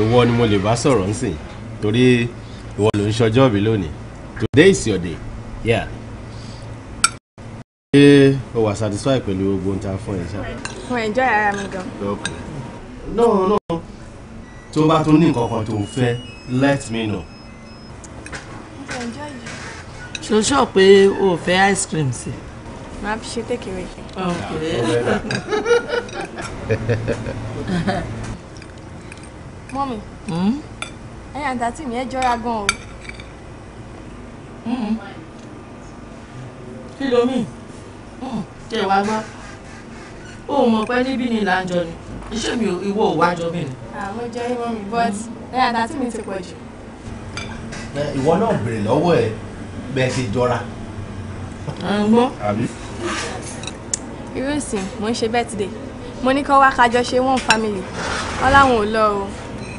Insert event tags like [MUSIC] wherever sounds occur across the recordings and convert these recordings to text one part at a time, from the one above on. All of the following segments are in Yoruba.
ìwọ ni mo lè bá sọ̀rọ̀ nsìn torí ìwọ ló ń ṣọjọ́ bí lónìí today is your day yeah. ṣé o wà satisfied pẹ̀lú gbogbo ohun tí a fún ẹ ṣá. mo enjoy ara mi gan. no no tó bá tún ní nǹkan kan tó fẹ́ let me know. ṣoṣọ pé o fẹ́ ice cream sí i. Màá fi ṣe takeaway. Mọ́mì, hmm? ẹ̀yin àǹtàtì mi ẹ jọra gan o. Hmm. Kí ló mì? Jẹ́ hmm. wá gbọ́. Ó mọ̀ pé níbí ni ìlà ń jọ ni. Iṣẹ́ mi ìwọ ò wá jọ mí ni. Àwọn jẹ́ ìwọ mi but ẹ̀yin àǹtàtì mi ti pọ̀ jù. Ìwọ náà béèrè lọ́wọ́ ẹ̀ bẹ́ẹ̀ ṣe jọra. Àgbọ̀ irú ìsìn mò ń ṣe birthday mo ní kó wá kájọ ṣe one family wọn láwọn ò lọ o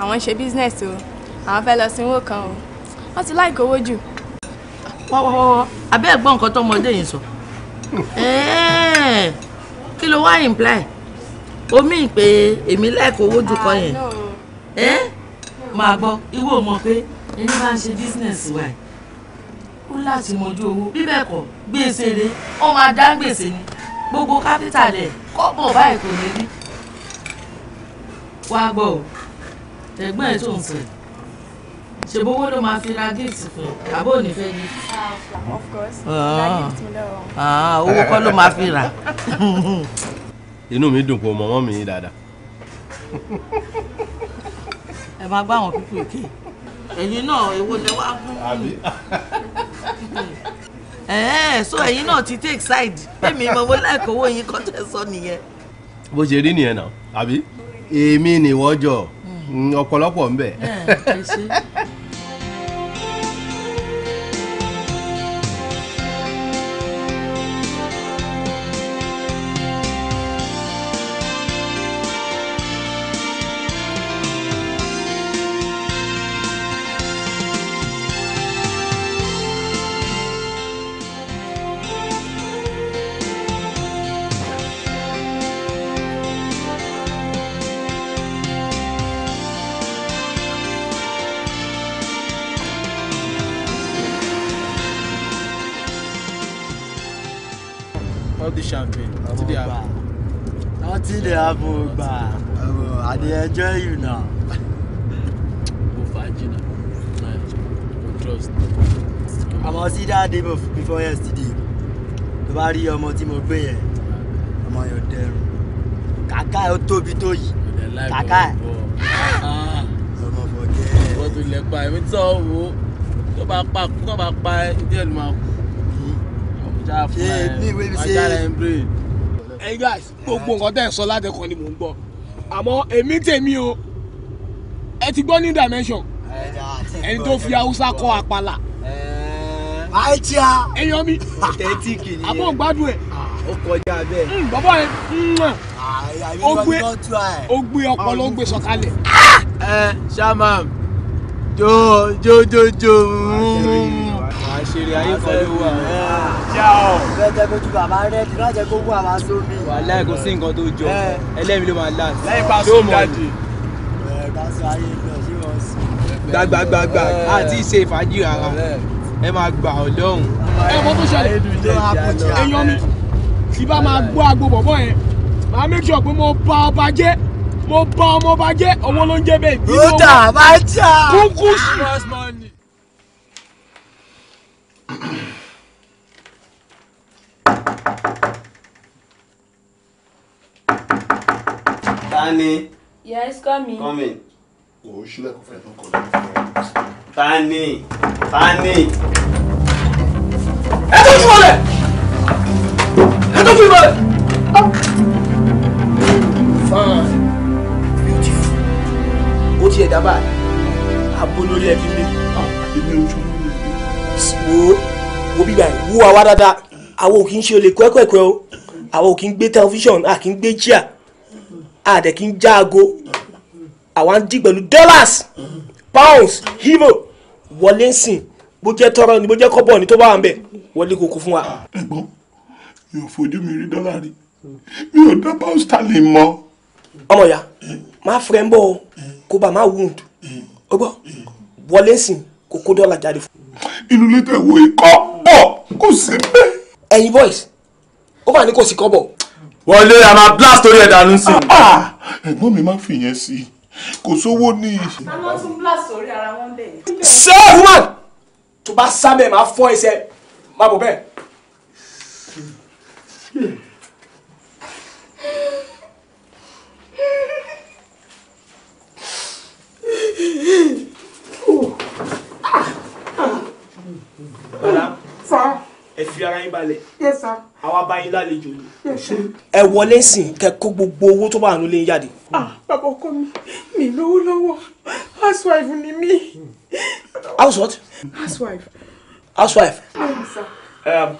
àwọn ń ṣe business o àwọn fẹ́ lọ sínwó kan o wọ́n ti láì kówó jù. wọ́wọ́wọ́ abẹ́ ẹ̀gbọ́n nǹkan tọmọdé yìí sọ kí ló wá imply omi ìpè èmi lẹ́ẹ̀kọ́ owó jù kọ yẹn máa gbọ́ ìwọ mọ̀ pé ẹni bá ń ṣe business wa ó láti mọjú owó bíbẹ̀ kọ́ gbèsè rẹ ó máa dá gbèsè ni gbogbo kápítà lẹ̀ kọ́pọ̀ báyìí kò ní rí wá gbọ́ tẹ̀gbọ́n ẹ̀ tó ń fẹ́ ṣe bówó ló máa fi ra gift fún àbó onífẹ́ ni. of course ah, ah, owó kọ́ ló máa fi rà. [LAUGHS] inú mi dùn pé mọ̀mọ́ mi dáadáa. ẹ máa gbá àwọn pípọ̀ èké. ẹ̀yin náà èwo lẹ wá fún mi [LAUGHS] so ẹ̀yin náà ti take side èmi mo wo owó yín kọ́ sọ nìyẹn. bó ṣe rí nìyẹn náà àbí hmm. èmi nìwọ́jọ́ hmm. hmm, ọ̀pọ̀lọpọ̀ ń Abogba. Oh, I dey enjoy you now. Go Fajina. Go trust. I must see that day before yesterday. Tó bá rí ọmọ tí mo gbé yẹn, ọmọ yóò dẹrùn. Kàkà ó tóbi tó yìí. Kàkà ẹ̀. Ọmọ bọ̀dẹ́. Ah! Ìwọ́n tó lẹ pa ẹ̀mí tó wò Tó bá pa tó bá pa ẹ̀ díẹ̀ ló máa kú. Ṣé mi ìwé mi ṣe? ẹ̀yin guys gbogbo nǹkan tẹ̀ sọ látẹ̀kọ́ ni mò ń gbọ́ àmọ́ èmi tèmi o ẹ ti gbọ́ new dimension ẹni tó fi haúsá kọ́ àpàlà a? ẹyọ mi ọ̀tẹ́tíkì ni àbọ̀ gbádùn ẹ̀ ah, ó kọjá bẹ́ẹ̀ hmm, bàbá ẹ̀ hmm. ah, ó gbé ó gbé ọpọlọ ó Jo jo jo jo. máa jòjòjòjò àṣírí ayé kan ló wà. bẹ́ẹ̀ jẹ́ kojú bàbá rẹ̀ ti láti jẹ́ kó wà wá sómi. wàhálà kò sí nǹkan tó jọ ẹlẹ́mi ló máa last. lẹ́yìn bá sùn jáde. ẹ bá sọ ayé lọ sí wọn sí. gbàgbàgbàgbà àti ìṣe ìfàjì rárá ẹ máa gbà ọ́ lọ́hùn. ẹ mọ tó ṣẹlẹ̀ èèyàn mi tí bá máa gbọ́ agbo bọ̀bọ̀ yẹn máa make sure pé mo bá ọba jẹ́ mo bá ọmọ ọba jẹ́ ọmọ ló ń jẹ́ bẹ́ẹ̀. ó dà Tani. Yes, come Coming. Come in. Wò ó ṣílẹ̀kùn fẹ́ tán kọ́ lọ́wọ́. Tani. Tani. Ẹ tó fi wọlé! Ẹ tó fi wọlé! Fine. Beautiful. Ó tiẹ̀ dábàá. Abo lórí ẹbí mi. Àbíbí ah, ojú mi. Wo wo bíbá ẹ̀ wú wa wá dáadáa. Àwọn ò kì í ṣe olè kọ́ ẹ̀kọ́ ẹ̀kọ́ o. Àwọn ò kì í gbé tẹlifíṣàn, a kì í gbé chair àdẹ̀ kì í já aago àwa ń dí pẹ̀lú dollars pounds euro wọlé ń sìn bó jẹ́ tọrọ ni bó jẹ́ kọ́bọ̀ ni tó bá wà ń bẹ̀ wọlé kókó fún wa. ẹ̀gbọ́n mi ò fojú mi rí dọ́là rí mi ò dá pound sterling mọ́. ọmọ ìyá máa fẹ́ ń bọ̀ kó bá máa wound ó gbọ́ wọlé ń sìn kó kó dọ́là jáde fún. inú ilé wo ikọ́ bọ̀ kò sí bẹ́ẹ̀. ẹ̀yin boys ó bá ní kò sí kọ́bọ̀ wọlé a máa blast orí ẹ̀ dànù sí i. Ah, ah, ẹ̀gbọ́n mi máa ń fi yẹn sí i kò sówó ní. a tún blast orí ara wọn bẹ́ẹ̀. ṣé woman tó bá sábẹ̀ máa fọ́ ẹsẹ̀ máa bọ̀ bẹ́ẹ̀. Yeah. ẹ fi yes sir. àwa bá yín lálejò ni. yes sir. ẹ wọlé sìn kẹ kó gbogbo owó tó bá àánú lé jáde. ah bàbá ọkọ mi mi lówó lọ́wọ́ housewife ni mí. house what. housewife. housewife. yes sir.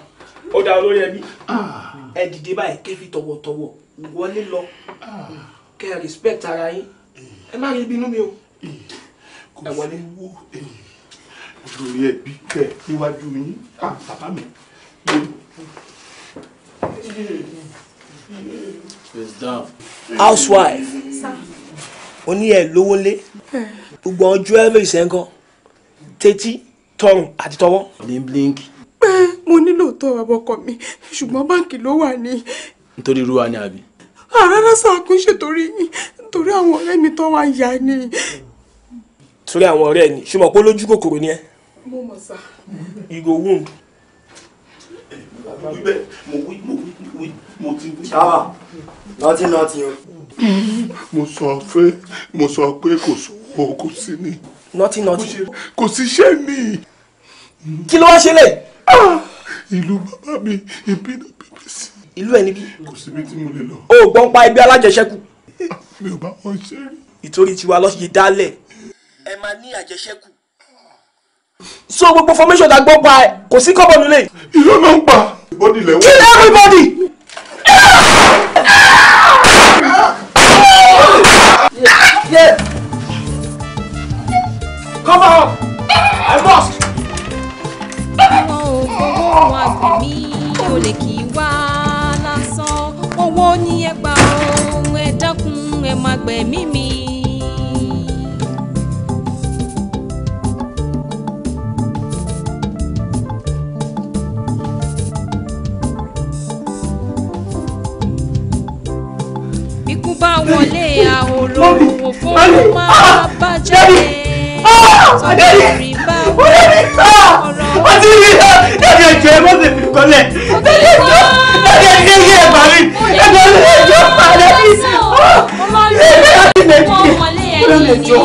ó dá olórí ẹbí ah. ẹ dìde báyìí kẹ́ fi tọ̀wọ̀tọ̀wọ̀ wọlé lọ ah. kẹ́ respect ara yín mm. ẹ má rí ibinú mi o mm. ẹ wọlé olórí ẹbí kẹ níwájú yín ah, bàbá mi. housewife oní ẹ lówó lé gbogbo ọjọ́ ẹ lóyún sẹ́ńkọ́ tẹ́tí tọrùn àti tọwọ́. bíńkì. mo nílò tó àbọ̀kọ mi ṣùgbọ́n báǹkì ló wà ní. nítorí irú wa ni àbí. àrárá sàkún ṣètòrí torí àwọn ọ̀rẹ́ mi tó wá yá ni. torí àwọn ọ̀rẹ́ ni ṣùgbọ́n pé lójú kòkòrò ni ẹ́ mo mọ̀ you go wound. Nothing, nothing. bẹ́ẹ̀ mo wí mo wí mo ti wí. ṣáà nọtí nọtí o. mo sọ pé mo sọ pé kò sówó kò sí ni. nọtí nọtí. kò síṣẹ́ ah! ni. mo lè lọ. o ò pa ibi alájẹṣẹ́kù. Ah! mi ò bá wọn ṣe rí. ìtorí tiwa lọ́ọ́ ṣe dálẹ̀. ẹ máa ní àjẹṣẹ́kù so gbogbo formation ta gbọ́ pa ẹ̀ kò sí kọ́bọ̀ nílé. ìlú ló ń pa. kill everybody. Yeah. Yeah. Cover up. I lost. bá wọlé àhòrò òwò kó máa ah, bàjẹ́ tọ́lẹ́rì ah, bá wọlé ọ̀rọ̀ ọtí mi lọ ẹ̀jẹ̀ ẹ̀jẹ̀ ẹ̀mọ́ tẹ̀ fi kọ́lẹ̀ ẹ̀jẹ̀ ẹ̀jẹ̀ ẹ̀jẹ̀ ẹ̀jẹ̀ ẹ̀jẹ̀ ẹ̀bà mi ẹ̀jẹ̀ ẹ̀jẹ̀ ẹ̀jẹ̀ ọ̀pá rẹ̀ mi ẹ̀jẹ̀ ẹ̀jẹ̀ ẹ̀jẹ̀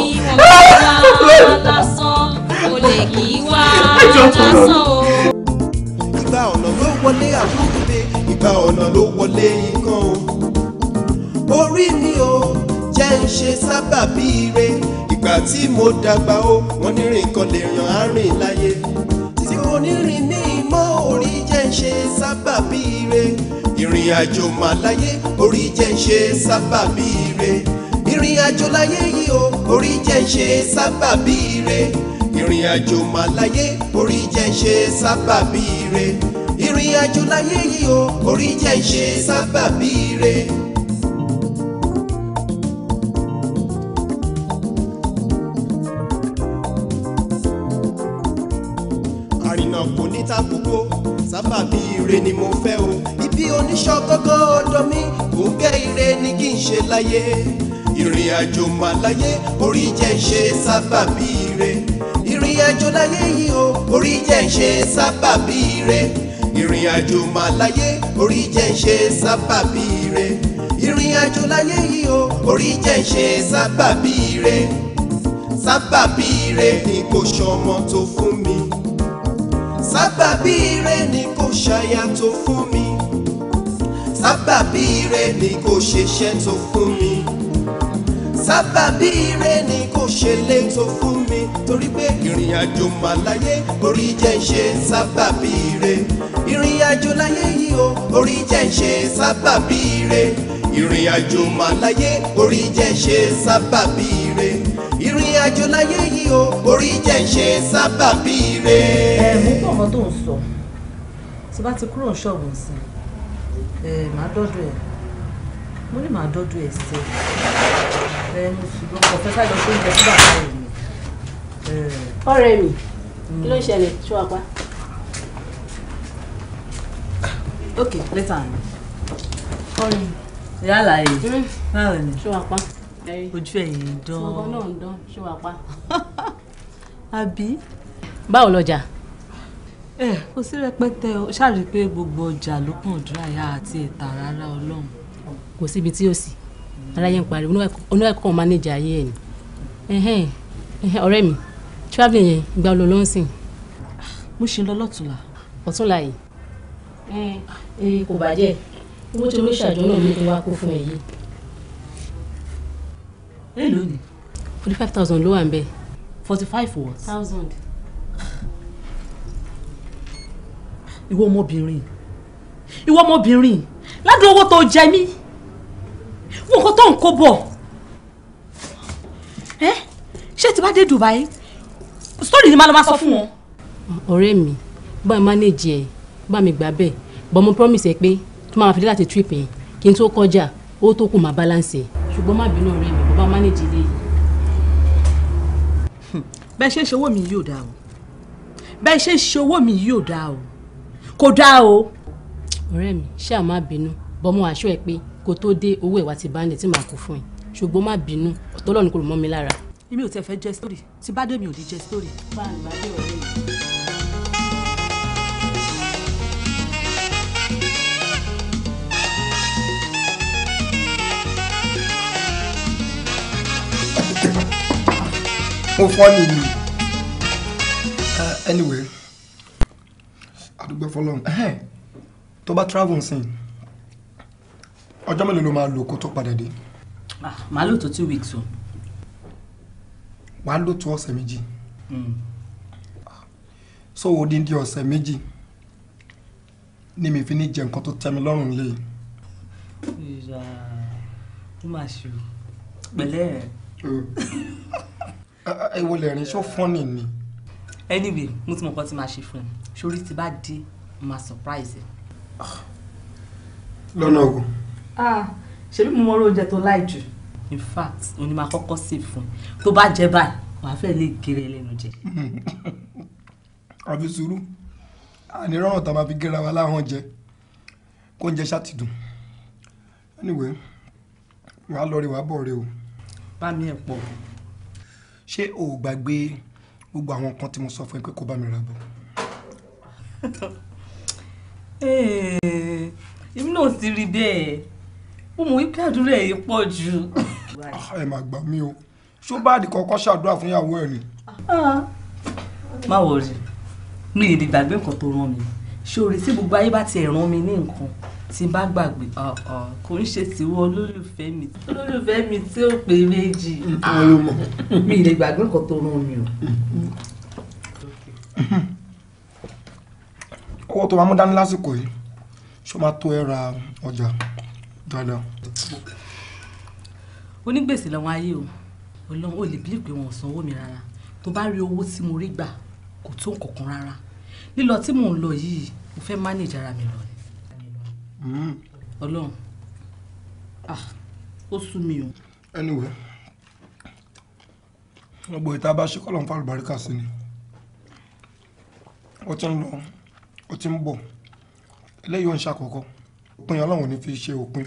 ẹ̀jẹ̀ ìgbà ọ̀nà ló wọlé àbúrò ìgbà ọ̀nà ló wọlé ikán o orí ni o jẹ́ ń ṣe sábàbí ire ìgbà tí mo dàgbà o wọ́n ní rìn kan lè yàn àárín láyé tí mo ní rìn ní ìmọ̀ orí jẹ́ ń ṣe sábàbí ire ìrìn àjò mà láyé orí jẹ́ ń ṣe sábàbí ire ìrìn àjò láyé yìí o orí jẹ́ ń ṣe sábàbí ire ìrìn àjò mà láyé orí jẹ́ ń ṣe sábàbí ire ìrìn àjò láyé yìí o orí jẹ́ ń ṣe sábàbí ire. sábàbí ire ni mo fẹ́ o ibi oníṣọ́ gógó ọ̀dọ̀ mi kò gẹ́ ire ni kí n ṣe láyé ìrìn àjò mà láyé orí jẹ́ ń ṣe sábàbí ire ìrìn àjò láyé yìí o orí jẹ́ ń ṣe sábàbí ire ìrìn àjò mà láyé orí jẹ́ ń ṣe sábàbí ire ìrìn àjò láyé yìí o orí jẹ́ ń ṣe sábàbí ire sábàbí ire ni kò ṣọmọ tó fún mi sábàbí ire ni kò ṣàyà tó fún mi sábàbí ire ni kò ṣeṣẹ́ tó fún mi sábàbí ire ni kò ṣẹlẹ̀ tó fún mi torí pé ìrìn àjò mà láyé orí jẹ́ ṣe sábàbí ire ìrìn àjò láyé yìí o orí jẹ́ ṣe sábàbí ire ìrìn àjò mà láyé orí jẹ́ ṣe sábàbí ire ìrìn àjò láyé yìí o orí jẹ́ ń ṣe sábàbí rẹ̀. ẹ mú pọ̀ mọ́ tó ń sọ tí bá ti kúrò ṣọ́ọ̀bù sí ẹ máa dọ́dọ̀ ẹ̀ mo ní máa dọ́dọ̀ ẹ̀ sí ẹ mo ṣùgbọ́n kò fẹ́ sáyọ pé oúnjẹ síbà fún mi. ọ̀rẹ́ mi mm. kí ló ń ṣó apá. ok later ọ̀rẹ́ mi. ìyá àlàyé ṣó apá ojú ẹ̀yìn dán. ọgbọ́n náà ń dán ṣé wàá pa. [LAUGHS] àbí. báwo lọjà. ẹ kò sí rẹpẹtẹ o ṣáàrí pé gbogbo ọjà ló kàn dúrà yá àti ìta rárá ọlọ́run. kò síbi tí ó sì aráyé ń pariwo oníwàkọ̀ mánéjà ayé ẹ̀ ni ọ̀rẹ́ mi traveling yẹn ìgbà wo ló ń sìn. mo ṣe lọ lọ́tùnla. ọ̀túnla yìí. ẹ ẹ kò bàjẹ́ owó tí olóṣàjọ náà mi ti wá kó fún ẹ yìí èlò ni. forty five thousand ló wà ń bẹ̀. forty five what. thousand. ìwọ ọmọbìnrin ìwọ ọmọbìnrin ládùn owó tó jẹ mí wọn kò tó nǹkó bọ̀ ẹ ṣé tí bá dé Dubai sórí ni màá lọ máa sọ fún wọn. ọ̀rẹ́ mi bá mi manage ẹ̀ bá mi gbà bẹ́ẹ̀ bọ́ mo promise ẹ pé tó máa fi dé láti trip yẹn kí n tó kọjá owó tó kù máa balance ẹ̀ ṣùgbọ́n má bínú ọ̀rẹ́ mi kó bá mánéjì ilé yìí. Hmm. bẹ́ẹ̀ ṣe ṣòwò mi yóò dáa o bẹ́ẹ̀ ṣe ṣòwò mi yóò dáa o kò dáa o. ọ̀rẹ́ mi ṣáà má bínú bọ́mọ aṣọ ẹ̀ pé kó tó dé owó ẹ̀ wá ti bá ń lè tí màá kó fún ẹ ṣùgbọ́n má bínú ọ̀tọ́lọ́ni kò lè mọ́ mi lára. èmi ò tẹ fẹ́ jẹ́ sítórì tí bá dé mi ò ní jẹ́ sítórì. báyìí bá dé ọ̀rẹ́ mi. mo fọ́ ni mi uh, anyway àdúgbò fọlọ́n tó bá travel sin ọjọ́ mélòó ló máa lò kó tó padà dé. Ah, màá lò tó two weeks o. wàá lò tó ọ̀sẹ̀ méjì hmm. so odindi ọ̀sẹ̀ méjì ni mi fi ní jẹ nǹkan tó tẹ́ mi lọ́rùn lé. ìyá ó mà ṣe o pẹ̀lẹ́ ẹ̀. Oh. [LAUGHS] ìwọ lè ṣó fọ́nì ni. anyway mo ti mọ̀ nǹkan tí màá ṣe fún ẹ sórí tí bá dé surprise ẹ. lọ́nà ogun. Ah, ṣebí mo mọ orí oúnjẹ tó láì jù. in fact òní máa kọ́kọ́ save fún ẹ tó bá jẹ báyìí wàá fẹ́ lè gèrè ẹlẹ́nu jẹ. [LAUGHS] àfi sùúrù àníròrùn tá a máa fi gẹ́ra wa láwọn jẹ kó ń jẹ ṣàtìdùn anyway wàá lọ rí wàá bọ̀ rí o. bá mi ẹ̀ pọ̀ ṣé o ò gbàgbé gbogbo àwọn nǹkan tí mo sọ fún ẹ pé kó bá mi ra bọ̀. Eh, èmi náà ti rí bẹ́ẹ̀ mo mọ̀ wípé àdúrà ẹ̀ pọ̀ jù. Ah, ẹ má gbà mí o ṣó báàdì kọ́kọ́ ṣàdúrà fún ìyàwó ẹ̀ ni. Ah, má wọrí mi ì lè gbàgbé nǹkan tó rán mi ṣé orí gbogbo ayé bá ti ẹ̀ rán mi ní nǹkan tí n bá gbàgbé kò ń ṣe tiwọn olólùfẹ́ mi olólùfẹ́ mi tí ó pé méjì. mi ì lè gbàgbé nǹkan tó rán mi o. owó tó máa mú dání lásìkò yìí ṣó máa tó ẹ ra ọjà dáadáa. onígbèsè làwọn ayé o ọlọ́run ò lè bílíì pé wọn ò san owó mi rárá tó bá rí owó tí mo rí gbà kò tó nǹkan kan rárá lílọ tí mò ń lọ yìí mo fẹ́ mánéjà ara mi lọ Mm-hmm. Ọlọ́run ah, ó sú mi o. anyway gbogbo ìta bá ṣe kọ́lọ̀ ń fàlù bàríkà sí ni ó ti ń lọ ó ti ń bọ̀ eléyìí ò ń ṣàkọ́kọ́ òpin ọlọ́run ní fi ṣe òpin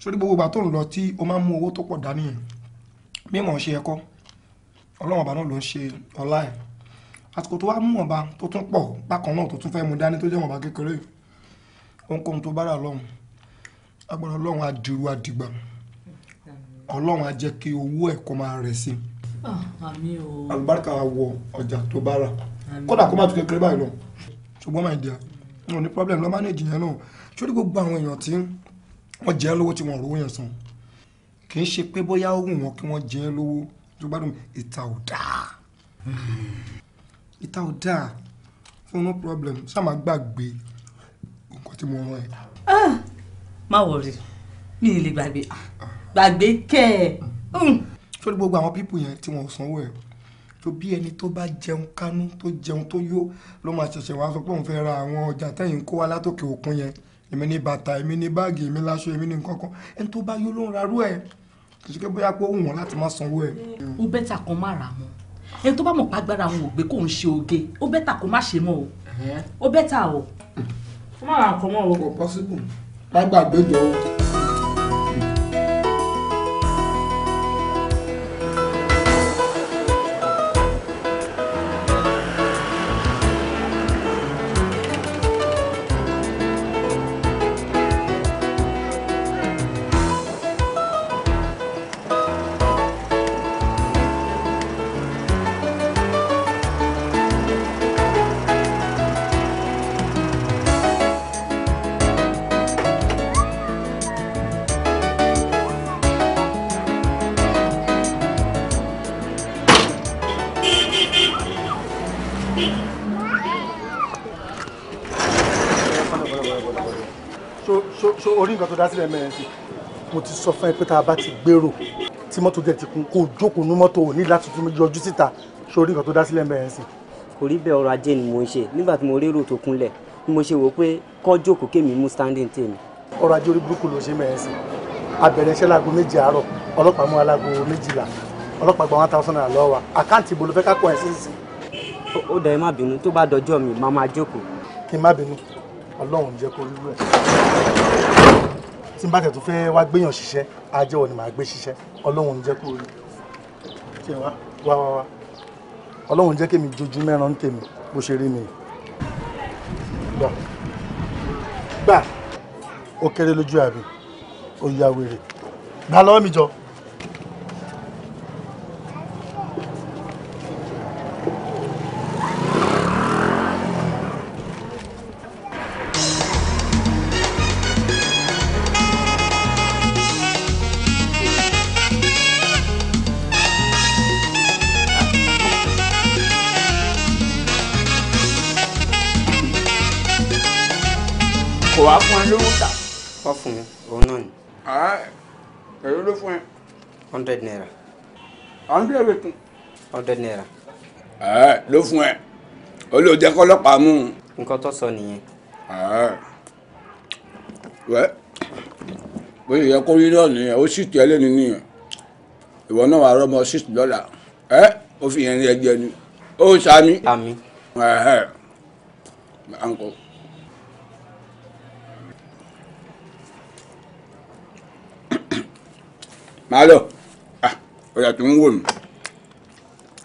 sórí gbogbo ìgbà tó ń lọ tí o máa ń mú owó tó pọ̀ dání yẹn mímọ̀ ṣe ẹ̀kọ́ ọlọ́run ọba náà ló ń ṣe ọlá ẹ̀ àsìkò tó wá mú ọba tó tún pọ̀ bákan náà tó tún fẹ́ mú dání tó jẹ́ ọba kékeré yìí ohunkóhun tó bá rà lọ́hùn agbára ọlọ́run á dirú àdìgbà ọlọ́run á jẹ́ kí owó ẹ̀ kó máa rẹ̀ sí i ah, àlùbáríkà wọ ọjà tó bá rà kódà kó má tún kékeré báyìí lọ ṣùgbọ́n máa dìá wọn ò ní problem lọ́ manage yẹn náà sórí gbogbo àwọn èèyàn tí wọ́n jẹ́ lówó tí wọ́n rówó yẹn san kì í ṣe pé bóyá ó wù wọ́n kí wọ́n jẹ́ lówó tó gbádùn ìta ò dáa hmm. ìta ò dáa fún no problem ṣáà má gbàgbé nǹkan tí mo rán ẹ. Ah, má wọrí mi ì lè gbàgbé gbàgbé kẹ ẹ. Hmm. sórí gbogbo àwọn pípù yẹn tí wọn ò sanwó ẹ tó bí ẹni tó bá jẹun kánú tó jẹun tó yó ló máa ṣẹ̀ṣẹ̀ wá sọ pé òun fẹ́ ra àwọn ọjà tẹ̀yìn kó wá látòkè òkun yẹn èmi ní bàtà èmi ní báàgì èmi láṣọ èmi ní nǹkan kan ẹni tó bá yó ló ń rarú ẹ kì í ṣe pé bóyá pé ó wù wọn láti má sanwó ẹ. ó bẹ́tà kan má ra mọ́ ẹni tó bá mọ̀ pàgbára àwọn ògbé kò ń ṣe oge ó bẹ́tà kó má ṣe mọ́ o ó bẹ́tà o má ra nǹkan mọ́ o. kò possible má gbàgbé jọ o. dá sílẹ̀ mẹ́rin sí mo ti sọ fún ẹ pé tá a bá ti gbèrò tí mọ́tò dẹ̀ ti kún kó o jókòó ní mọ́tò ò ní láti tún yọjú síta sórí nǹkan tó dá sílẹ̀ mẹ́rin sí. kò rí bẹ́ẹ̀ ọrọ̀ ajé ni mo ń ṣe nígbà tí mo rérò tó kúnlẹ̀ ni mo ṣe wò pé kọ́ jókòó kémi mú standing tèmi. ọrọ̀ ajé orí burúkú ló ṣe mẹ́rin sí abẹ̀rẹ̀ iṣẹ́ láago méje àárọ̀ ọlọ́pàá mú alágo méjìlá ọlọ́pàá gba one thousand naira lọ́wọ́ wa àkáǹtì ìbò ló fẹ́ kápọ̀ ẹ̀ sísìn. ó dẹ̀ má bínú tó bá dọjọ́ mi máa máa jókòó. kí ọlọ́run jẹ́ kó rí rẹ̀ tí n bá tẹ̀tún fẹ́ wá gbéyàn ṣiṣẹ́ ajẹ́ òní màá gbé ṣiṣẹ́ ọlọ́run jẹ́ kó rí ṣe wá wá wá wá ọlọ́run jẹ́ kémi jojú mẹ́ran tèmi bó ṣe rí mi gbà gbà ó kéré lójú àbí ó yá wèrè gbà lọ́wọ́ mi jọ. wàá fún ẹ lówó tà. kọ́ fún mi òun náà ni. èrò ló fún ẹ. hundred naira. hundred wẹ̀kùn. hundred naira. ló fún ẹ olóòjẹ kọlọ́pàá mú un. nǹkan tó sọ nìyẹn. wẹ́ bó ṣe yẹ kó rí náà nìyẹn ó sì tẹ́ lẹ́nu nìyẹn ìwọ náà wàá rọ́mọ six dollar ẹ ó fi yẹn rí ẹgbẹ́ ni ó sàmì. àmì. ẹ̀hẹ̀ àǹkọ́. màá lọ ah, ọ̀yà tó ń wò mí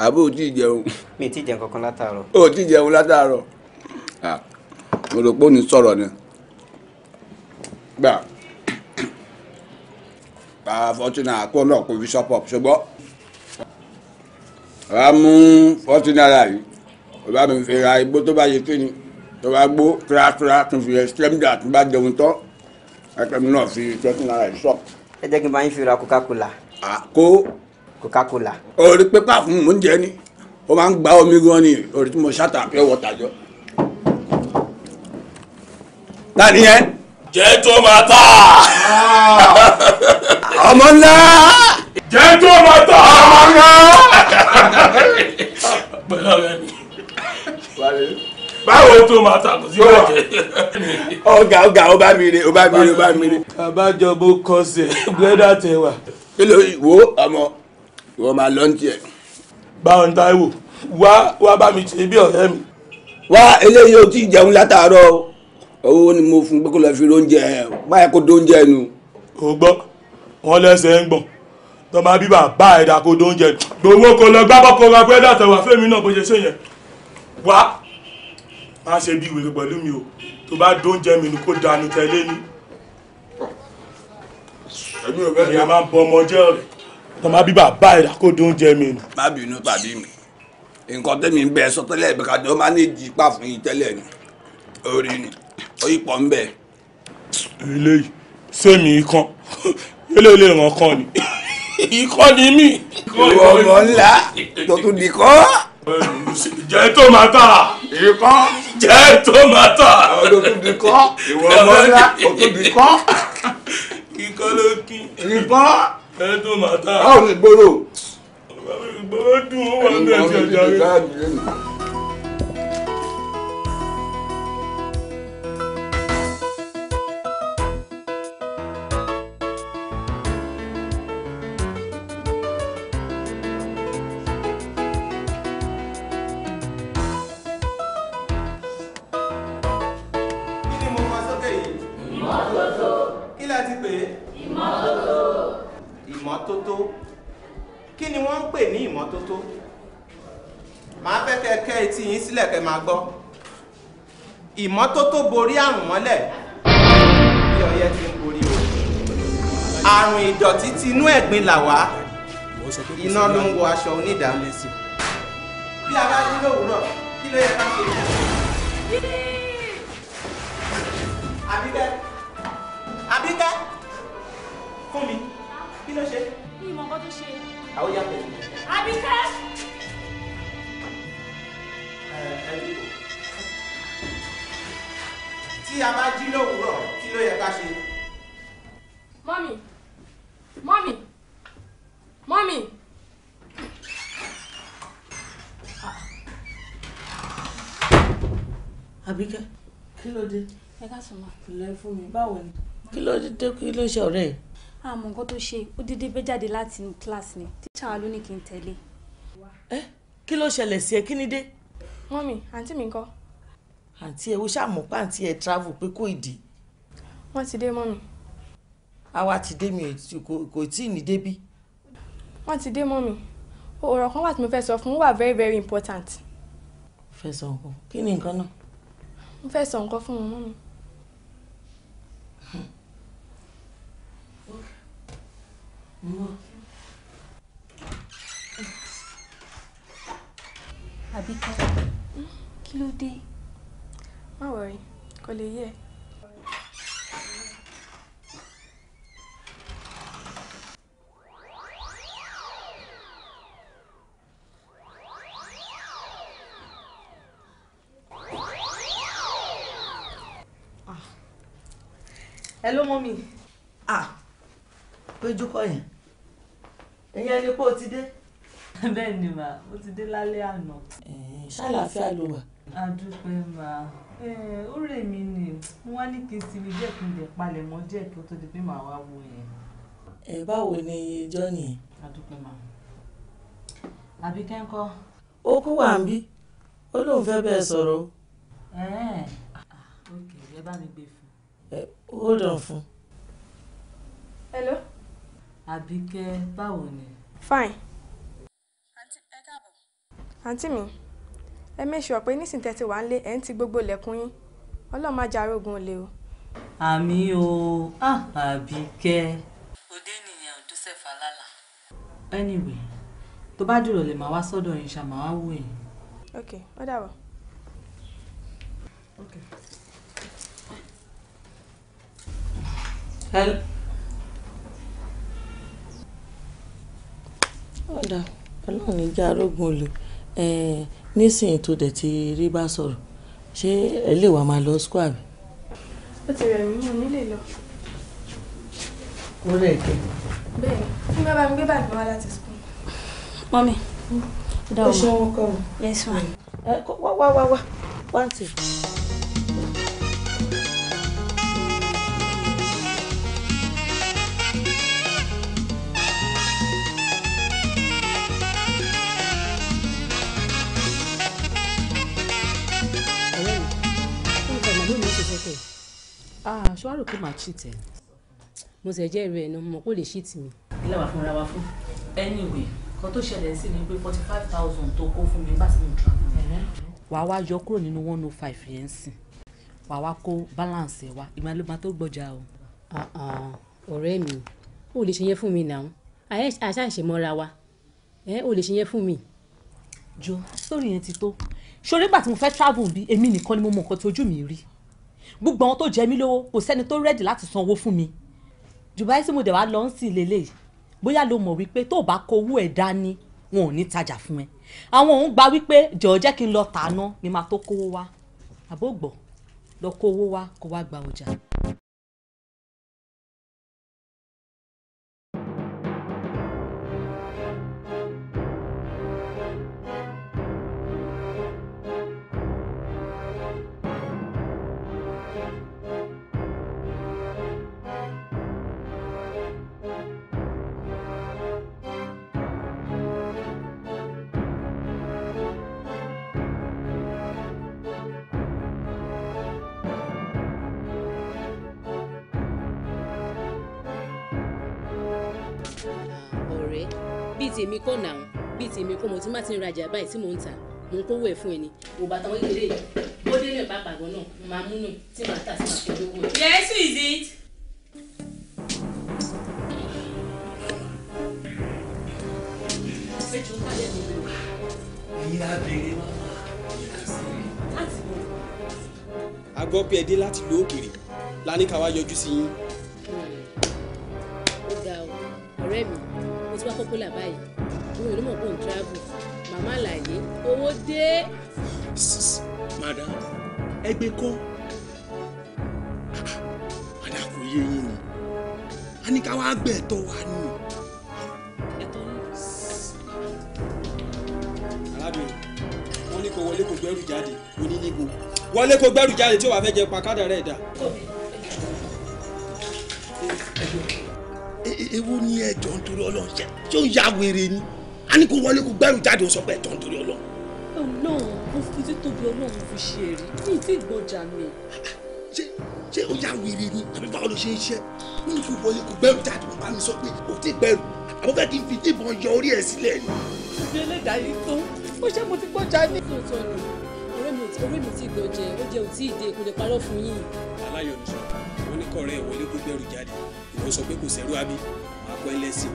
àbó ò tí ì jẹun. mi ò tí ì jẹun kankan látàárọ̀. ò tí ì jẹun látàárọ̀ ah, mo rò pé ò ní sọ̀rọ̀ ni gbà fọ́túnà àpò náà kò fi ṣọ́pọ̀ ṣùgbọ́n wàá mú fọ́túnà rà yìí bàbá mi fi ra igbó tó bá yẹ kí ni tó bá gbó kíákíá tó fi ẹ sẹ́mdà tó bá jẹun tán ẹ̀kẹ́ mi náà fi fọ́túnà rà yìí ṣọ́pọ̀ ẹ jẹ́ kí n bá yín fi ra coca-cola. àkó. coca-cola. orí pépà fún mò ń jẹ ni ó máa ń gba omi gan ni orí tí mo ṣàtà pé wọ́n tàjọ. ta ni yẹn. jẹ́ tó máa tà. Ah. ọmọ ńlá. jẹ́ tó máa tà. ọmọ ńlá. pẹ̀lú ọ̀rẹ́ báwo tó máa tàkùsí bàjẹ́. ọ̀gá ọ̀gá ọba mi ọba mi ọba mi abájọ bó kọsẹ̀ blẹ́dà tẹwà. kí ló wo ọmọ ìwọ máa lọ ní báwo ni wá wá bá mi ṣe bí ọ̀rẹ́ mi. wá eléyìí jẹun owó ni mo fún pé fi róúnjẹ báyà kó nje nu. o gbọ́ wọ́n lẹ́sẹ̀ ń gbọ̀n tó máa bí bàbá ẹ̀dá lọ gbábọ́ kó ra má ṣe bí ìwé pẹ̀lú mi o tó bá dóúnjẹ mi ni kó dànù tẹ̀lé ni. èmi ò bẹ́ẹ̀ ni a máa ń bọ ọmọ jẹ́ rẹ̀ tọ́mọ bí bàbá ẹ̀ kó dóúnjẹ mi ni. má bínú tàbí mi nǹkan tẹ́mi ń bẹ sọ tẹ́lẹ̀ ìbẹ̀ka tó máa ní ìjì pa fún yín tẹ́lẹ̀ ni orí ni ó yí pọ̀ ń bẹ̀. ilé yìí sẹ́mi kan eléyìí ràn kan ni ìkọ́ni mi. ìwọ ọmọ ńlá tó tún di kọ́ jẹ́ tòmátà. ikọ́. jẹ́ tòmátà. olókùn di kọ́. ìwọ mọ́lá òkùn di kọ́. ikọ́ ló kí. ikọ́. jẹ́ tòmátà. báwo ni gbòòrò. gbòòrò dùn ó wà ní ẹ̀jẹ̀ jáde. sílẹ̀ kẹ́ máa gbọ́ ìmọ́tótó borí àrùn mọ́lẹ̀ bí ọyẹ́ ti ń borí o àrùn ìdọ̀tí ti inú ẹ̀gbin là wá iná ló ń wọ aṣọ onídàálẹ́sì bí a bá rí lówùúrọ̀ kí ló yẹ ká ṣe yẹn. àbíkẹ́ àbíkẹ́ fún mi kí ló ṣe. mi ò mọ̀ tó ṣe. àwọn yàtọ̀. àbíkẹ́ tí a bá jí lówùúrọ̀ kí ló yẹ ká ṣe. mọ́mì mọ́mì mọ́mì. àbíkẹ́. kí ló dé. ẹ ká sọ ma. ìlẹ̀ fún mi báwo ni. kí ló dé kí ló ṣe ọ̀rẹ́ yìí. àmọ́ nǹkan tó ṣe ó dédé bẹ́ jáde láti kíláàsì ni tíṣà wa ló ní kí n tẹ̀lé. ẹ kí ló ṣẹlẹ̀ sí ẹ kí ni dé mọ́mì àǹtí mi ńkọ́. àǹtí ẹ ó ṣàmọ̀ pé àǹtí ẹ travel pé kò ìdí. wọ́n ti dé mọ́mì. àwa ti dé mi kò tí ì ní débí. wọ́n ti dé mọ́mì ọ̀rọ̀ kan wà tí mo fẹ́ sọ fún wà very very important. mo fẹ́ sọ nǹkan kí ni nǹkan náà. mo fẹ́ sọ nǹkan fún wọn mọ́mì. Abíkẹ́ kí ló dé má wọrí kò lè yé ah. Hello mommy. Ah, péjú kọ yẹn. Ìyẹn ni pé o ti dé. [LAUGHS] Bẹ́ẹ̀ ni mà, ti dé lálẹ́ àná. Ṣàlàáfíà ló wà. adúpẹ́ máa ó rè mí ni wọ́n ní kí n sinmi díẹ̀ kí n lè palẹ̀ mọ́ díẹ̀ kí ó tó di pé màá wá wo yẹn. ẹ báwo ni jọ́nì. adúpẹ́ máa àbí kẹ́ńkọ́. ó kó wà ń bí ó lóun fẹ́ bẹ́ẹ̀ sọ̀rọ̀. ok ẹ hello. àbíkẹ́ báwo ni. fine. àǹtí ẹ káàbọ̀. mi. ẹ mẹ́sùn ọ̀pẹ nísìnyí tẹ́tí wà ń lé ẹ̀ ń ti gbogbo lẹ́kùn yín ọlọ́run má jẹ́ arógun olè o. àmì o ah, àbíkẹ́. òde nìyẹn ò dúsẹ̀ falálà. anyway tó bá dìrọ̀ lè máa wá sọ́dọ̀ yín ṣá máa wá wò yín. ok ó dàbọ̀. Okay. Hello. ọ̀dà ọlọ́run ní jẹ́ arógun olè nísìnyí tó dẹ̀ ti rí bá sọ̀rọ̀ ṣé ẹ lè wá máa lọ school àbí. ó ti rẹ̀ mí mi ò ní lè lọ. ó rẹ̀ kẹ́. bẹ́ẹ̀ni fún bàbá mi gbé bàbá wa láti school. mọ́mí hmm. ó ṣe wọn kọ́ mi. yes ma. wá wá wá wá wá ń tì. ah ṣé wàá rò pé màá cheat ẹ mo sì jẹ́ ìrẹ́ ẹ̀ náà mo kò lè cheat mi. ilé wa fúnra wa fún anyway kan tó ṣẹlẹ̀ sí ni pé forty five thousand tó kó fún mi nígbà tí mo travel. wàá wá yọ kúrò nínú one oh five yẹn sìn wàá wá kó balance ẹ wá ìmọ̀ ló máa tó gbọ́jà o. Ah, ah, ọ̀rẹ́ mi ò lè ṣe yẹn fún mi náà àṣàṣemọ́ra wa ò lè ṣe yẹn fún mi jọ sórí yẹn ti tó ṣorí gbà tí mo fẹ́ travel bí èmi nìkan ni mo mọ nǹkan tí ojú mi rí gbogbo àwọn tó jẹ mí lówó kò sẹ́ni tó rẹ́dì láti san owó fún mi Dubai tí mo dẹ̀ wá lọ ń sìn lélẹ̀ bóyá lo mọ̀ wípé tó o bá kó owó ẹ̀ dání wọn ò ní tajà fún ẹ àwọn òun gba wípé jọ̀ọ́ jẹ́ kí n lọ tàná ni máa tó kówó wá àbó lọ kó owó wá kó wá gba ọjà. ọ̀rẹ́ bíi tèmi kọ́ nà án bíi tèmi kọ́ mo ti má ti ń rajà báyìí tí mò ń tà mò ń kówó ẹ̀ fún ẹ ni kò bàtà wọn kékeré yìí bó dé náà pàápàá gan náà màá mú nù tí màá tà sí màá fi dókòwò. yes is it. ìyá bèrè wá a gbọ́ pé ẹ dé láti ìlú òkèèrè la yọjú sí yín. Hmm. ó ga ọ ọ̀rẹ́ mi mo ti wá pọ́pọ́là báyìí òun ìlú mọ̀ pé òun travel màmá àlàyé owó dé. madam ẹgbẹ́ kọ́ àdàkù yé yín ni a ní ká wá gbẹ̀ ẹ̀tọ́ wa ni. ẹ̀tọ́ ni. arábìnrin wọn ní kó wọlé kó gbẹ́rù jáde oní níbo wọlé kó gbẹ́rù jáde tí ó wàá fẹ́ jẹ pàkádà rẹ̀ dà. Thank you ewu ni ẹ jọ nítorí Ọlọ́run ṣe ṣé ó ya wèrè ni a ní kó wọlé kó gbẹrù jáde ó sọ pé ẹ jọ nítorí Ọlọ́run. Ọlọ́run oh mo fi títóbi Ọlọ́run fi ṣe èrè ní ìtí ìgbọjà mi. ṣé ṣé ó ya wèrè ni àbí báwo ló ṣe ń ṣe wọn ní kó wọlé kó gbẹrù jáde bàbá mi sọ pé kò tí gbẹrù àbọ̀ fẹ́ kí n fi ìbọn yọ orí ẹ̀ sílẹ̀ ni. ìdílé dàrí tó ó ṣe mo ti gbọ́jà ní ọ̀rẹ́ mi orí mi ti gbọ́ jẹ ó jẹ ò tí kò lè parọ́ fún yín. aláyọ̀ ni sọ ní kọ̀ọ̀rẹ́ ẹ̀ kó gbẹ́rù jáde ìwọ sọ pé kò sẹ́rú àbí máa kọ́ ẹlẹ́sìn.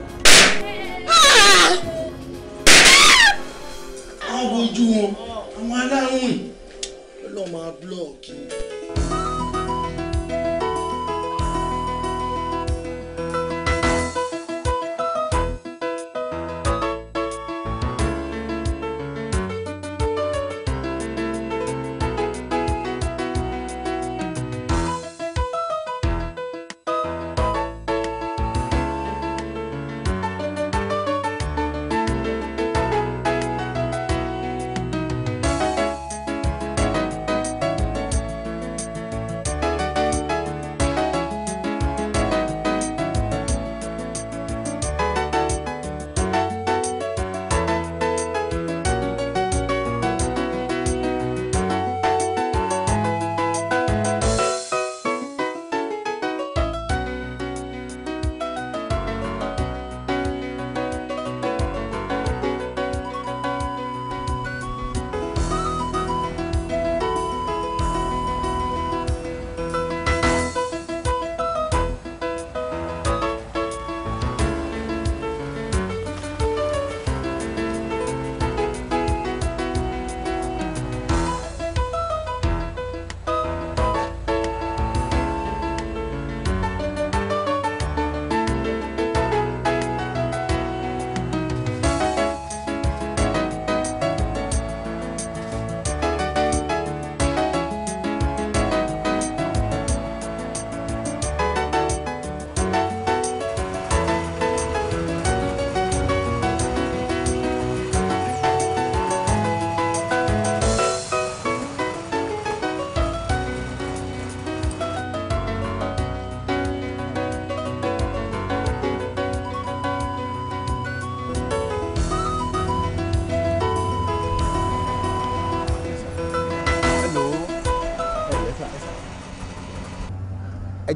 àwọn ojú wọn àwọn aláwìn ọlọ́ọ̀ máa búlọ̀ọ̀kì.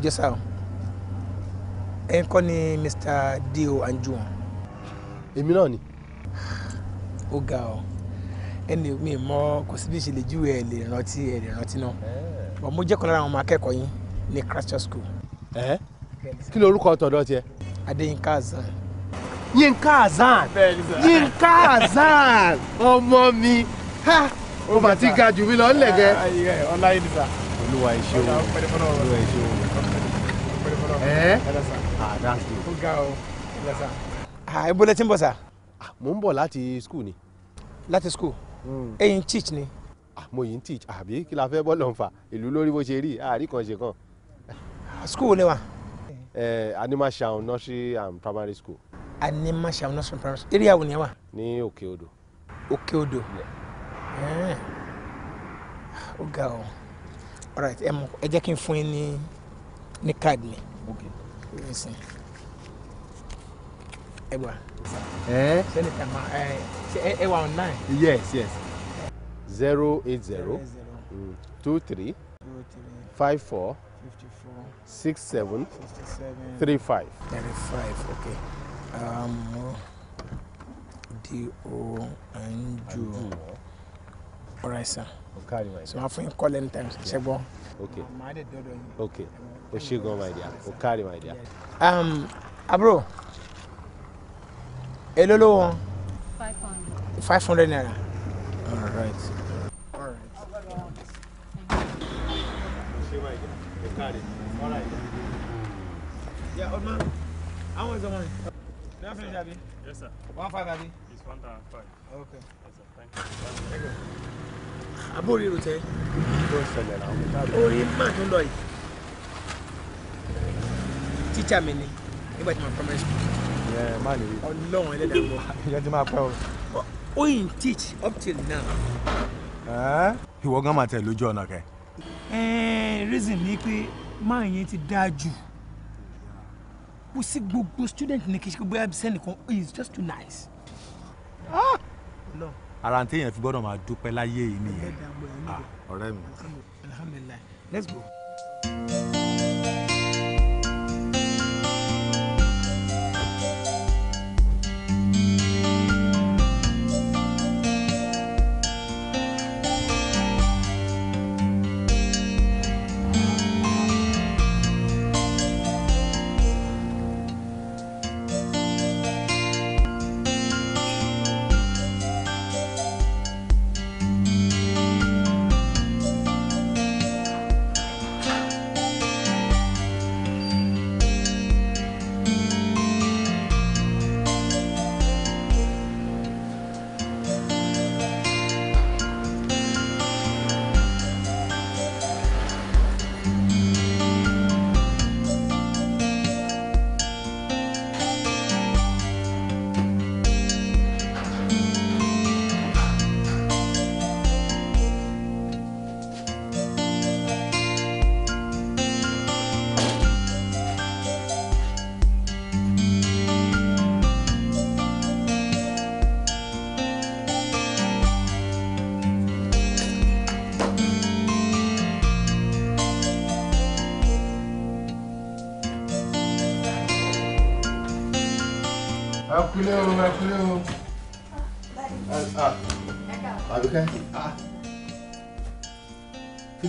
Ìjẹ̀ṣà o ẹ̀yin kọ́ ni Mr. D.O. Anjuwon. èmi náà ni. ó ga ọ ẹni mi mọ kò síbi ìṣẹ̀lẹ̀ jù ẹ lè rántí ẹ lè rántí náà bọ mo jẹ́ kan lára àwọn ọmọ akẹ́kọ̀ọ́ yín ní Christ Church School. ẹ kí ló orúkọ tọ̀dọ̀ tiẹ̀. Adéyínká Azan. Yínká Azan Yínká Azan ọmọ mi ó mà ti ga jù mí lọ ńlẹ̀ gẹ́. ọlá yìí nìta. olúwa ìṣòwò olúwa ìṣòwò. Eh? Ah, ah, ibo lẹ ti ń bọ̀ sà. Ah, mo ń bọ̀ láti school ni. láti school hmm. ẹ̀yin teach ni. mo yìí ń teach àbí kí la fẹ́ bọ́ lọ́nfà ìlú lórí bó ṣe rí àárí kan ṣe kan. school lẹ wà. Eh, animashaun nursery and primary school. animashaun nursery and primary school area wo ni ẹ wà. ní òkè odò. òkè odò. Eh. ó ga ọ ẹ jẹ́ kí n fún yín ní káàdì mi. Okay. Ewa. Eh? Senator Ma, eh, Ewa eh, online. Yes, yes. Zero eight zero. Mm. Two three. Two Five four. Six seven. Three five. Thirty five. Okay. Um. D O N J O. All sir. Okay. So I'm calling times. Okay. Okay. Okay. Oshigo, my dear. Okari, my dear. Um, Abro. Ah, Èló ló Five hundred. Five hundred naira. All right. All right. Yeah, old man. How much is the money? Yes, sir. Abi? Yes, sir. One five, Abi? It's one five. Okay. Yes, sir. Thank you. Thank you. Abori, you tell? Don't sell it. Orí máa teacher mi ni nígbà tí mo primary school. ọlọ́run ẹlẹ́dàá wọ. ìyẹn ti máa pẹ́ o. ó yìn teach up till now. ìwọ gan máa tẹ̀ lójú ọ̀nà kẹ. reason ni pé máa yẹn ti dáa jù kò sí gbogbo student ní kì í ṣe gbogbo absent he is just too nice. Ah! ara ntẹ yẹn fi gbọ́dọ̀ máa dúpẹ́ láyé yìí nìyẹn ah, ọ̀rẹ́ mi. alhamdulilayi let's go.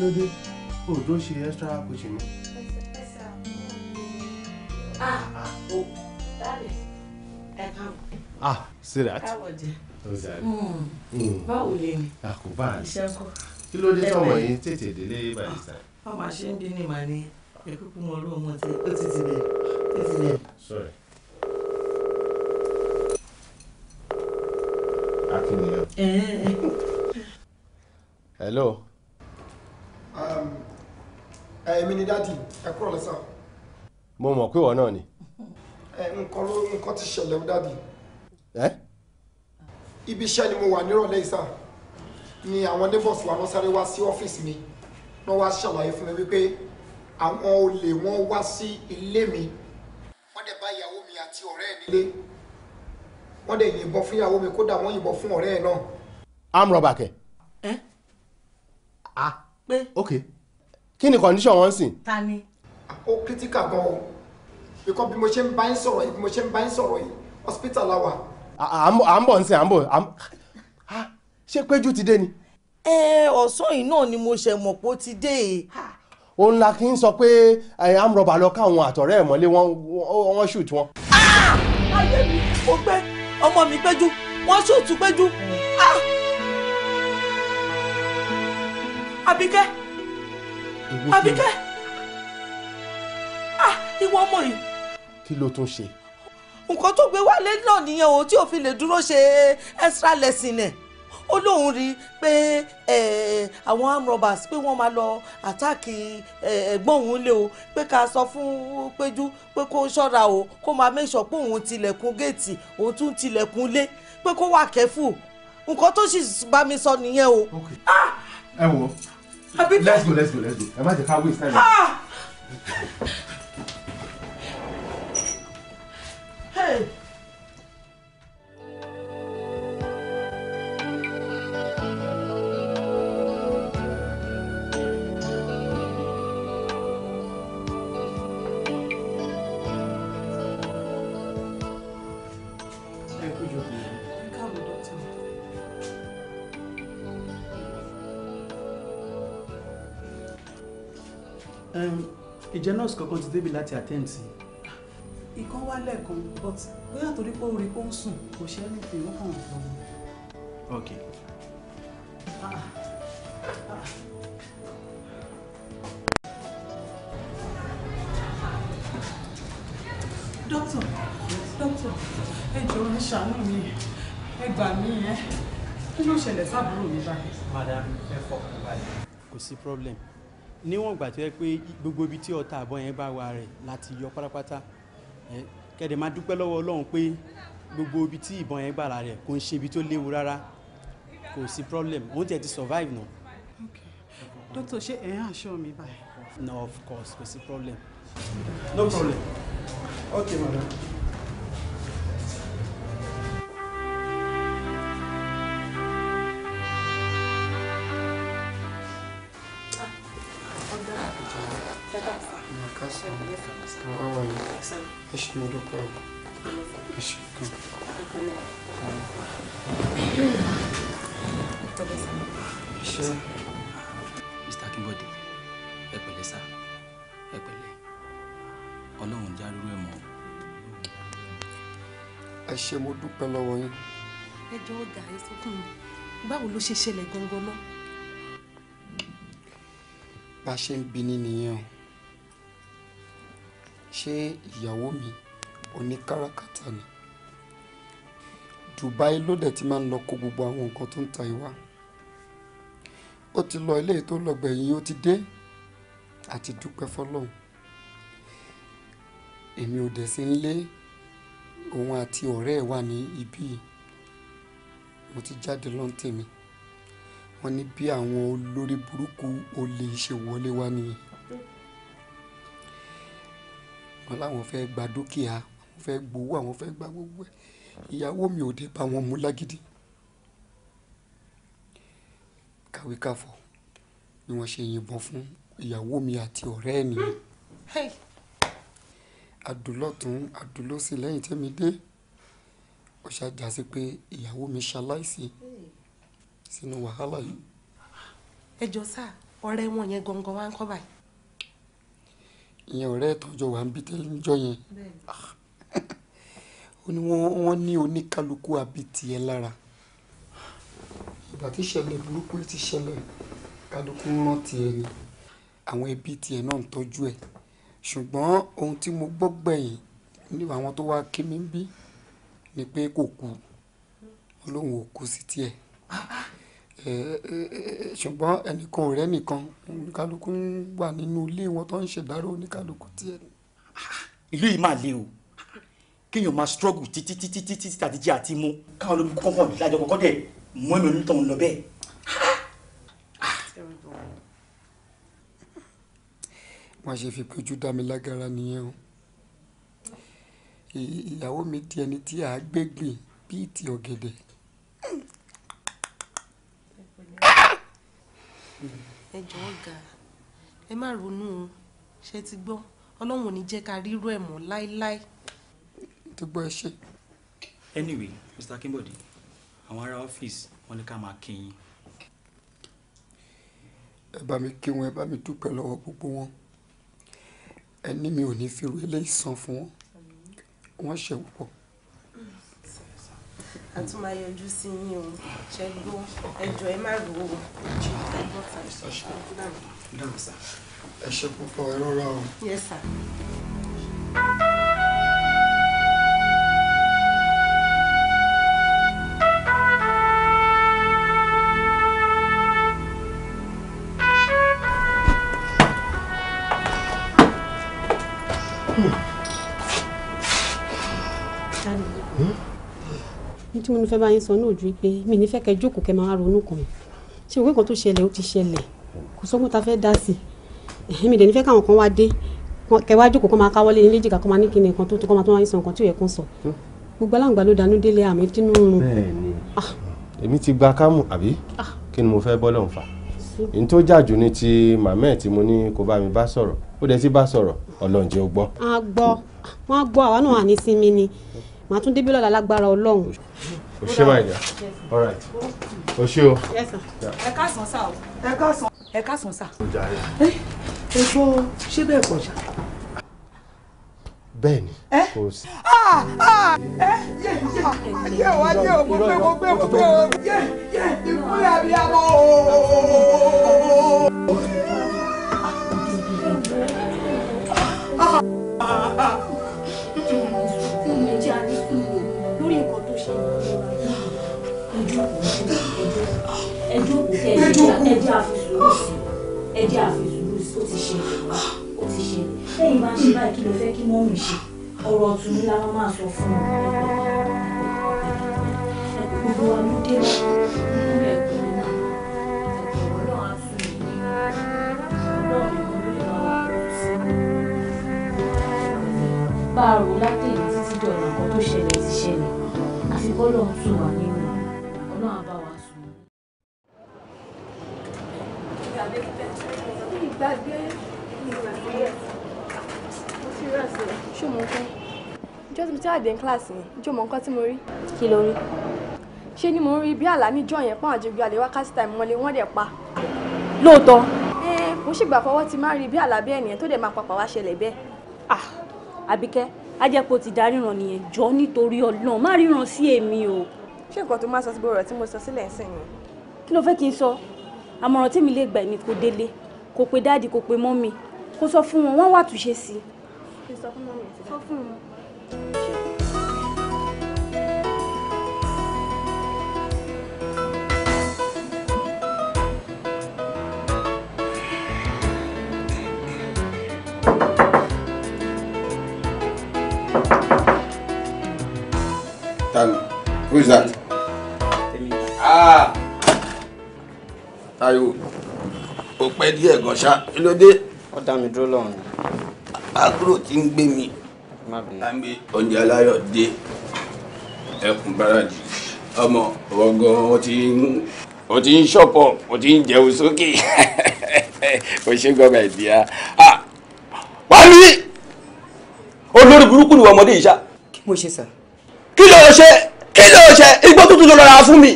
ló dé òdó ṣe extra coaching ni. Ah, ah see that. Hmm. Hmm. báwo lè ní. a kò bá a ṣe kí ló dé tọmọ yìí tètè délé báyìí sá. Ah, ọmọ àṣẹ ń bí ní màá ní ẹkúkú mọ ọlọ́run mọ tí ó ti ti bẹ ó ti bẹ. hello. Um, eh, èmi ni dádì ẹ kúrò lẹ́sà. mo mọ̀ pé ìwọ náà ni. Eh, nǹkan ló nǹkan ti ṣẹlẹ̀ o dádì. ẹ. Eh? ibi iṣẹ́ ni mo wà nírọ̀lẹ́ ìsà ni àwọn neighbors wa wọ́n sáré wá sí ọ́fíìsì mi wọ́n wá ṣàlàyé fún mi wípé àwọn olè wọ́n wá sí ilé mi wọ́n dẹ̀ bá ìyàwó mi àti ọ̀rẹ́ ẹ̀ nílé wọ́n dẹ̀ yìnbọn fún ìyàwó mi kódà wọ́n yìnbọn fún ọ̀rẹ́ ẹ̀ náà. amrọ̀bàkẹ́. ẹ́ ah pé. ok kí ni condition wọn sìn. ta ni. ó kírítíkà gan o bíkọ́ bí mo ṣe ń bá yín sọ̀rọ̀ yìí bí mo ṣe ń bá yín sọ̀rọ̀ yìí hospital la wà. à ń bọ̀ ń sìn à ń bọ̀ ṣé péjú ti dé ni. ẹ ọ̀sán yìí náà ni mo ṣe mọ̀ pé ó ti dé e. òun la kì í sọ pé amrọ̀bà lọ káwọn àtọ̀rẹ́ ẹ̀ mọ́lé wọ́n ṣùt wọn. Ah! ayé mi ò gbé ọmọ mi péjú wọ́n ṣùtù péjú. Ah! Àbíkẹ́ Àbíkẹ́ ah ìwọ ọmọ yìí. kí ló tún ṣe. nǹkan tó gbé wálé náà nìyẹn o tí òfin lè dúró ṣe extra lesson ẹ̀ ó lóun rí i pé àwọn arm robbers pé wọ́n máa lọ àtáàkì ẹ̀gbọ́n òun lé o pé ká sọ fún Péjú pé kó ṣọ́ra o kó máa make sure pé òun tilẹ̀kùn géètì òun tún tilẹ̀kùn lé pé kó wà kẹ́fù nǹkan tó sì bá mi sọ nìyẹn o. Ah! ẹ wọ let's go let's go let's go ẹ má the car. waste time. Ah! Hey! ìjẹ́ nọ́ọ̀sì kankan ti débi láti attend sí. ìkan wá lẹ́ẹ̀kan but bóyá torí pé orí kò ń sùn kò ṣe é ní fi wọ́n kàn lọ. ok. Ah. Ah. Doctor, doctor, ẹ jọ̀ọ́ ẹ ṣàánú mi, ẹ gbà mí ẹ. Kí ló ṣẹlẹ̀ sábúrò mi báyìí? Madam, ẹ fọkàn balẹ̀. Kò sí problem níwọ̀n ìgbà tó yẹ pé gbogbo ibi tí ọta àbọ̀ yẹn bá wà rẹ̀ láti yọ pátápátá kẹ̀dẹ̀ máa dúpẹ́ lọ́wọ́ ọlọ́run pé gbogbo ibi tí ìbọn yẹn gbà rẹ̀ kò ń ṣe ibi tó léwu rárá kò sí problem òun tiẹ̀ ti survive náà. okay doctor ṣé ẹ̀ ń àṣọ mi báyìí. no of course kò sí problem. no problem. okay madam. Mr. Kimbode, ẹ pẹ̀lẹ́ sá, ẹ pẹ̀lẹ́, Ọlọ́run olha onde ẹ̀ mọ́. Ẹ ṣé mo dúpẹ́ lọ́wọ́ yín. Ẹ jọ̀ọ́ ọ̀gá ẹ sọ fún mi, o ló ṣe ṣẹlẹ̀ gangan náà? bá ṣe ń bini nìyẹn o ṣé ìyàwó mi oníkáràkátà ni Dubai ló dẹ̀ ti máa ń lọ kó gbogbo àwọn nǹkan tó ń ta ìwà ó ti lọ ilé tó lọ́gbẹ̀yìn ó ti dé àti dúpẹ́ fọlọ́run èmi ò dẹ̀ sí nílé òun àti ọ̀rẹ́ ẹ̀ wà ní ibí mo ti jáde lọ́n wọ́n ní bí àwọn olórí burúkú olè ṣe wọlé wá nìyẹn wọ́n láwọn fẹ́ gba dúkìá àwọn fẹ́ gbowó àwọn fẹ́ gba gbogbo ẹ̀ ìyàwó mi ò dé bá wọn mú lágídí kàwékàfọ̀ ni wọ́n ṣe yìnbọn fún ìyàwó mi àti ọ̀rẹ́ ẹ̀ nìyẹn adùlọ́tún adùlọ́sí lẹ́yìn tẹ́mi dé ó ṣàjà sí pé ìyàwó mi ṣaláìsí sínú wàhálà yìí. ẹ jọ sá ọ̀rẹ́ wọn yẹn gangan wá ń kọ báyìí. ìyẹn ọ̀rẹ́ ìtọjọ wà ń bí tẹlifíjọ yẹn ah. [LAUGHS] wọ́n ní oníkálukú àbí tiẹ̀ lára ìgbà tí ìṣẹ̀lẹ̀ burúkú ti ṣẹlẹ̀ kálukú rán tiẹ̀ ni àwọn ẹbí tiẹ̀ náà ń tọ́jú ẹ̀ ṣùgbọ́n ohun tí mo gbọ́ gbẹ̀yìn ní àwọn tó wá kí mi bí ni pé kò kú olóhùn ò kú sí tiẹ̀ ah, ah. Eh, eh, eh, ṣùgbọ́n ẹnìkan ọ̀rẹ́ nìkan oníkálukú ń wà nínú ilé wọn tó ń ṣèdárò oníkálukú tiẹ̀. ìlú yìí máa le o kéèyàn máa struggle títí títí títí tàbí jẹ àti mu káwọn olómi kọ́kọ́ mi lájọ kọ́kọ́ dẹ̀ mú ẹ̀mí onítọ̀ ń lọ bẹ́ẹ̀. wọ́n ṣe fi péjú dá mi lágara nìyẹn o ìyàwó mi di ẹni tí a gbé bíi ti ọ̀gẹ̀dẹ̀ ẹ jọ̀ọ́ ọ̀gá ẹ má ronú o ṣe ti gbọ́ ọlọ́run ò ní jẹ́ ká rírú ẹ̀ mọ́ láéláé. dùgbò ẹ ṣe. anyway mr kimbodi àwọn ará ọ́fíìsì wọn ní ká máa kí yín. ẹ bá mi kí wọn ẹ bá mi dúpẹ́ lọ́wọ́ gbogbo wọn ẹni mi ò ní fi irú eléyìí san fún wọn wọn ṣe púpọ̀ a sí yín o ṣe gbọ́ ẹ má rò ó ẹ ṣe púpọ̀ ẹ rọra o. yes sir. mo fẹ́ bá yín sọ náà ju pé mi ní fẹ́ kẹ́ jókòó kẹ́ máa ronú kan ṣé òwe kan tó ṣẹlẹ̀ ó ti ṣẹlẹ̀ kò sọ́gbọ́n ta fẹ́ dá sí i mi dẹ̀ ní fẹ́ káwọn kan wá dé kẹ́ wá jókòó kọ́ máa káwọ́lé nílé jìkà kọ́ máa ní kíni nǹkan tó tó kọ́ máa tó wáyé sọ nǹkan tí ò yẹ kó sọ gbogbo aláǹgbá ló dànù délé àmì tínú rùn. bẹ́ẹ̀ni ah. èmi ti gba kámù àbí ah. kí ni mo fẹ́ bọ́ lọ́hùn fà n tó jàjù ni ti màmá ẹ̀ tí mo ní kó bá mi bá sọ̀rọ̀ ó dẹ̀ ti bá sọ̀rọ̀ ọlọ́njẹ́ ó gbọ́. a gbọ́ wọn á gbọ́ àwa náà wà ní sinmi ni màá tún débí lọ́la lágbára ọlọ́run. o ṣe máa yà all right o ṣe o. ẹ káàsán sá o ẹ káàsán ẹ káàsán sá. ẹ ẹ̀fọ́ ṣé bẹ́ẹ̀ kọ̀ ṣá. bẹ́ẹ̀ ni kò sí. yẹ ah, ah, wá yẹ o mo gbé mo gbé mo gbé o yẹ yẹ ìkúlẹ̀ abiyamọ o. Ah! ah péjú kú. ẹ jẹ́ àfisùúrù sí ẹ jẹ́ àfisùúrù sí ó ti ṣe ó ti ṣe lẹ́yìn máa ń ṣe báyìí kí ló fẹ́ kí mọ́mì ṣe ọ̀rọ̀ ọ̀tún ńlá wọn máa sọ fún mi. gbogbo wa ló dé bá a rò látẹ̀yìn títí dọ̀nà kan tó ṣẹlẹ̀ ti ṣẹlẹ̀ àfikọ́ lọ́hún tún wà nínú. ṣó mọ nǹkan ìjọ tí mo ti wà dé ní kíláàsì yẹn ìjọ mọ nǹkan tí mo rí. kí ló rí. ṣé ni mò ń rí bí àlá níjọ yẹn pọ́n àjẹgbé àlè wákàtí tàìmù mọ́lé wọ́n dẹ̀ pa. lóòótọ́. ẹ mo ṣègbà fọwọ́ ti máa rí bí àlá bẹ́ẹ̀ nìyẹn tó dẹ̀ máa papà wá ṣẹlẹ̀ bẹ́ẹ̀. ah àbíkẹ́ ajẹ́pọ̀ ti darí ràn nìyẹn jọ nítorí ọlọ́run má ríran sí èmi o. ṣé nǹkan tó máa sọ sí gbogbo ọ̀rọ̀ tí mo sọ sílẹ̀ ń sìn ni. kí ló fẹ́ kí n sọ àmọ̀ràn tí mi lè gbà ní kò délé kò pé dáàdì kò pé mọ́mì kò sọ fún wọn wọ́n wà túnṣe sí i kí n sọ fún mọ́mí àti who is that? Ah! Táíwò, ó pẹ́ díẹ̀ gan ṣá, kí ló dé? Ó dá mi agro ti ń gbé mi láńgbé oúnjẹ aláyọ̀ dé ẹkùn báràjì ọmọ ọgàn ó ti ń ó ti ń ṣọ̀pọ̀ ó ti ń jẹun sókè [LAUGHS] ó ṣe gọbà ìdíyà wá ní olórí burúkú ni ọmọdé yìí ṣá. kí mo ṣe sà. kí ló ṣe kí ló ṣe igbó tútù ló rọra fún mi.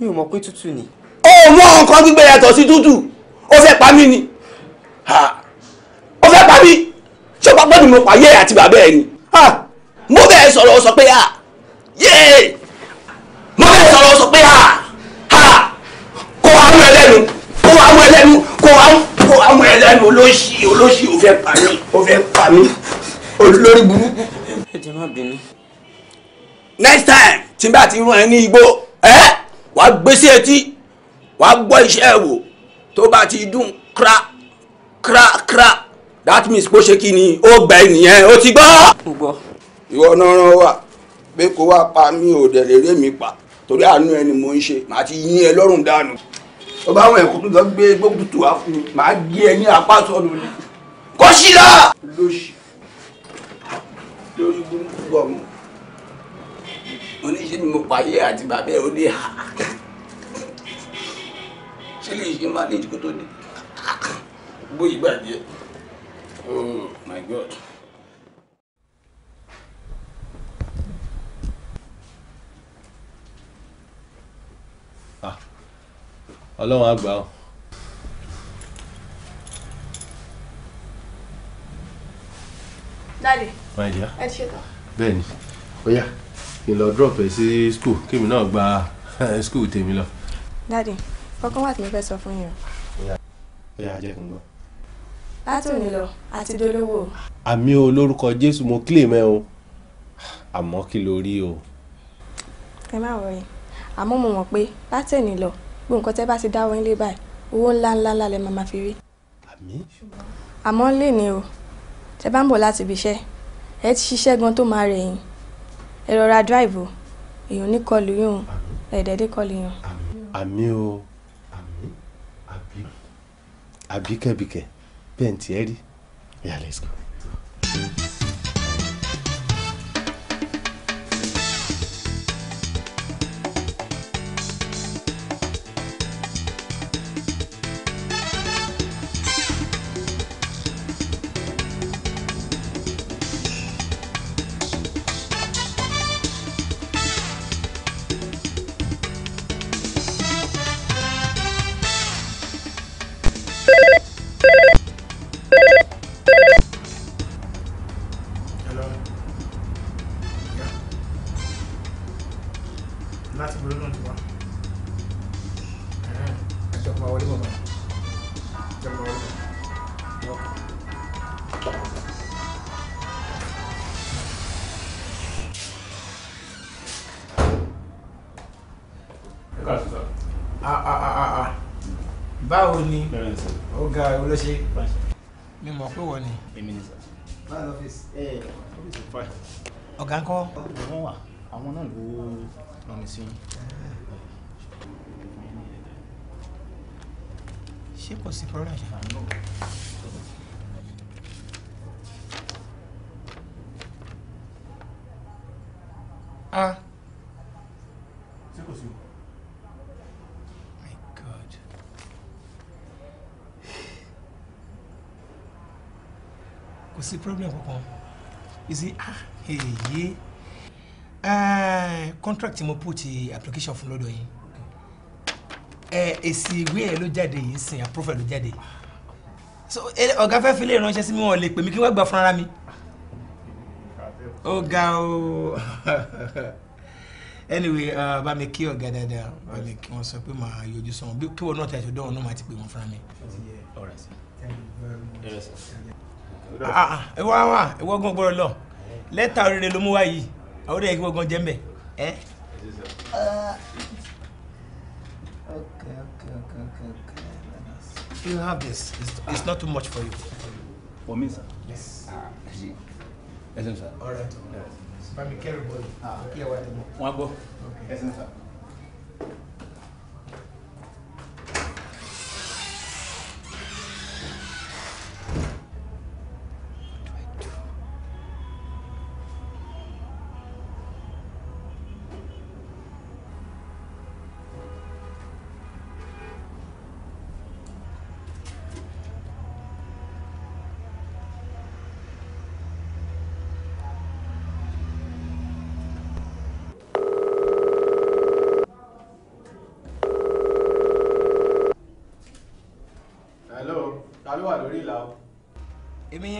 mi ò mọ̀ pé tútù ni. ó mú nǹkan gbígbé yàtọ̀ sí tútù ó fẹ́ pa mí ni ó fẹ́ pa mí tí o bá gbọ́dọ̀ mo pa yé àti bàbá ẹ mo bẹ́ẹ̀ sọ̀rọ̀ sọ pé à yé mo bẹ́ẹ̀ sọ̀rọ̀ sọ pé à à àwọn ẹlẹ́nu kó àwọn ẹlẹ́nu kó àwọn ẹlẹ́nu olóṣì olóṣì ò fẹ́ pa mí olórí burúkú. next time tí n bá ti rún ẹ ní igbó ẹ wàá gbé sí etí wàá gbọ́ iṣẹ́ wò tó bá ti dún kra kra kra that means bó ṣe kí ni ó gbẹ nìyẹn ó ti gbọ́. ìwọ náà ràn wá pé kó wá pa mí ò dẹ̀ lè rémi pa torí àánú ẹni mò ń ṣe màá ti yín ẹ lọ́rùn dànù tó bá wọn ẹ̀kú tó lọ gbé gbókùtù wá fún mi màá gé ẹ ní apá sọ̀rọ̀ ni kó sí lọ. lóṣì lórí burúkú ọmọ oníṣẹ́ ni mo pààyè àti bàbá ẹ̀ ó dé ha ṣé lè ṣe máa ní ìdíkó tó dé bóyá ìgbà díẹ̀. Oh my God. Ah, Ọlọ́run àgbà o. Dádì. My dear. Ẹ ti ṣetán. Bẹ́ẹ̀ni, ó yá kí n lọ drop ẹ sí school kémi náà gba eh, school tèmi lọ. Dádì, kọ́kọ́ wà tí mo fẹ́ sọ fún yín o. Ó yá ó yá jẹ́ kí n gbọ́ látòní lọ àti dolówó. àmì o lórúkọ jésù mo kílè mẹ́ o àmọ́ kí lo rí o. ẹ má wọ̀nyí àmọ́ mo mọ̀ pé látẹ̀ni lọ gbogbo nǹkan tẹ́ bá ti dáwọ́ nílé báyìí owó ńlá ńlá ńlá lẹ máa fi rí. àmọ́ lè ní o tẹ́ bá ń bọ̀ láti ibiṣẹ́ ẹ ti ṣiṣẹ́ gan tó máa rẹ̀ yín ẹ rọra drive o èèyàn ní kọlù yín o ẹ̀ẹ́dẹ́dẹ́ kọlù yín o. àmì o àmì àbíkẹ́bíkẹ́ bẹ́ẹ̀ ní tiẹ̀ rí. yàrá ìsìnkú. báwo ni ọ̀gá olóṣè mi mọ̀ pé wọ́n ni. èmi ni sà. báwo ni ọ́fíìsì. ẹ ẹ ọ́fíìsì fine. ọ̀gá ńkọ́. wọ́n wà àwọn náà ló rán mi sí yín. ṣé kò sí problem problem kankan you see ah èyí eh, contract mo put application fún lọ́dọ̀ yín eh, èsì ìwé ẹ̀ ló jáde yìí sìn approve ẹ̀ ló so ọ̀gá fẹ́ fi lè ránṣẹ́ sí mi wọ́n lè pè mí kí wọ́n gbà fúnra mi ó ga o [LAUGHS] anyway uh, bá mi kí ọ̀gá dáadáa bá mi kí wọ́n sọ pé màá yọjú sọ wọn bí kí wọn náà tẹ̀sán dọ́wọ́n náà máa ti pè wọ́n fúnra mi. ọ̀rẹ́ sọ. Ah, ah, ẹ wá wá lọ lẹ́tà oríire ló mú wá yìí àwọn ọ̀dọ́ yẹ ẹ́. Uh, okay, okay, okay, okay, You have this. It's, it's not too much for you. For me, sir? Yes. Ah, yes, sir. All right. Yes. Bami carry boy. Ah, here what? One go. Okay. Yes, sir.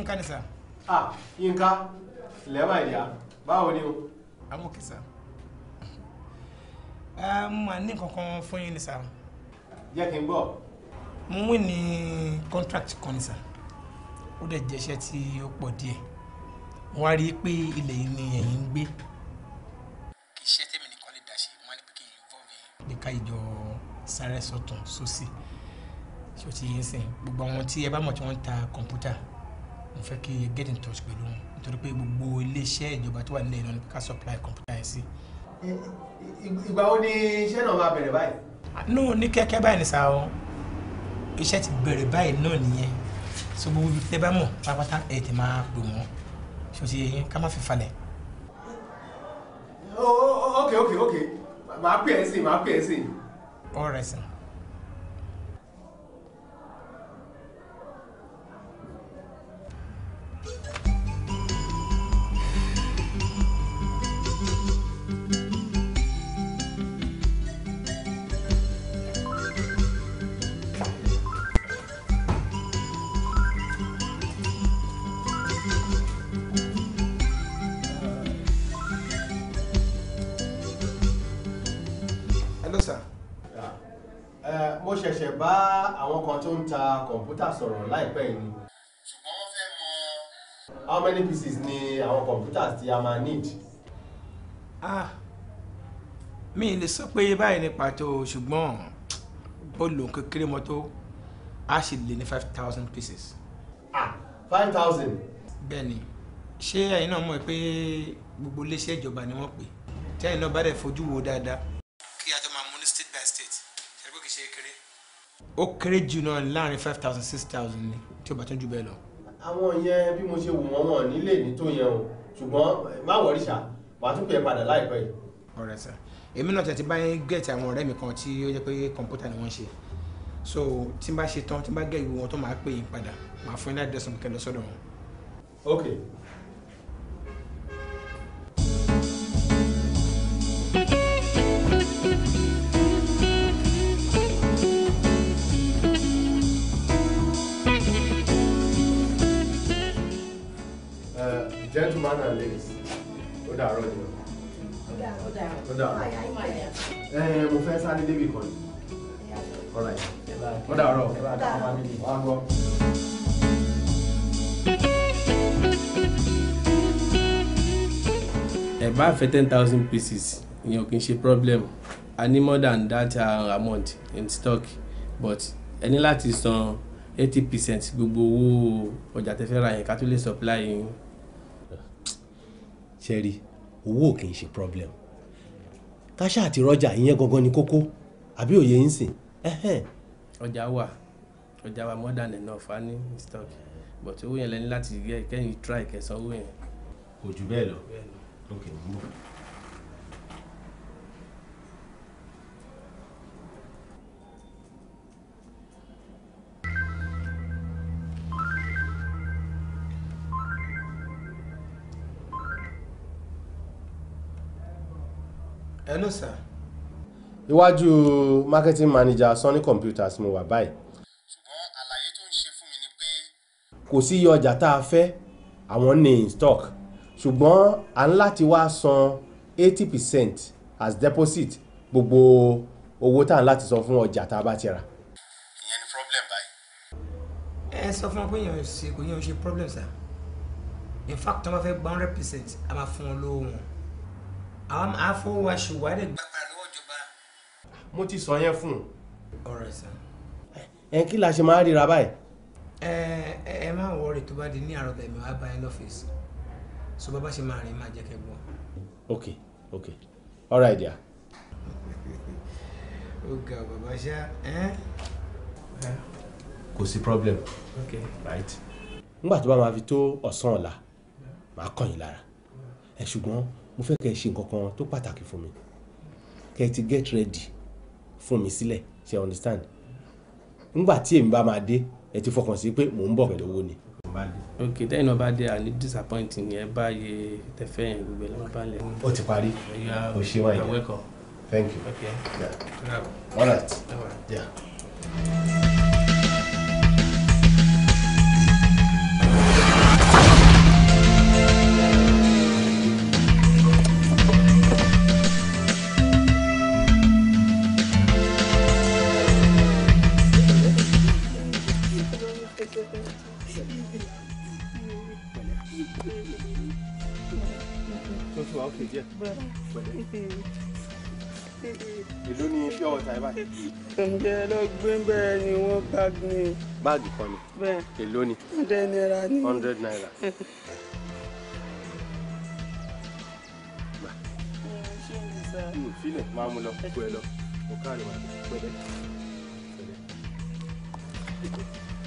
Yínká ni sà. ah Yínká ilẹ̀ máa yá báwo ni o. àwọn òkè sà. mo ní kankan fún yín ni sà. jẹ́ kí n gbọ́. mo wí ní contract kan ni sà ó dẹ̀ jẹ́ iṣẹ́ tí ó pọ̀ díẹ̀ wọ́n á rí i pé ilẹ̀ yìí ni ẹ̀yin ń gbé. kì í ṣe tèmi nìkan lè dá ṣe wọ́n á ní pé kí n involve ìjọ sáré sọ̀tún sósì ṣòtì yín sìn gbogbo àwọn tí ẹ bá mọ̀ tí wọ́n ń ta kọ̀ǹpútà mo fẹ́ kí you get in touch pẹ̀lú wọn nítorí pé gbogbo iléeṣẹ́ ìjọba tó wà nílẹ̀ Ìlọrin ká supply kọ̀ǹpútà yẹn sí. ìgbà wo ni iṣẹ́ náà máa bẹ̀rẹ̀ báyìí. Ah, nù ní kẹ́kẹ́ báyìí ni sà o iṣẹ́ ti bẹ̀rẹ̀ báyìí náà nìyẹn so gbogbo ibi tẹ́ bá mọ̀ pátápátá ẹ̀ tẹ̀ máa pè wọ́n ṣé o ti yẹ yẹn ká má fi falẹ̀. Oh, oh, oh, ok ok ok màá pè é sí màá pè é sí. all right sir. bá àwọn kan tó ń ta kọ̀ǹpútà sọ̀rọ̀ láìpẹ́ yìí ni. ṣùgbọ́n wọ́n fẹ́ mọ. how many pieces ni àwọn kọ̀ǹpútà tí a máa need. ah mi lè sọ pé báyìí ní pàtó ṣùgbọ́n ó lò kékeré mọ́tò a sì lè ní five thousand pieces. ah five thousand. bẹ́ẹ̀ni ṣé ẹ̀yin náà mọ̀ pé gbogbo iléeṣẹ́ ìjọba ni wọ́n pè tí ẹ̀yin náà bá dẹ̀ fojú wo dáadáa kí a tó máa ó kéré jù náà láàrin five thousand six thousand ni tí ó bá tún jù bẹ́ẹ̀ lọ. àwọn yẹn bí mo ṣe wò wọ́n wọn nílé ní tó yẹn o ṣùgbọ́n má wọrí ṣá wàá tún pè é padà láìpẹ́ yìí. ọ̀rẹ́ sà èmi náà tẹ̀sí báyìí gẹ̀ẹ́tì àwọn ọ̀rẹ́ mi kan tí ó jẹ́ pé kọ̀ǹpútà ni wọ́n ṣe so tí n bá ṣe tán tí n bá gẹ̀ ìwé wọn tó máa pè yín padà máa fún yín láti dẹ̀sán kẹlẹ́ sọ́dọ̀ wọn. okay man and ladies ó dàárọ̀ ni o. ó dàárọ̀ ó dàárọ̀ eh, mo fẹ́ sáré débi kan ó dàárọ̀ wà á gbọ́. ẹ bá fẹ́ ten thousand pieces ìyẹn ò kì í ṣe problem a ní more than that uh, amount in stock but ẹ ní láti san eighty percent gbogbo owó ọjà tẹ́ fẹ́ ra yẹn ká tó lè supply yín ṣẹ́rí owó kì í ṣe problem káṣá àti rọ́jà ìyẹn gangan ni kókó àbí òye ń sìn. ọjà wà ọjà wà more than enough a ní stock but owó yẹn lẹ́ni láti kẹ́yìn try kẹsàn-án owó yẹn. kò jù bẹ́ẹ̀ lọ ok n bọ̀. ẹ nù sà. iwájú marketing manager Sony Computers mo wà báyìí. ṣùgbọ́n àlàyé tó ń ṣe fún mi ni pé. kò sí iye ọjà tá a fẹ́ àwọn ní in stock ṣùgbọ́n à ń láti wá san eighty percent as deposit gbogbo owó tá à ń láti san fún ọjà tá a bá ti rà. ìyẹn ni problem báyìí. ẹ sọ fún wọn pé èèyàn ṣe kò yẹn ṣe problem sir in fact tí wọ́n bá fẹ́ gba hundred percent a máa fún wọn lówó wọn àfọwọ́ṣùwádìí gbàgbà lọ́wọ́ ìjọba. mo ti sọ yẹn fún un. ọ̀rọ̀ ẹ̀sán. ẹ kí la ṣe máa ríra báyìí. ẹ ẹ má wọrí tó bá di ní àròkọ ẹ̀mí wàá bá yín lọ́fíìsì so bàbá ṣe máa rìn máa jẹ́ kẹ́ gbọ́. ok ok all right dear. ó ga bàbá ṣá. kò sí problem. ok right. nígbà tó bá máa fi tó ọ̀sán ọ̀la màá kàn yín lára ẹ ṣùgbọ́n mo fẹ́ kẹ́ ẹ ṣe nǹkan kan tó pàtàkì fún mi kẹ́ ẹ ti get ready fún mi sílẹ̀ ṣe understand nígbà tí èmi bá máa dé ẹ ti fọkàn sí pé mò ń bọ̀ pẹ̀lú owó ni. ok tẹ́yìn náà bá dé àní disappointing ni ẹ bá yẹ tẹ́fẹ́ yẹn gbogbo ẹ̀ lọ́wọ́ bá ti parí o ṣe wáyé thank you. Okay. Yeah. all right. All right. Yeah. pẹ̀lẹ́. èló ni pure water ẹ báyìí. ǹjẹ́ ló gbé bẹ́ẹ̀ ni wọ́n báàgì ni. báàgì kan ni. bẹ́ẹ̀ ni. hundred naira ni. hundred naira. filẹ̀ máa mú lọ kó ẹ lọ kó káàlì wà ní pẹ̀lẹ́. Thank you.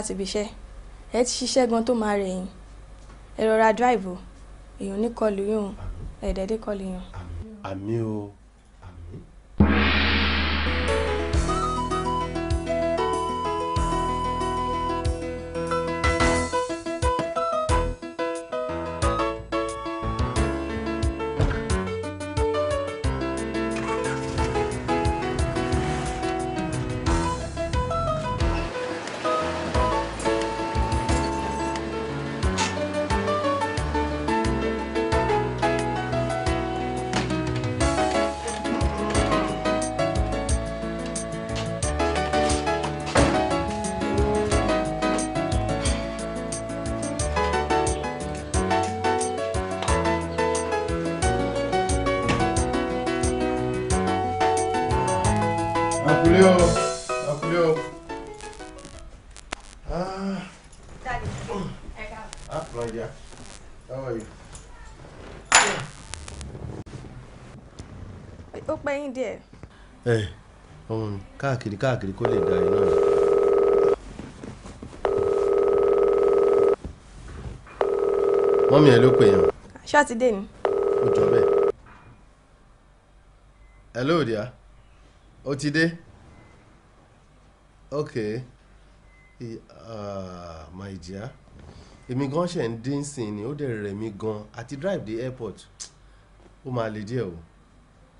láti ibi ẹ ti ṣiṣẹ́ gan tó máa rẹ̀ ẹ rọra drive èèyàn ní kọlù yín o kọlù yín àmì o yín díẹ̀. ẹ ọmọ mi káàkiri káàkiri kó lè da iná mi. mọ́mí ẹ ló pè yàn. sátidé ni. ó jọ bẹ́ẹ̀. hello dear ó ti dé ok uh, my dear èmi gan ṣe ń dín sí ni ó dẹ̀ rẹ̀ mí gan àti drive dé airport ó máa le díẹ̀ o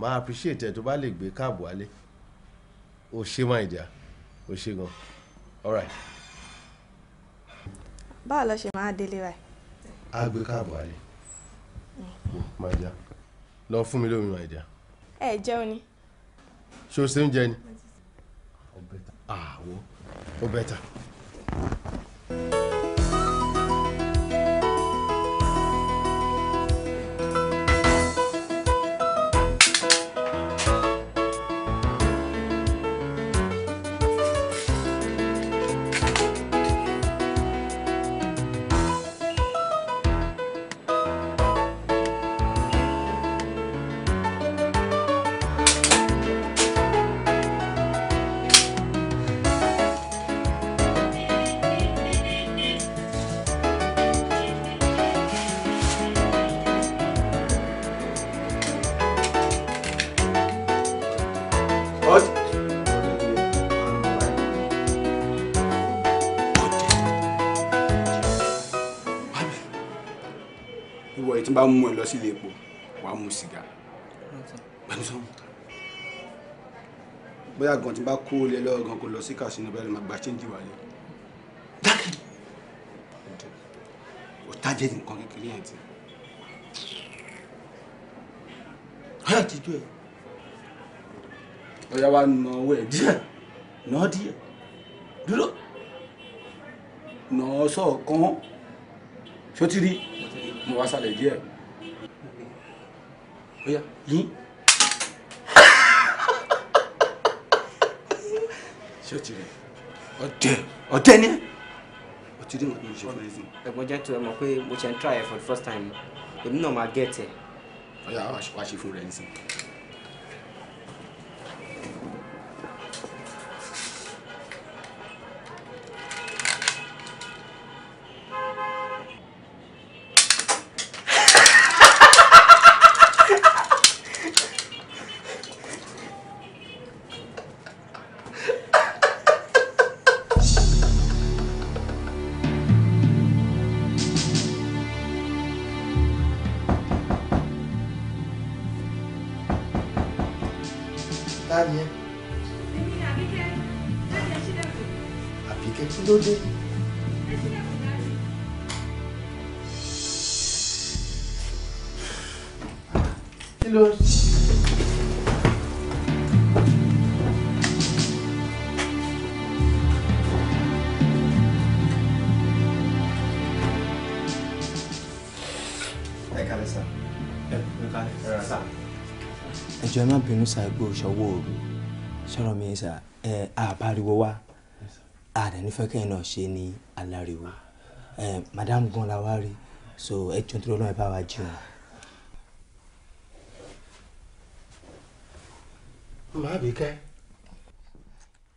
máa appreciate ẹ tó bá lè gbé káàbù wálé o ṣe máa ìjà o ṣe gan all right. báwo lọ ṣe máa délé rẹ. a gbé káàbù wálé máa jà lọ fún mi lómi máa jà. ẹ jẹun ni. ṣé o ṣe ń jẹ ni. Ah, ó bẹ̀tà. ó bẹ̀tà. bóyá gan tí bá kó lé lọ́wọ́ gan kó lọ sí kàṣínú bẹ́ẹ̀ máa gba ṣéǹjì wálé. dákì ò tájẹ́ nǹkan kékeré yẹn ti. ọ̀yà àtijọ́ ẹ̀ ọ̀yà wa nà ọwọ́ ẹ̀ díẹ̀ nà ọ́ díẹ̀ dúró nà ọ́ sọ̀kan sotiri mo wá sálẹ̀ díẹ̀ ọ̀yà yín. ṣé o ti rí ọdẹ ọdẹ ni o ti rí nǹkan tó ń ṣe fún ẹsìn. ẹ̀gbọ́n jẹ́ntu ẹ mọ̀ pé mo ṣe ń try for the first time èmi náà máa gẹ̀ẹ́tẹ̀. ọ̀yà wàá ṣe fún rẹ̀ nísìnyí. bínú sá ẹgbẹ́ òṣòwò òru sọ̀rọ̀ mi sá ẹ àbáriwo wa àdẹ̀nífẹ́kẹ́ náà ṣe ní aláriwo ẹ madam gan la rí so ẹ jọ dúró lọ́wọ́ ẹ bá wa jẹun. màá bí kẹ́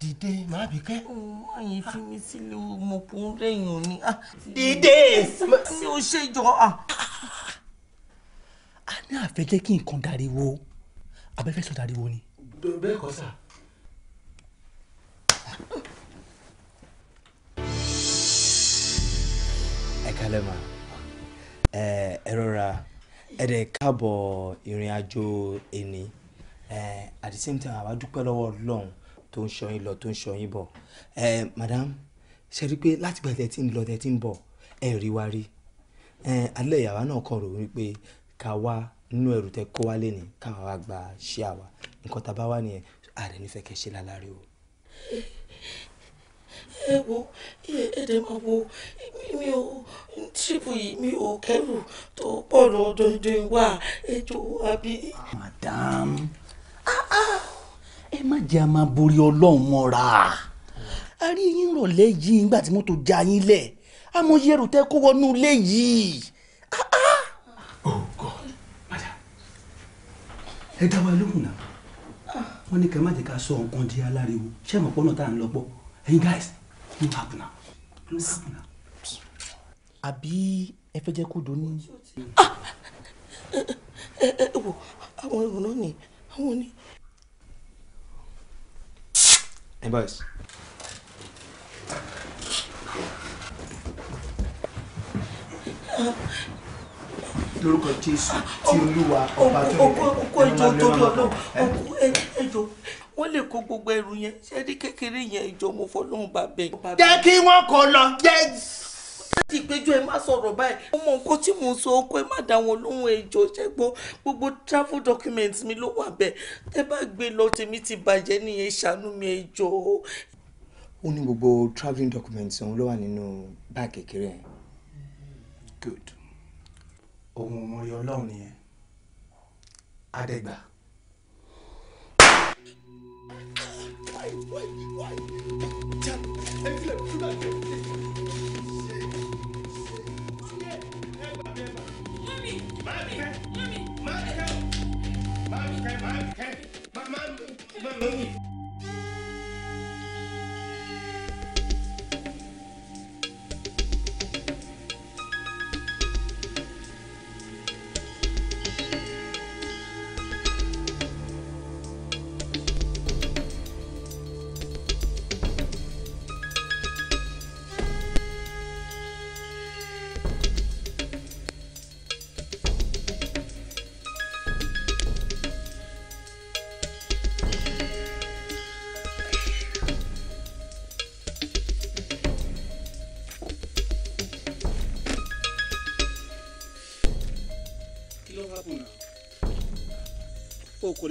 dìde màá bí kẹ́. ọ̀hún fi mi sílẹ̀ ọmọkùnrin lẹ́yìn òní. dìde mi ò ṣe jọ. Ah. a ní àfẹ́jẹ́ kí nǹkan dariwo abẹ́fẹ́ sọ̀tàrí wo ni. bẹ́ẹ̀ kọ́ sà. ẹ kalẹ̀ ma ẹ rọra ẹ dẹ̀ káàbọ̀ ìrìn àjò ẹni at the same time àwa dúpẹ́ lọ́wọ́ ọlọ́run tó ń ṣọ́ yín lọ tó ń ṣọ́ yín bọ̀ madam ṣe rí i pé láti gbà tẹ́ ti ń lọ tẹ́ ti ń bọ̀ ẹ rí wa rí alẹ́ ìyàwó náà kàn rò wípé ká wá nínú ẹrù tẹ kó wálé ni káwọn wá gba ṣé àwa nǹkan tá a bá wà nìyẹn ààrẹ nífẹ̀ẹ́ kẹ́ ṣe lálàrí o. ẹ wo ẹ máa wo mi ò tírípù yìí mi ò kẹ́rù tó pọ̀ lọ dandan wà ẹjọ́ àbí. madam ẹ má jẹ́ a máa borí ọlọ́run mọ́ra a rí yín rọ̀lẹ́ yìí nígbà tí mọ́tò já yín lẹ̀ àmọ́ yẹ́rù tẹ́ kó wọnú ilé ẹ dá wa lóhùn náà wọ́n ní kẹ́ má jẹ́ ká sọ nǹkan di aláriwo ṣé mọ̀ pọ́nà tá à ń lọ pọ̀ ẹ̀yin guys ló happen na ló happen àbí ẹ fẹ́ jẹ́ kó do ní. Ah! ẹ ẹ wò àwọn èrò náà ni àwọn ni. ẹ boys. Uh, lórúkọ jésù tí olúwa ọba tó lè rẹ ọkọ ìjọ tó lọ lọ ọkọ ẹjọ wọn lè kó gbogbo ẹrù yẹn ṣẹdí kékeré yẹn ìjọ mo fọlọ́hún bá bẹ. jẹ́ kí wọ́n kó lọ láti ìpéjọ ẹ má sọ̀rọ̀ báyìí ọmọ nǹkan tí mò ń sọ ọkọ ẹ má dá wọn lóhùn ẹjọ ṣẹgbọn gbogbo travel document mi ló wà bẹ́ẹ̀ tẹ́ bá gbé lọ tèmi ti bàjẹ́ nìyẹn ṣàánú mi ẹjọ. ó ní gbogbo travelling documents òun ló wà nínú báàgì kékeré yẹn. good ohun ìmọ̀rí ọlọ́run nìyẹn adẹ́gbà. Mami, mami, mami, mami, mami, mami, mami, mami.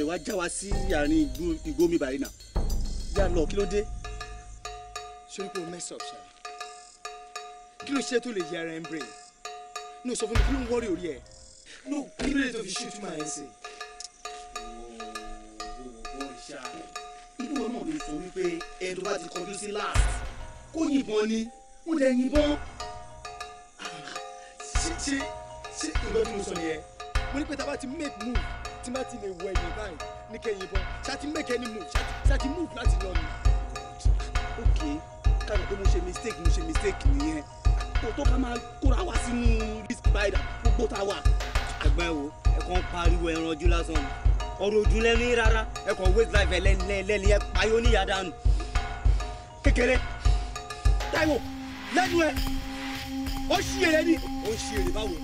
lè wá já wa sí àárín igbó mi báyìí náà yà lọ kí ló dé. sori pé mess up ṣá kí ló ṣe tó lè yẹ ara ẹ ń bèrè ní o sọ fún mi kí ló ń wọ́ọ̀rì orí ẹ ní o kí ló lè tó fi ṣe túmọ̀ ẹ̀ sí. ìbúwọ̀ náà lè sọ wípé ẹni tó bá ti kọjú sí last kó yìnbọn ni wọ́n dẹ̀ yìnbọn. Ah, ṣé ṣé ṣé ìgbọ́dún mo sọ nìyẹn mo ní pé tá a bá ti make move tí má ti lè wọ ẹ̀yìn báyìí ní kẹ́yìn bọ́ ṣáàtì make any move ṣáàtì move láti lọ ni. ok kájọ pé mo ṣe mistake mo ṣe mistake nìyẹn kò tó ká máa kóra wá sínú risk rider gbogbo tá wà. ẹ̀gbọ́n wo ẹ̀kọ́ ń pariwo ẹran lásán ni ọ̀rọ̀ ojú lẹ́nu rárá ẹ̀kọ́ waste life ẹlẹ́ni ẹ̀ níyà dànù. kékeré Táíwò lẹ́nu ẹ̀ ó ṣí èrè ni ó ń ṣí èrè báwo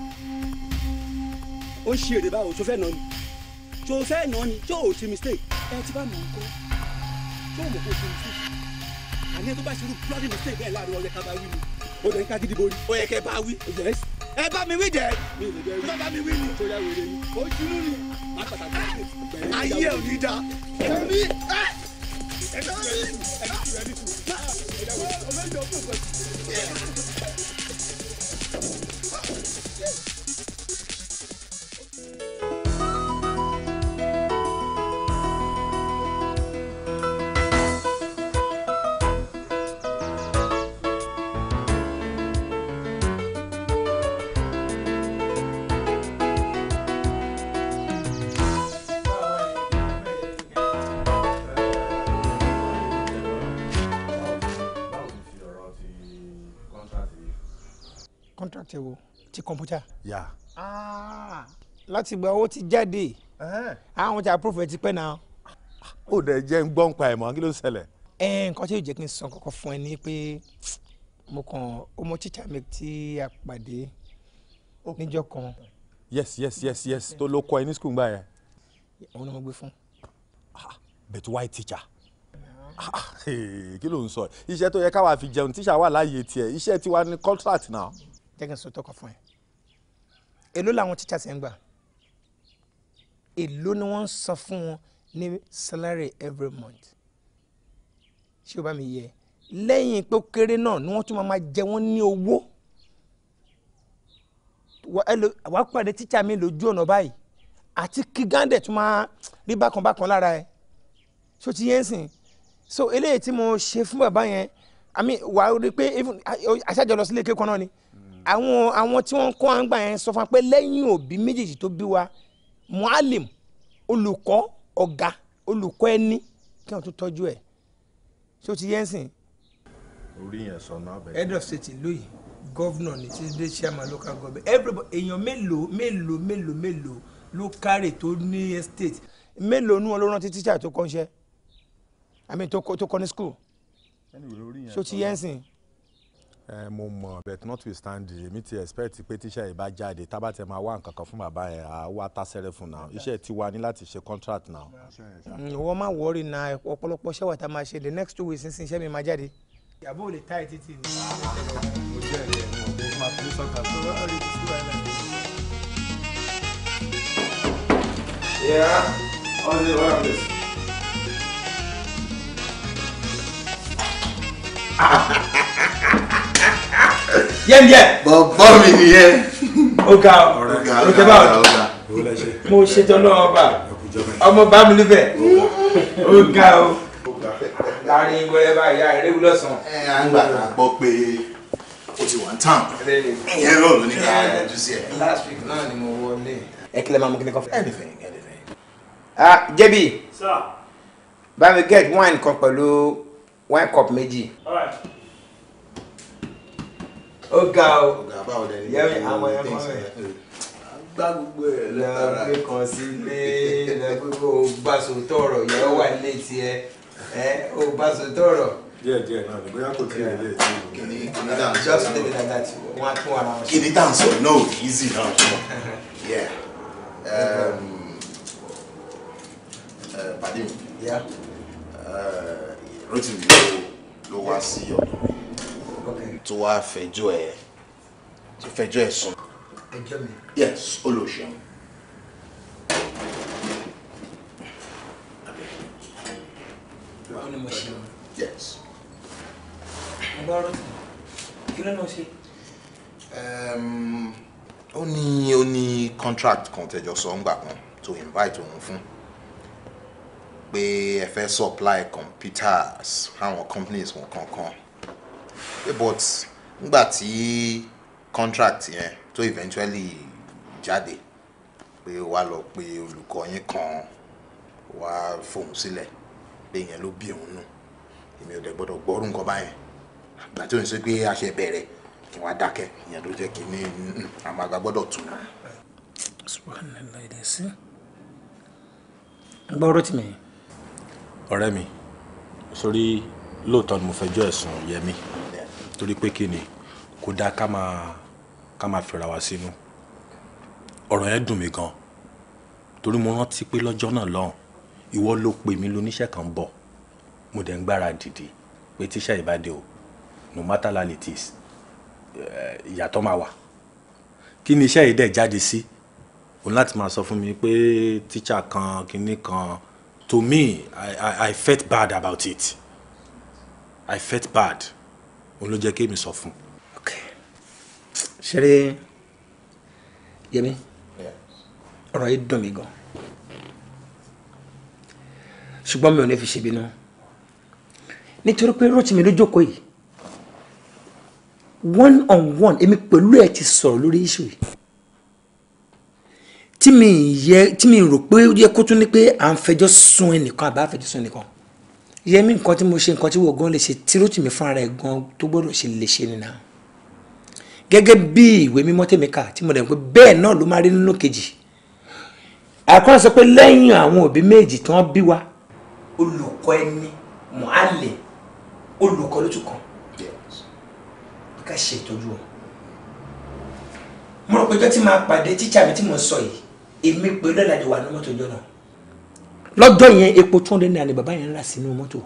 ó ń ṣí èrè báwo tó fẹ́ nà ni tó fẹ́ nà ni tó ò ti mistake ẹ ti bá mọ̀ nǹkan tó mọ̀ kó o ti mistake àní tó bá ṣe irú bloody mistake bẹ́ẹ̀ láàrin ọ̀rẹ́ ká bá wí ni ó lè ká gidi borí. ó yẹ kẹ́ bá wí. ẹ bá mi wí dẹ. mi ò lè bẹ wí. bá mi wí ni. kóyá wèrè yìí. ó junú ni. má pàtàkì ayé ò ní da. èmi ẹ. ẹ ti rẹ ní tu ẹ ti rẹ ní tu. ọlọ́yìn ọ̀pọ̀ pẹ̀lú. yà. Ah. láti gba owó ti jáde àwọn ọjà prophet ti pẹ́ náà. ó dẹ̀ jẹ́ ń gbọ́n pa ẹ̀ mọ́ kí ló ń ṣẹlẹ̀. ẹ eh, nǹkan tí yóò jẹ́ kí n san kọ́kọ́ fún ẹ ni pé mo kàn ọmọ tíṣà mi tí a pàdé níjọ́ kan. yes yes yes yes tó ló kọ ẹ ní skul gbà yẹn. òun ni mo gbé fún. Ah, but why teacher ah, kí ló ń sọ iṣẹ́ tó yẹ káwa fi jẹun tíṣà wà láàyè tiẹ̀ iṣẹ́ tiwa ni contract náà. jẹ́ kí n sọ tọkọ fún ẹ èló làwọn teachers ẹ̀ ń gbà èló ni wọ́n ń san fún wọn ní salary every month ṣé o bá mi yẹ lẹ́yìn pé ó kéré náà ni wọ́n tún máa jẹ wọ́n ní owó wàá pàdé teacher mi lójú ọ̀nà báyìí àti kí gándẹ̀ tún máa rí bákan bákan lára ẹ̀ ṣó ti yẹn sìn so eléyìí tí mo ṣe fún bàbá yẹn àmì wàá rí i pé àṣàjọ lọ sílé kékan náà ni àwọn àwọn tí wọ́n kọ́ àǹgbà yẹn sọ fún wa pé lẹ́yìn òbí méjèèjì tó bí wa mualim olùkọ́ ọ̀gá olùkọ́ ẹni kí wọ́n tún tọ́jú ẹ̀ ṣé o ti yẹn sìn. orí yẹn sọ náà bẹ́ẹ̀. head of state ìlú yìí governor ti dé chairman local government everybody èèyàn mélòó mélòó mélòó mélòó ló kárè tó ní estate. mélòó nú wọn ló rántí tíṣà tó kọ́ iṣẹ́ àmì tó kọ́ ní school ṣé o ti yẹn sìn mo mọ̀ but notwithstanding èmi ti expect pé tíṣà yìí bá jáde tábà tẹ máa wá nǹkan kan fún bàbá yẹn à wá tásẹ̀rẹ̀ fún náà iṣẹ́ ti wà ní láti ṣe contract náà. Mm, wọ́n máa wọ́ọ̀rì na ọ̀pọ̀lọpọ̀ ṣẹ́wà tá a máa ṣe the next two weeks nísìnyí iṣẹ́ mi máa jáde. ìyàbọ̀ ò lè ta ẹ̀ títì ní. mo jẹ́ Yeah, only one this yẹn díẹ̀. bọ̀bọ̀ mi nìyẹn. ó ga ó tẹ́ bá ọ̀ mo ṣetán ọlọ́run ọba ọmọ bá mi níbẹ̀ ó ga o láàrin wẹ́rẹ́ báyìí àìrè wúlọ̀ sàn. ẹ à ń gbà ká gbọ́ pé o ti wà ń tàn ìyẹn lọ́ọ̀lù ní ká yọjú sí ẹ. last week náà ni mo wọlé. ẹ kílẹ̀ máa mú kíní kan fún. anything anything. ah jẹ́bi Sir, mi get wine kan pẹ̀lú wine cup méjì. all right ó ga o yẹ́mi àwọn ẹ̀fọ́ rẹ̀ gbá gbogbo ẹ̀ lọ́tara lọ gbé kan sí ilé lọ gbé kó o bá so tọrọ yẹ ọ wà nílé tiẹ̀ ẹ o bá so tọrọ. díẹ̀ díẹ̀ náà ni bóyá kò tí ì lè tí ì kìnì kìnì dàn sọ just leave it like that wọn á tún ara wọn. kìnì dàn sọ no easy náà sọ yeah um, uh, pàdé mi uh, Rotimi ló wá sí ọ̀dọ̀ mi tó wá fẹjọ́ ẹ tó fẹjọ́ ẹ sùn. ẹjọ́ mi. yes olóṣèlú. yes. mo bá rọ kí ló náà ṣe. ó ní ó ní contract kan tẹjọ sọ ń gbà kan to invite òun fún pé ẹ fẹ́ supply computers fáwọn companies wọn kankan Eh, but nígbà tí contract yẹn tó eventually jáde pé wàá lọ pé olùkọ́ yín kan wàá fòun sílẹ̀ pé yẹn ló bí òun nù èmi ò dẹ̀ gbọ́dọ̀ gbọ́rú nǹkan báyẹn àgbà tí ò ń ṣe pé a ṣe bẹ̀rẹ̀ kí wọ́n á dákẹ́ ìyẹn ló jẹ́ kí ní àwọn àgbà gbọ́dọ̀ tù. gbọ́rọ̀ tì mí. ọ̀rẹ́ mi sórí lóòótọ́ ni mo fẹjọ́ ẹ̀sùn Yẹmí torí pé kí ni kò dáa ká máa ká máa fira wa sínú ọ̀rọ̀ yẹn dùn mí gan torí mo rántí pé lọ́jọ́ náà lọ́hùn ìwọ ló pè mí lóníṣẹ́ kan bọ̀ mo dẹ̀ ń gbára dìde pé tíṣẹ́ ìbàdí o no matter la it is eh, ìyàtọ̀ máa wà kí ni iṣẹ́ yìí dẹ̀ jáde sí òun láti máa sọ fún mi pé tíṣà kan kinní kan to me I, I, I felt bad about it I felt bad òun ló jẹ́ kémi sọ fún. ṣeré Yẹmí ọ̀rọ̀ yìí dùn mí gan ṣùgbọ́n mi ò ní fi ṣe bínú nítorí pé Rotimi ló jókòó yìí one on one èmi pẹ̀lú ẹ̀ ti sọ̀rọ̀ lórí iṣu yìí tí mi yẹ tí mi rò pé ó yẹ kó tún ní pé à ń fẹjọ́ sun ẹnìkan àbá fẹjọ́ sun ẹnìkan yẹmi nǹkan tí mo ṣe nǹkan tí wò gan lè ṣe tìrótìmí fúnra rẹ̀ gan tó gbọ́dọ̀ ṣe lè ṣe nìyà gẹ́gẹ́ bí ìwé mímọ́ tèmi kà tí mo dẹ̀ pé bẹ́ẹ̀ náà ló máa rí nínú kejì àkọ́n sọ pé lẹ́yìn àwọn òbí méjì tí wọ́n bí wa olùkọ́ ẹni mọ̀álẹ̀ olùkọ́ ló tún kàn bí ká ṣe ìtọ́jú wọn. mo rò pé ọjọ́ tí màá pàdé tíṣà mi tí mò sọ yìí èmi pẹ̀lú ẹ̀làjọ wà ní mọ́tò ìjọ náà lọ́jọ́ yẹn epo two hundred naira ni bàbá yẹn ń rà sínú mọ́tò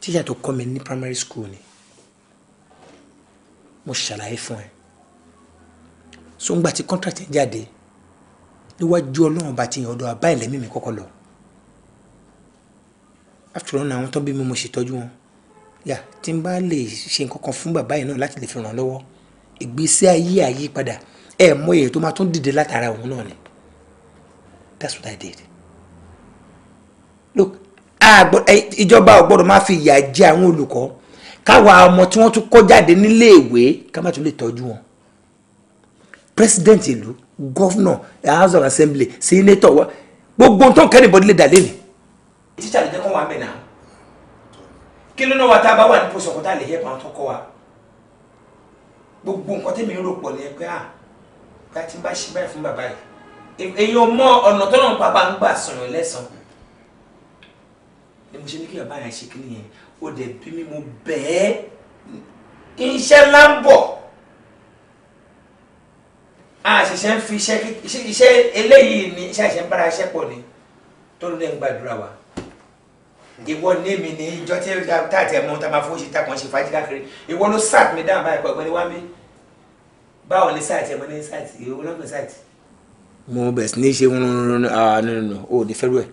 tíṣà tó kọ́ mi ní primary school ni mo ṣàlàyé fún ẹ so ń gbà tí contract yẹn jáde níwájú ọlọ́run bá ti yàn ọ̀dọ̀ àbá ìlẹ́mí mi kọ́kọ́ lọ after all àwọn tó bí mi mo ṣètọ́jú wọn yà tí n bá lè ṣe nǹkan kan fún bàbá yẹn náà láti lè fi ràn lọ́wọ́ ìgbésí ayé àyípadà ẹ̀ mọ èyí tó máa tún dìde látara òun náà ni that's what I did look ìjọba ò gbọ́dọ̀ máa fi ìyà jẹ àwọn olùkọ́ káwa ọmọ tí wọ́n tún kọ́ jáde níléèwé ká má tún lè tọ́jú wọn president ìlú governor house of assembly senator wa gbogbo nǹkan kẹ́nìbọ̀dì lè dà lẹ́nu. tíṣà lè jẹ́ kó wà mẹ́ náà kí ló náà wà tá a bá wà ní pọ̀sọ̀ kọ́tà lè yẹ pa ọ̀tún kọ́ wa gbogbo nǹkan tẹ̀mí ń rò pọ̀ ní ẹgbẹ́ à bá ti bá ṣe báyìí fún bàbá yìí èèyàn mọ ọ̀nà tọ́nà bàbá ń gbà sọ̀rọ̀ lẹ́sàn-án ni mo ṣe ní kí bàbá yẹn ṣe kí nìyẹn ó dẹ̀ bí mi mo bẹ́ẹ̀ iṣẹ́ ńlá ń bọ̀ a ṣẹ̀ṣẹ̀ ń fi iṣẹ́ iṣẹ́ eléyìí ni iṣẹ́ àṣẹ ń bára iṣẹ́ pọ̀ ni tó ló dẹ̀ ń gbàdúrà wa ìwọ ní mi ní ìjọ tí táàtì ẹ̀mú tá a máa fowó ṣe tá a kàn ṣe fàájì káàkiri ìwọ ló sáàtì mi dáhùn báyìí pẹ̀lú wá mi báwo ni sáàtì ẹ̀mú ní sáàtì ìwọ lọ́gbọ̀n sáàtì. mo bẹ̀ sí ní ṣe ń rún rún rún ah nínú ò ní fẹ́rù ẹ̀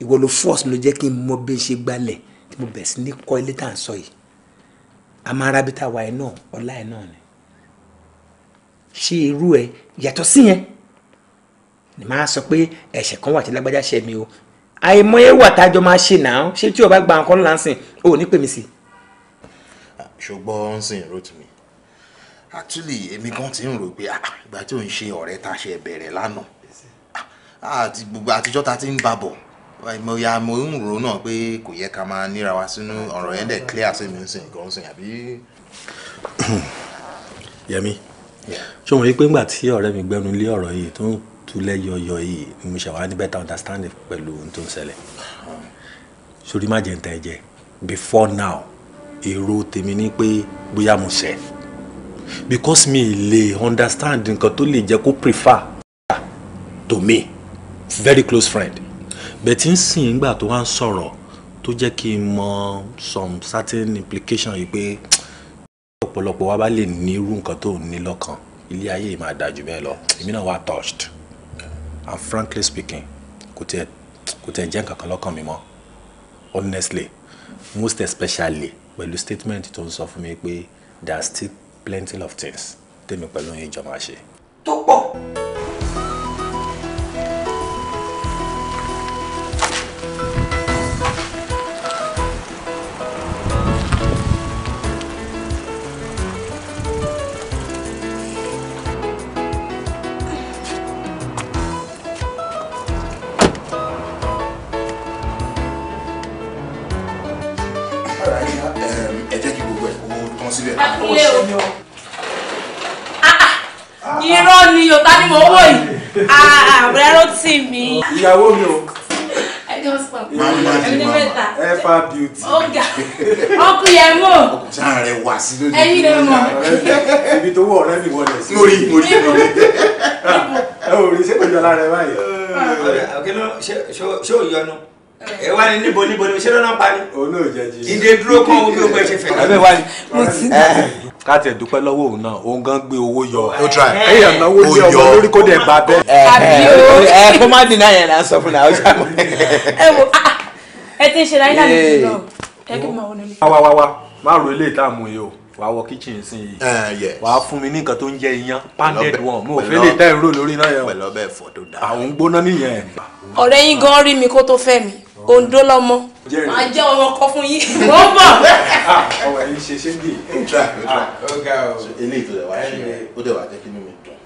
ìwọ ló force mi ló jẹ́ kí n mọ bí n ṣe gbalẹ̀ tí mo bẹ̀rẹ̀ sí ní kọ́ ilé tá à ń sọ yìí amárábítà wa ẹ̀ náà ọlá ẹ̀ náà ni ṣe irú ẹ̀ yàtọ̀ sí yẹn ni máa sọ pé ẹ̀ṣẹ̀ kan wà tí lágbájá ṣẹ̀ mi o àìmọye wà tájọ máa ṣe náà ṣé tí o bá gba nǹkan ńlá ń sìn o ò ní pè mí sí. ṣùgbọ́n ń sìn ìró tì mí actually èmi gan ti ń rò pé ah, ìgbà tí ò ń ṣe ọ̀rẹ́ tá a ṣe bẹ̀rẹ̀ lánàá ah, àti gbogbo àtijọ́ ta ti ń bá mo ya mo ń rò náà pé kò yẹ ká máa níra wa sínú ọ̀rọ̀ yẹn dẹ̀ clear sí mi nsìn gan sìn àbí. [COUGHS] Yẹmi ṣé o pé ńgbà tí ọ̀rẹ́ mi gbẹnu lé ọ̀rọ̀ yìí tó ń tulẹ̀ yọ̀yọ̀ yìí ni mo ṣàwárí better understanding pẹ̀lú ohun tó ń ṣẹlẹ̀ sórí uh-huh. má jẹ́ ń ta ẹ̀jẹ̀ before now èrò tèmi ni pé bóyá mo ṣẹ̀ because mi lè understand nǹkan tó lè jẹ́ kó prefer to me very close friend bẹ̀tí ń sìn nígbà tó wá ń sọ̀rọ̀ tó jẹ́ kí n mọ some certain implication yìí pé ọ̀pọ̀lọpọ̀ wa bá lè ní irú nǹkan tó ní lọ́kàn ilé ayé yìí máa dáa bẹ́ẹ̀ lọ èmi náà wà touched and frankly speaking kò tiẹ̀ kò tiẹ̀ jẹ́ nǹkan kan lọ́kàn mi mọ́ honestly most especially pẹ̀lú statement tó ń sọ fún mi pé there are still plenty of things tèmi pẹ̀lú ìjọ máa ṣe. tó pọ̀. ìyàwó mi o. Efa beauty. Ọ̀gá ọkùn yẹn mọ̀. Ọkùnrin rẹ̀ wà sí lójú. Ẹyin lè mọ̀. Ibi tó wọ̀ ọ̀rẹ́ mi wọlé sí. Mo rí mo Ẹ ò rí ṣé kò yọ lára ẹ Ṣé ò yọnu? ẹ wá ní níbo níbo ni ṣé lọ́nà pa ni. òun náà jẹ́ jí. ìdè dúró kan omi ò ṣe fẹ̀. ẹ wá ní. mo ti ní káàtì ẹ̀dúpẹ́ lọ́wọ́ òun náà òun gan gbé owó yọ èèyàn náwó yọ ọmọ lórí kó dẹ̀ bá bẹ́ẹ̀. ẹ kó má dín náà yẹn náà sọ fún náà ọjà mọ. ẹ wo ah, ah, ẹ ti ń ṣe láyé náà nìyí náà ẹ kí n máa wọlé. wá wá wá má ro ilé ìta mú yìí o wàá wọ kitchen sí i ah, wàá fún mi ní nǹkan tó ń jẹ iyán pounded one mo fẹ́ lè tẹ́ ìró lórí náà yẹn o àwọn gbóná nìyẹn. ọ̀rẹ́ yín gan rí mi kó tó fẹ́ mi Ondo lọmọ máa jẹ́ ọmọ kan fún yín wọ́n [LAUGHS] bọ̀. [LAUGHS] Ah, ọmọ yìí ṣe ṣé bí ìtura ọgá o eléyìí tó dẹ̀ wá ṣe ó dẹ̀ wá jẹ́ kí inú mi dùn.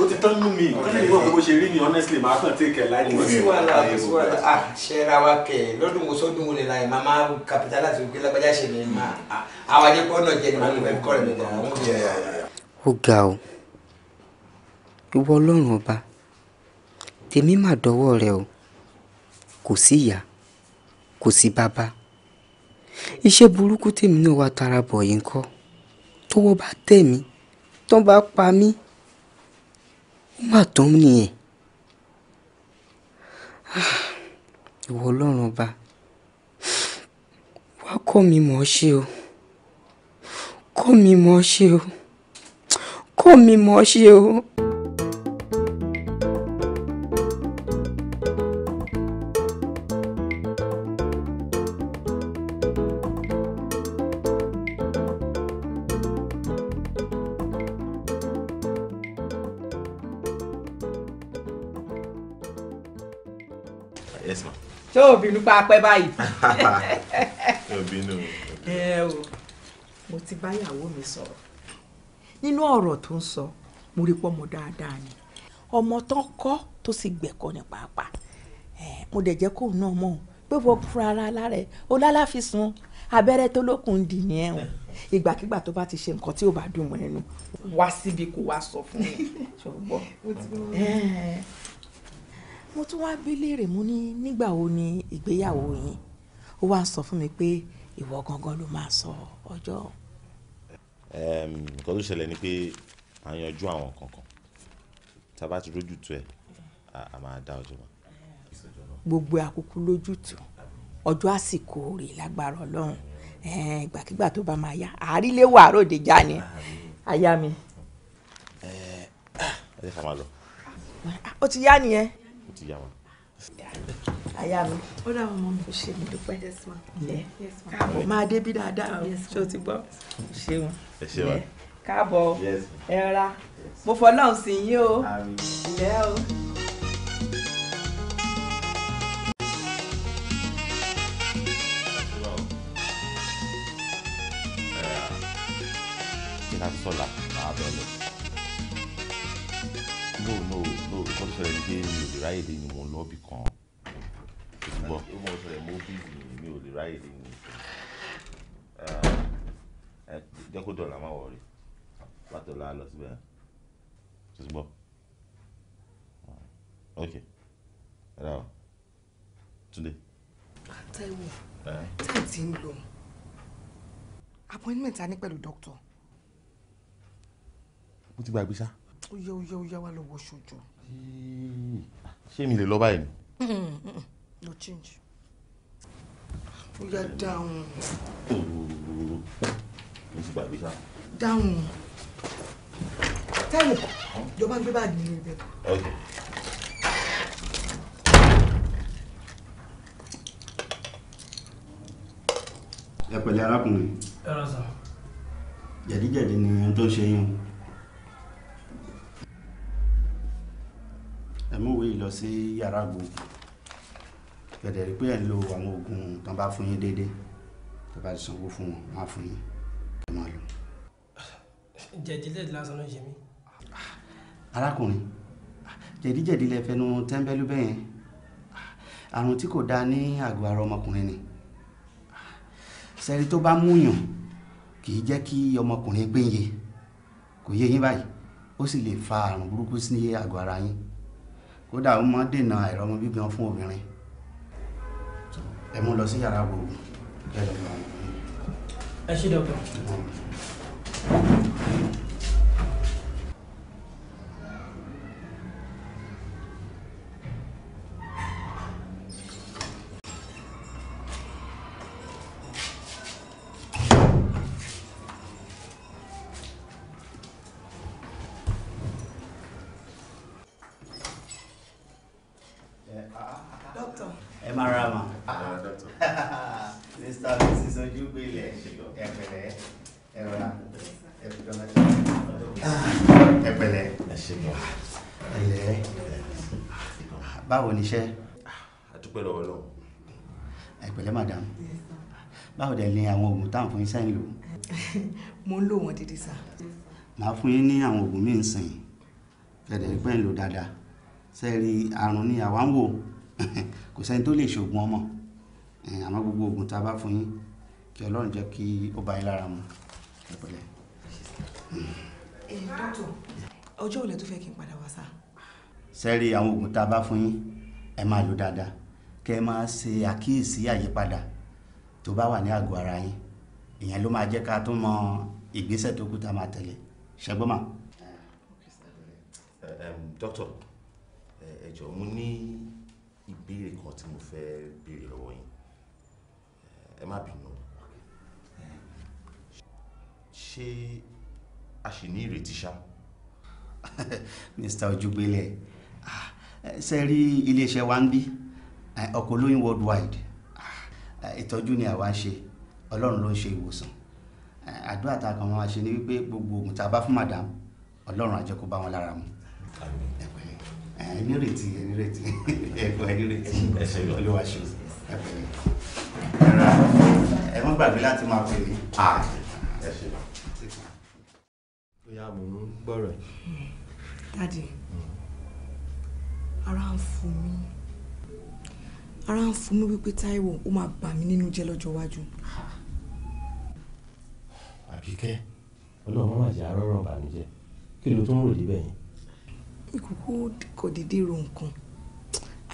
ó ti tán nínú mi kí ni bó ṣe rí ni honestly màá kàn take ẹ̀ láì ní. sí wàhálà sí wàhálà ah ṣẹ́ra wa kẹ̀ lọ́dún wo sọ́dún wo lè la ẹ̀ máa máa kàpítà láti gbé lágbájá ṣe ni máa ah, àwọn jẹ́ kọ́ rẹ̀ ìwọ ọlọ́run ọba tèmi mà dọ́wọ́ rẹ o kò sí ìyá kò sí bàbá iṣẹ́ burúkú tèmi náà wà tara bọ̀ yìí ńkọ́ tówó bá tẹ̀ mí tán bá pa mí ó mà tán nìyẹn ìwọ ọlọ́run ọba wá kọ́ mi mọ̀ ọ́ ṣe o kọ́ mi mọ̀ ọ́ ṣe o kọ́ mi mọ̀ ọ́ ṣe o. bínú pa apẹ́ báyìí. [LAUGHS] ẹ o mo ti báyàwó mi sọ̀rọ̀ nínú ọ̀rọ̀ tó ń sọ mo rí pọ́ ọmọ dáadáa ni ọmọ tó kọ́ tó sì gbẹ̀kọ́ ní pàápàá mo dẹ̀ jẹ́ kóun náà mọ̀ pé wọ́n fún ara alárẹ̀ ó lálàfisùn abẹ́rẹ́ tó lókun dì ní ẹ̀wọ̀n ìgbàkigbà tó bá ti ṣe nǹkan tí ò bá dùn mọ́ ẹnu wá síbi kó wá sọ fún mi [LAUGHS] mo tún wá bí léèrè mo ní nígbà wo ni ìgbéyàwó yín ó wá ń sọ fún mi pé ìwọ gangan ló máa sọ ọjọ́. nǹkan tó ṣẹlẹ̀ ni pé à ń yanjú àwọn kankan tá a bá ti rójú tu ẹ̀ a máa dá ọjọ́ wa. gbogbo àkókò lójútùú ọjọ́ àsìkò rè lágbára ọlọ́run ìgbàkigbà tó bá máa yá àárílé wà ròde já ni aya mi. ẹ ẹ ká máa lọ. ó ti yá nìyẹn ti yá wa. àyà mi ó dà wọn mọ mi. ṣe mi dúpẹ́ káàbọ̀ máa dé bí dáadáa ṣé o ti gbọ́ ṣéun káàbọ̀ ẹ ra mo fọlọ́run sí yín o ilẹ̀ o. Gracias. ṣẹlẹ̀ ni pé mi ò lè ráyè dé ni mo ń lọ bì kan ṣùgbọ́n ó mọ̀ ṣẹlẹ̀ mo bí mi mi ò lè ráyè dé ni jẹ́ kó dọ̀là má wọ̀ọ́rẹ́ pàtọ́lá lọ síbẹ̀ ṣùgbọ́n ok ẹ dá o Túndé. Táíwò táì tí ń lọ appointment a ní pẹ̀lú doctor. mo ti gbàgbé sá. ó yẹ ó yẹ ó yẹ wá lọ wọ ṣojú ṣé mi lè lọ báyìí ni. no change. ó yá dáhùn. mo ti gbàgbé sá. dáhùn. táyọ̀ ìjọba ń gbé báàgì nínú ibẹ̀. ẹ pẹ̀lẹ́ arákùnrin. ẹ rọ sà. jẹ̀díjẹ̀dí ni ẹni tó ń ṣe yín o. ẹ̀múwé lọ sí yàrá gbogbo kẹ̀dẹ̀ rí pé ẹ̀ ń lo àwọn oògùn tó ń bá fún yín déédéé tó bá ti sanwó fún wọn wọn á fún yín ẹ máa lò. jẹ̀dílẹ̀ lásán ló ń ṣe mí. arákùnrin jẹ̀díjẹ̀dí lẹ fẹnu tẹ́ńbẹ́lú bẹ́ẹ̀ yẹn àrùn tí kò dáa ní àgọ́ ara ọmọkùnrin ni sẹ́ni tó bá múyàn kì í jẹ́ kí ọmọkùnrin péye kò yé yín báyìí ó sì lè fa àrùn burúkú sí àgọ́ ara yín kódà ó máa dènà àìrọ́mọ bíbí wọn fún obìnrin ẹ mú lọ sí yàrá gbogbo kẹlẹ ẹ ṣé dọ́kítà. báwo dẹ̀ ni àwọn oògùn táwọn fún yín sẹ́yìn lò. mo ń lò wọn dídí sá. màá fún yín ní àwọn oògùn míì ń sìn kẹ̀dẹ̀ rí pé ń lò dáadáa sẹ́ẹ̀rí àrùn ni àwa ń wò [LAUGHS] kò sẹ́ni tó lè ṣoògùn ọmọ àmọ́ gbogbo oògùn tá a bá fún yín kí ọlọ́run jẹ́ kí ó bá yín lára mu ẹ eh, ọjọ́ òlẹ̀ tó fẹ́ kí n padà wá sá. sẹ́ẹ̀rí àwọn oògùn tá a bá fún yín ẹ máa lò dáadáa kẹ́ ẹ máa ṣe àkíyèsí àyípadà tó bá wà ní àgọ́ ara yín ìyẹn ló máa jẹ́ ká tún mọ ìgbésẹ̀ tó kù tá a máa tẹ̀lé ṣẹgbọ́n mà. Eh, dókítà eh, mo ní ìbéèrè kan tí mo fẹ́ béèrè lọ́wọ́ yín eh, ẹ má bínú ṣé a sì ní ìrètí ṣá. mr ojugbele ṣe rí iléeṣẹ́ wa ń bí ọkọ̀ olóyin worldwide ìtọ́jú ni àwa ń ṣe ọlọ́run ló ń ṣe ìwòsàn àdúrà tá a kàn máa ṣe ni wípé gbogbo oògùn tá a bá fún madam ọlọ́run á jẹ́ kó bá wọn lára mu. ẹni retí ẹni retí ẹkọ ẹni retí ẹsẹ olúwa ṣe ẹ mọ gbàgbé láti máa pè mí. bóyá mò ń gbọ́rọ̀. dadi ara ń fún mi ara ń fún mi wípé Táíwò ó máa bà mí nínú jẹ́ lọ́jọ́ iwájú. Àbíkẹ́ ọlọ́run má jẹ́ arọ́rọ̀ bànújẹ́ kí ló tún rò débẹ̀ yẹn. ìkókó kò déédéé ro nǹkan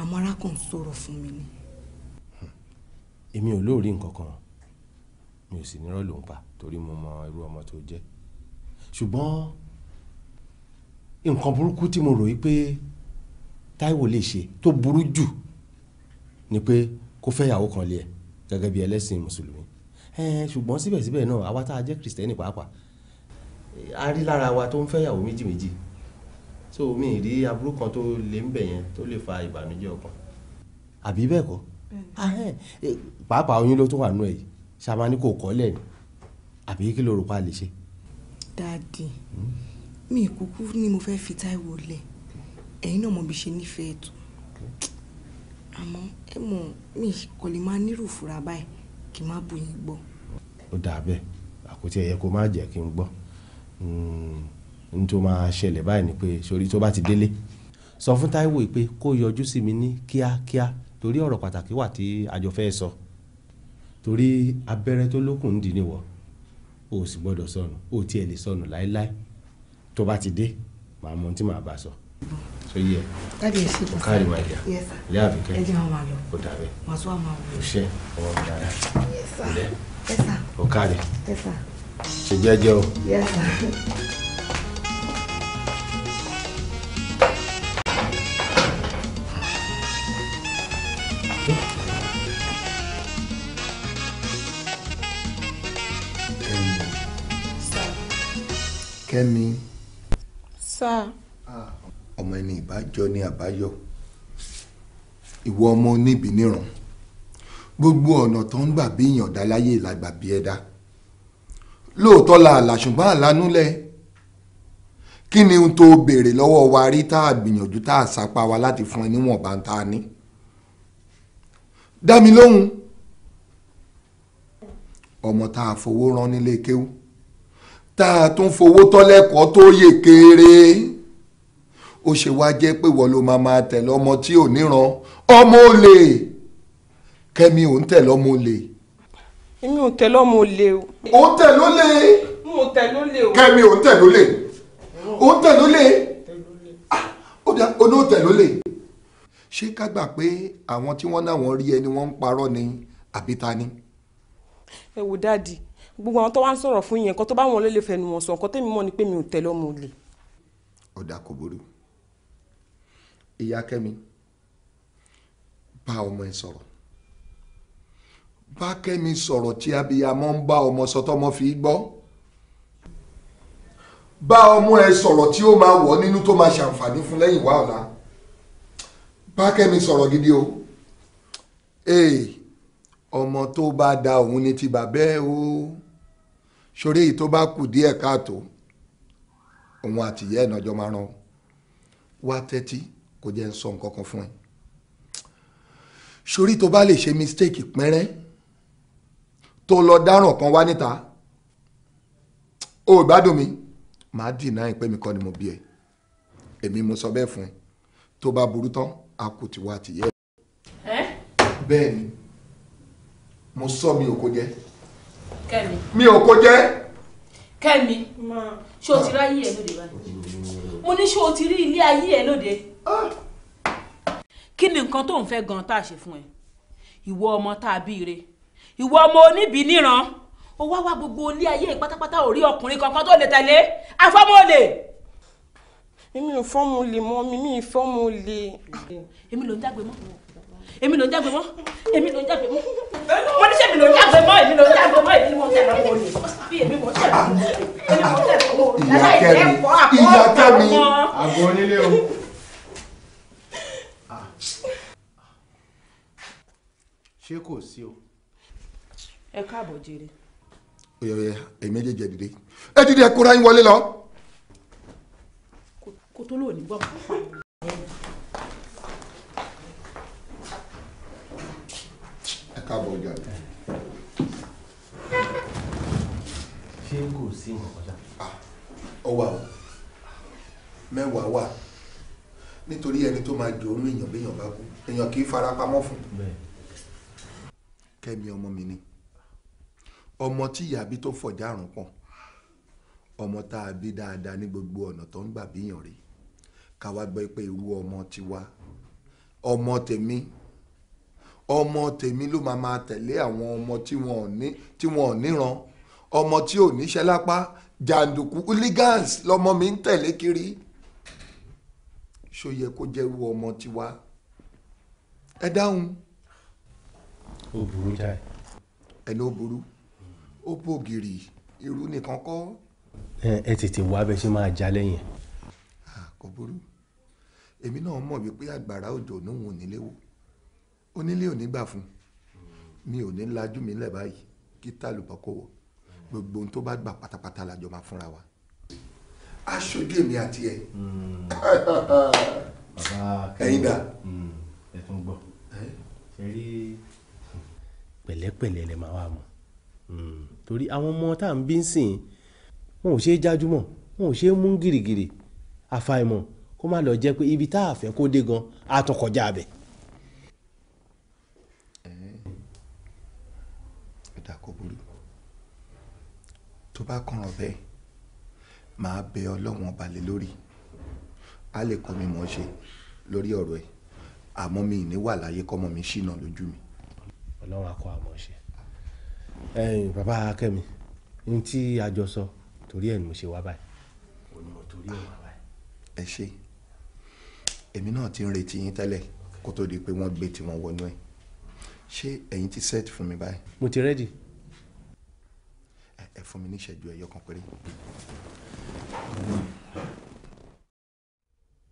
àmọ́ ara kan sọ̀rọ̀ fún mi ni. èmi ò lóòrí nǹkan kan mi ò sì nírọ́ ló ń pa torí mo mọ irú ọmọ tó jẹ́ ṣùgbọ́n nǹkan burúkú tí mo rò yí pé Táíwò lè ṣe tó burú jù ni pé kó fẹ́ ìyàwó kan lé ẹ gẹ́gẹ́ bí ẹlẹ́sìn mùsùlùmí ẹ̀ẹ́n ṣùgbọ́n síbẹ̀síbẹ̀ náà àwa tá a jẹ́ kìrìsìtẹ́nì pàápàá a rí lára wa tó ń fẹ́ ìyàwó méjì méjì so mi ì rí aburú kan tó lè ń bẹ̀ yẹn tó lè fa ìbànújẹ́ ọkàn àbí bẹ́ẹ̀ kọ́ pàápàá oyún ló tún wà nù ẹ̀ yìí ṣàmà ní kò kọ́ lẹ̀ ni àbí kí ló rò pa lè ṣe. dáàdì hmm? mi ìkúkú ni mo fẹ́ fi Táíwò lẹ̀ ẹ̀yin náà mo bí ṣe nífẹ̀ẹ́ tó àmọ́ ẹ mọ̀ mi kò lè máa nírò fúra báyìí kí n má bu yín gbọ́. ó dà bẹ́ẹ̀ àkótí ẹ̀yẹ kó má jẹ́ kí n gbọ́ hmm, n tó máa ṣẹlẹ̀ báyìí ni pé sori tó bá ti délé sọ fún Táíwò pé kó yọjú sí mi ní kíákíá torí ọ̀rọ̀ pàtàkì wà tí àjọ fẹ́ sọ torí abẹ́rẹ́ tó lókùn ń dì níwọ̀ o sì gbọ́dọ̀ sọnù o tiẹ̀ lè sọnù láéláé tó bá ti dé màá mọ ohun tí màá bá sọ. So so yẹ o káàrí ma jà ilé àbíkẹ́ o dàbẹ̀ o ṣe ọmọ mi dára ilé o káàrí ṣe jẹ́jẹ́ o. Kẹ́mi. Sir. Ah ọmọ ẹni ìbájọ ní àbáyọ ìwọ ọmọ oníbi níran gbogbo ọ̀nà tó ń gbà bí èèyàn dá làgbà bí ẹ̀dá lóòótọ́ la àlà ṣùgbọ́n àlánúlẹ̀ kí ni ohun tó béèrè lọ́wọ́ wa rí tá a gbìyànjú tá a sapá wa láti fún ẹ níwọ̀nba tá a ní dá mi lóhùn ọmọ tá a fowó rán nílé kéwú tá a tún fowó tọ́lẹ́kọ̀ọ́ tó yè kéré ó ṣe wá jẹ́ pé wọ́n ló máa máa tẹ̀lé ọmọ tí ò níran ọmọ olè kẹ́mi ò ń tẹ̀lé ọmọ olè. èmi ò tẹ̀lé ọmọ olè o. ò ń tẹ̀lé olè. mo ò tẹ̀lé olè o. kẹ́mi ò ń tẹ̀lé olè. ò ń tẹ̀lé olè. Ah, ó dá oní ò tẹ̀lé olè. ṣé ká gbà pé àwọn tí wọ́n náwọn rí ẹni wọ́n ń parọ́ ni àbí ta ni. ẹ wò dáàdi gbogbo àwọn tó wá ń sọ̀rọ̀ fún yẹn nǹkan tó bá wọn lè fẹnu wọn sọ nǹkan tẹ́mi mọ̀ ni pé mi ò tẹ̀lé ọmọ olè. ọ̀dà kò burú ìyá kẹ́mi bá ọmọ ẹ sọ̀rọ̀ bá kẹ́mi sọ̀rọ̀ tí abiyamọ ń bá ọmọ sọtọ́mọ fi gbọ́ bá ọmọ ẹ sọ̀rọ̀ tí ó máa wọ̀ nínú tó máa ṣàǹfààní fún lẹ́yìn wá ọ̀la bá kẹ́mi sọ̀rọ̀ gidi o ee ọmọ tó bá da òun ni ti bàbá ẹ o ṣoré yìí tó bá kù díẹ̀ káàtó òun àtìyẹ́ ẹ̀ náà máa ràn wá tẹ́tí kò jẹ́ ń sọ nǹkan kan fún ẹ sórí tó bá lè ṣe mistake pẹ́rẹ́ tó lọ dáràn kan wá níta o ìgbádùn mi màá dìnnà ìpè mi kọ́ ni mo bí ẹ èmi mo sọ bẹ́ẹ̀ fún ẹ tó bá burú tán a kò ti wá tìyẹ. bẹ́ẹ̀ ni mo sọ mi ò kó jẹ́. kẹ́mi mi ò kó jẹ́. kẹ́mi ṣé o ti ráyè ẹ̀ lóde báyìí mo ní ṣé o ti rí ilé ayé ẹ lóde. Ah. kí ni nǹkan tó ń fẹ́ gan tá a ṣe fún ẹ ìwọ ọmọ tá a bí ire ìwọ ọmọ oníbìí níran ó wá wá gbogbo ilé ayé pátápátá ò rí ọkùnrin kankan tó lè tẹ̀lé àfọ́mọ́ olè. èmi ò fọ́mù lè mọ́ mi mi ì fọ́mù lè. èmi ló ń dágbé mọ́ èmi ló ń jágbe mọ́ èmi ló ń jágbe mọ́ wọ́n ní sẹ́mi ló ń jágbe mọ́ èmi ló ń jágbe mọ́ èmi ni mo ń tẹ̀lé ọmọ òní bí èmi mo ń tẹ̀lé ọmọ òní èmi mo ń tẹ̀lé ọmọ òní aláìjẹ́ pọ̀ àpọ̀ ọ̀pọ̀ ọmọ. àgọ́ onílé o. Ah. ṣé kò sí o. ẹ káàbọ̀ jèrè. oyè èmi méjèèjì ẹ dìde ẹ dìde ẹ kóra yín wọlé lọ. kò tó lóò ní gbọ́ pàápàá. káàbọ̀ jáde. ṣé kò sí ìmọ̀kọ́já. ọ wà o mẹ́wàá wà nítorí ẹni tó máa jò ní èèyàn béèyàn bá kú èèyàn kì í fara pamọ́ fún. kẹ́mi ọmọ mi ni ọmọ tí ìyá bí tó fọ̀já àrùn pọ̀ ọmọ tá a bí dáadáa ní gbogbo ọ̀nà tó ń gbà bíyàn rí ká wá gbọ́ pé irú ọmọ tiwa ọmọ tèmi ọmọ tèmi ló máa máa tẹ̀lé àwọn ọmọ tí wọn ò ní tí wọn ò níran ọmọ tí ò níṣẹ́ lápá jàǹdùkú hooligans lọmọ mi ń tẹ̀lé kiri ṣó yẹ kó jẹ́ irú ọmọ tiwa ẹ dáhùn. ó burú jáì. ẹni ó burú ó bògìrì irú nìkan kọ́. ẹ tètè wá bẹ ṣe máa já lẹ́yìn. kò burú èmi náà mọ̀ wípé àgbàrá òjò níwọ̀n nílé wò onílé ò ní gbà fún mi ò ní lajú mi lẹ̀ báyìí kí tálùbọ̀ kò wọ̀ gbogbo ohun tó bá gbà pátápátá la jọ máa fúnra wa aṣojú èmi àti ẹ ẹyin dà ẹ tún gbọ́ ṣe rí pẹ̀lẹ́pẹ̀lẹ́ lè máa wà mọ́ hmm. torí àwọn ọmọ tá à ń bí ń sìn wọn ò ṣe é jájúmọ́ wọn ò ṣe é mú gìrìgìrì àfàìmọ̀ kó má lọ jẹ́ pé ibi tá a fẹ́ kó dé gan-an á tún kọjá abẹ́. tó bá kànràn bẹ́ẹ̀ máa bẹ ọlọ́run ọba lé lórí a lè kọ́ mi mọ̀ ọ́ ṣe lórí ọ̀rọ̀ ẹ̀ àmọ́ mi ì ní wà láyé kọ́mọ mi ṣìnà lójú mi. ọlọ́run akọ àmọ́ ṣe ẹ̀yin bàbá akẹ́mi ní tí a jọ sọ torí ẹ̀ ni mo ṣe wá báyìí. onímọ̀ torí ẹ̀ ah. wá báyìí. ẹ ṣe èmi náà ti ń retí yín tẹ́lẹ̀ kó tó di pé wọ́n gbé tiwọn wọnú ẹ̀ ṣé ẹ̀yin ti set fún mi báyìí. mo ti rẹ́dì ẹ fún mi ní ìṣẹ́jú ẹyọ kan péré.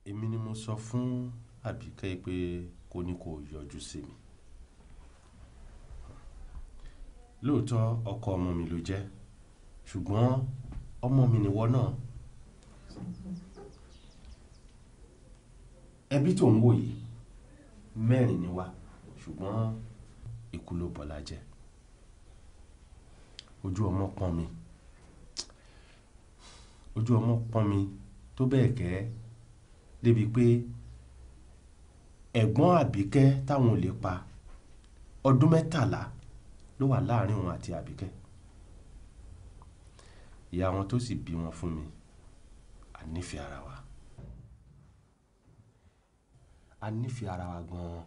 èmi ni mo sọ fún àbíkẹ́ pé kó ní kó yọjú sí mi lóòótọ́ ọkọ ọmọ mi ló jẹ́ ṣùgbọ́n ọmọ mi nìwọ náà ẹbí tó ń wò yìí mẹ́rin ni wá ṣùgbọ́n ikú ló jẹ́ ojú ọmọ pọ́n mi ojú ọmọ pọ́n mi tó bẹ́ẹ̀ kẹ́ débi pé ẹ̀gbọ́n àbíkẹ́ táwọn olè pa ọdún mẹ́tàlá ló wà láàrin òun àti àbíkẹ́ ìyá wọn tó sì bí wọn fún mi a nífẹ̀ẹ́ ara wa a nífẹ̀ẹ́ ara wa gan-an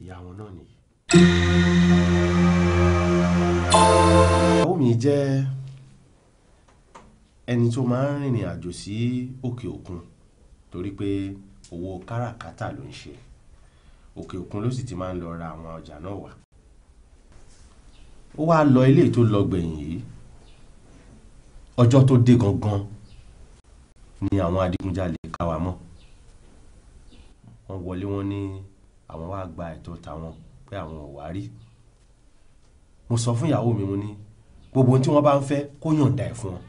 ìyá wọn náà nìyí. Ìyàwó mi jẹ́ ẹni tó máa ń rìnrìn àjò sí òkè òkun torí pé owó káràkátà ló ń ṣe. Òkè òkun ló sì ti máa ń lọ ra àwọn ọjà náà wá. Ó wá lọ eléyìí tó lọ gbẹ̀yìn yìí. Ọjọ́ tó dé gangan ni àwọn adigunjalè ká wa mọ́. Wọ́n wọlé wọ́n ní àwọn wá gba ẹ̀tọ́ ta pé àwọn ò wá rí mo sọ fún ìyàwó mi mo ní gbogbo tí wọ́n bá ń fẹ́ kó yọ̀ǹda ẹ̀ fún wọn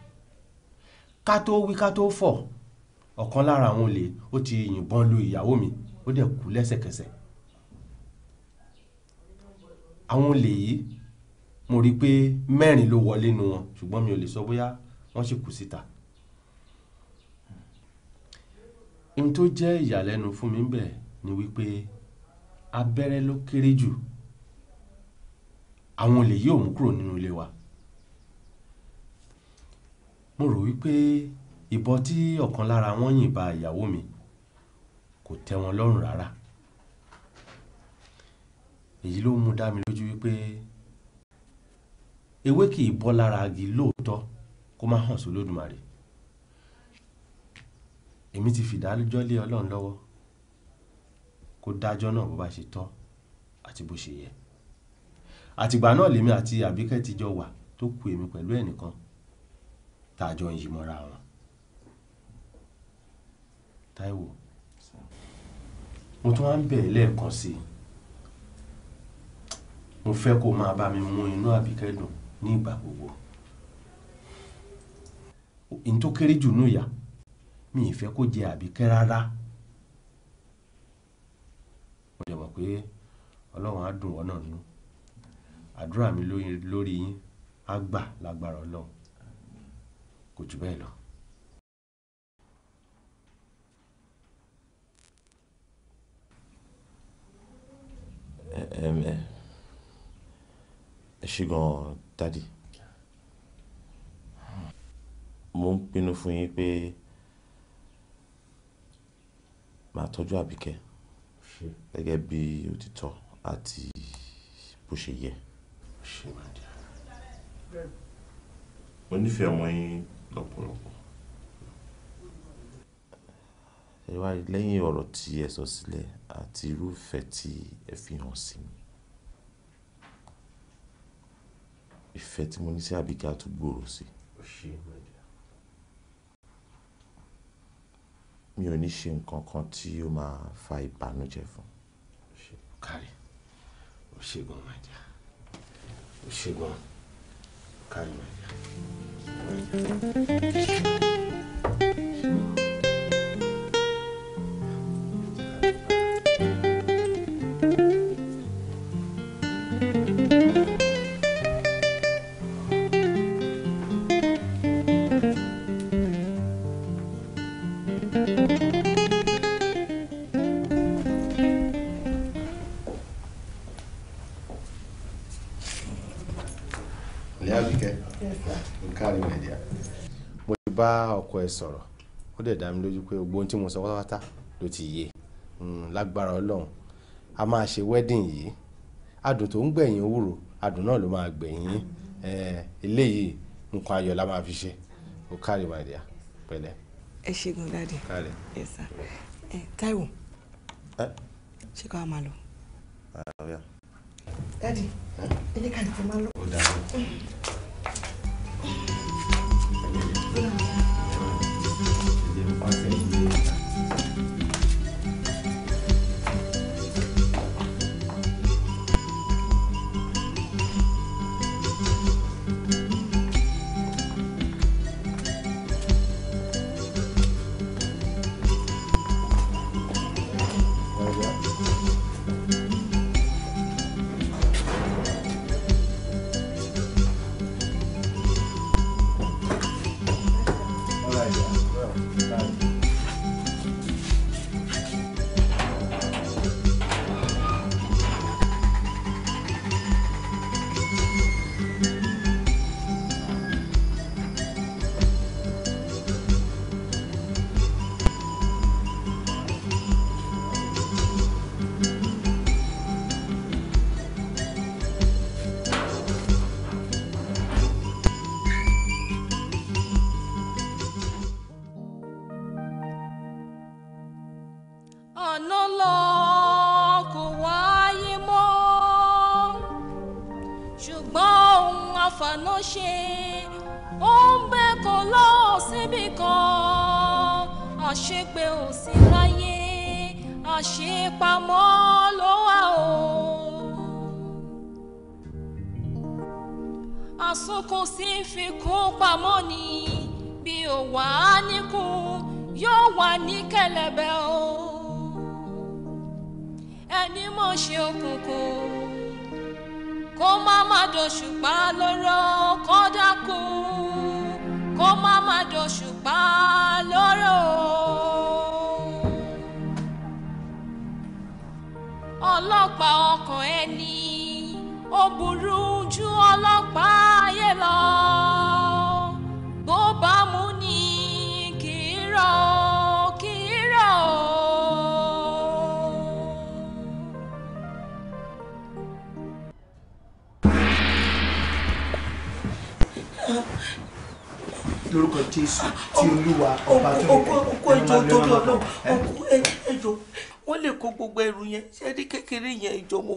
ká tó wí ká tó fọ̀ ọ̀kan lára àwọn olè ó ti yìnbọn lu ìyàwó mi ó dẹ̀ kú lẹ́sẹ̀kẹsẹ̀ àwọn olè yìí mo rí i pé mẹ́rin ló wọlé nu wọn ṣùgbọ́n mi ò lè sọ bóyá wọ́n sì kú síta ohun tó jẹ́ ìyàlẹ́nu fún mi bẹ̀ ni wípé abẹ́rẹ́ ló kéré jù àwọn olè yìí ò mú kúrò nínú ilé wa mo rò wípé ìbọn tí ọ̀kan lára wọn yìn ba ìyàwó mi kò tẹ́ wọn lọ́rùn rárá èyí ló mú dá mi lójú wípé ewé kì í bọ́ lára igi lóòótọ́ kó má hàn sólódùmarè èmi ti fìdájọ́ lé ọlọ́run lọ́wọ́ kó dájọ́ náà bó bá ṣe tọ́ àti bó ṣe yẹ àtìgbà náà lèmi àti àbíkẹ́ ti jọ wà tó ku èmi pẹ̀lú ẹnìkan tá a jọ ń yí mọ́ra wọn. Táíwò mo tún wá ń bẹ̀ ẹ́ lẹ́ẹ̀kan sí i mo fẹ́ kó máa bá mi mú inú àbíkẹ́ dùn ní ìgbà gbogbo n tó kéré jù nù yá mi ì fẹ́ kó jẹ àbíkẹ́ rárá mo dẹ̀ pé ọlọ́run á dùn ọ́ náà nínú àdúrà mi lórí yín á gbà lágbára Ọlọ́run kò jù bẹ́ẹ̀ lọ. ẹ ṣé gan-an dádì mo ń pinnu fún yín pé màá tọ́jú àbíkẹ́ gẹ́gẹ́ bí òtítọ́ àti bó ṣe yẹ ṣe máa jà mo nífẹ̀ẹ́ ọmọ yín lọ́pọ̀lọpọ̀. ìwádìí lẹ́yìn ọ̀rọ̀ tí ẹ sọ sílẹ̀ àti irúfẹ́ tí ẹ fi hàn sí mi ìfẹ́ tí mo ní sí Àbíkẹ́ tún gbòòrò sí. mi ò ní ṣe nǹkan kan tí ó máa fa ìbànújẹ́ fún. kárí ó ṣe gan-an máa jà ṣùgbọ́n kárí bá ọkọ ẹ sọ̀rọ̀ ó dẹ̀ dá mi lójú pé gbogbo ohun tí mo sọ pátápátá ló ti yé hmm, lágbára ọlọ́run a máa ṣe wedding yìí adùn tó ń gbẹ̀yìn òwúrò adùn náà ló máa gbẹ̀yìn eh, eléyìí nǹkan ayọ̀ la máa fi ṣe ó kárí my dear pẹ̀lẹ́. ẹ ṣègùn dáàdì kárí ẹ sá ẹ Táíwò ṣé ká máa lọ. dáàdì ẹ jẹ́ ká lè tẹ́ máa lọ.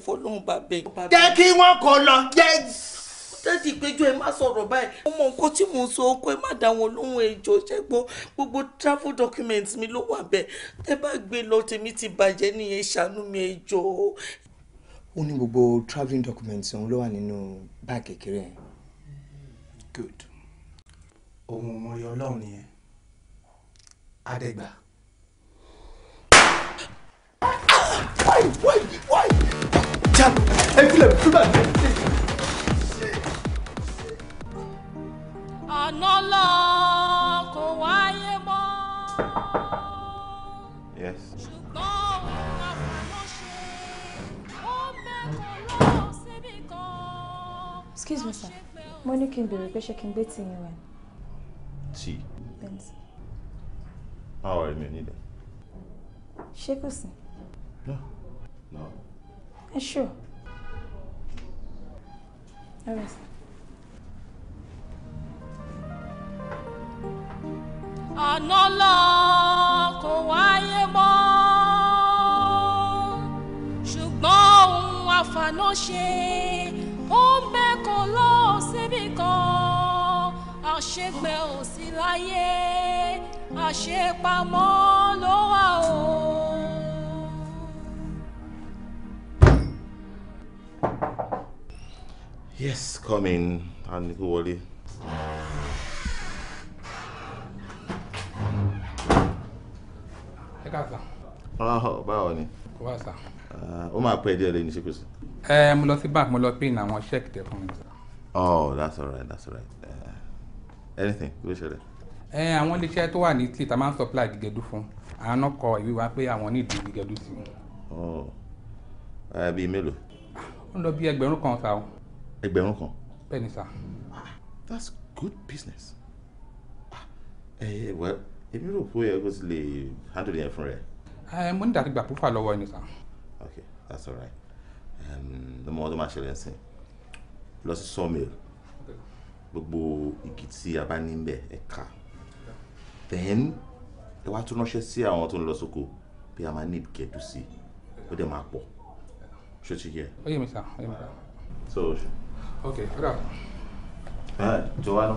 fọlọ́run bá bẹ̀. jẹ́ kí wọ́n kọ lọ jẹ́. tẹ́sí péjú ẹ má sọ̀rọ̀ báyìí. mo mọ nǹkan tí mò ń sọ ọkọ ẹ má dá wọn lóhùn ẹjọ́ ṣẹ́gbọ́n gbogbo travel documents mi ló wà bẹ́ẹ̀ tẹ́ bá gbé lọ tèmi ti bàjẹ́ nìyẹn ṣàánú mi ẹjọ́. ó ní gbogbo travelling documents òun ló wà nínú báàgì kékeré yẹn. good ohun ọmọye ọlọ́run yẹn adẹ́gbà. Ah, why? Why? Why? jam ẹ filẹ̀ tó bá dé. Yes. Excuse me sir Money can be n Can pé ṣé you n See. tíì How are you bẹ́ẹ̀ni. báwo ni no no ẹ ṣọ ẹ rẹ sá. ọ̀nà lọ kò wáyé mọ́ ṣùgbọ́n ohun àfànàṣe ó ń bẹ́ kó lọ síbi kan àṣegbè ò sí láyé àṣepamọ́ ló wà o. Yes, come in, Anikuwole. Ẹ ká sà. Ah, oh, báwo ni? Kò wá sà. Ah, ó máa pẹ́ díẹ̀ lẹ́yìn ṣékùsì. Ẹ mo lọ sí bank mo lọ pay ní àwọn check tẹ fún mi. Oh, that's all right, that's all right. Uh, anything, kí ló ṣẹlẹ̀? Ẹ àwọn iléeṣẹ́ tó wà ní tí ta máa ń supply gígẹdú fún. Àwọn náà kọ ìwé wa pé àwọn ní ìdí gígẹdú sí. Ẹ oh. eh, bíi mélòó? lọ bí ẹgbẹ̀rún kan sá o. ẹgbẹ̀rún kan. bẹ́ẹ̀ ni ah, that's good business. ẹ ẹ wẹ èmi rò pé ẹ kó ti lè handle yẹn fún rẹ. ẹ eh, mo ní dàtí gbà púfà lọ́wọ́ ẹni sá. ok that's all right. ọmọ ọdún máa ṣẹlẹ̀ sí lọ sí sawmill gbogbo igi tí a bá ní ń bẹ ẹ ká then ẹ wá tún ránṣẹ́ sí àwọn tó ń lọ sóko bí a máa ní ìgẹ̀dú sí ó dẹ̀ máa pọ̀ ṣe ti yẹ. ó yẹ mi sá ó yẹ mi sá. so o ṣe. ok ọ̀dà. tó wá nù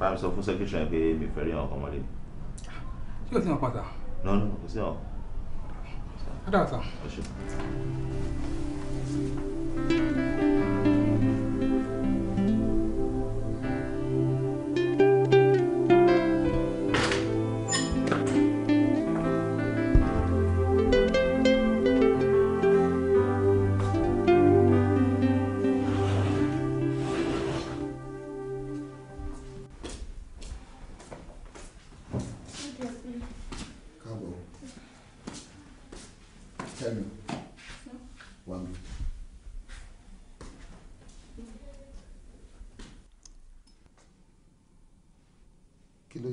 bá mi sọ fún sẹ́kítì rẹ̀ pé mi fẹ́ rí àwọn ọkọ̀ mọ́lẹ̀. ṣé o ti hàn pàtà. nọ nọ thank you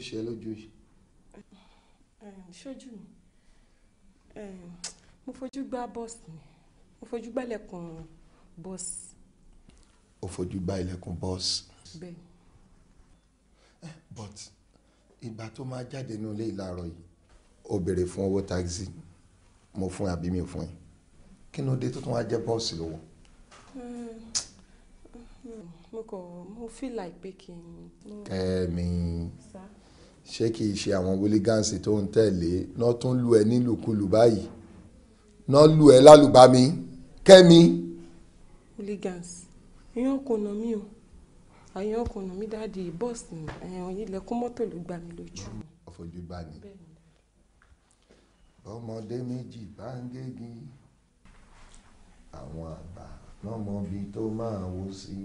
ṣe ẹ́ lójú yìí. ṣojú mi mo fojú gbá bọ́ọ̀sì ni mo fojú gbá ilẹ̀kùn bọ́ọ̀sì. o fojú gbá ilẹ̀kùn bọ́ọ̀sì. bẹ́ẹ̀ni. Eh, but ìgbà tó máa jáde ní ilé ìlàrọ̀ yìí o béèrè fún owó táxi mo fún ẹ àbí mi ò fún ẹ kí ló dé tó tún wá jẹ bọ́ọ̀sì lọ́wọ́. mo kàn mo feel like pé kí n. kẹ́mi. sá ṣé kì í ṣe àwọn wílígánsì tó ń tẹ̀lé náà tún lù ẹ́ nílùkulù báyìí náà lù ẹ́ lálùbami kẹ́mi. wílígánsì èèyàn kò nà mí o àyàn kò nà mí dáàdi bọ́ọ̀sì ni ẹ̀yàn ilẹ̀kùn mọ́tò ló gbà mí lójú. ọ̀fọ̀jú gbà ní. ọmọdé méjì bá ń gégi àwọn àgbà náà tó máa wó sí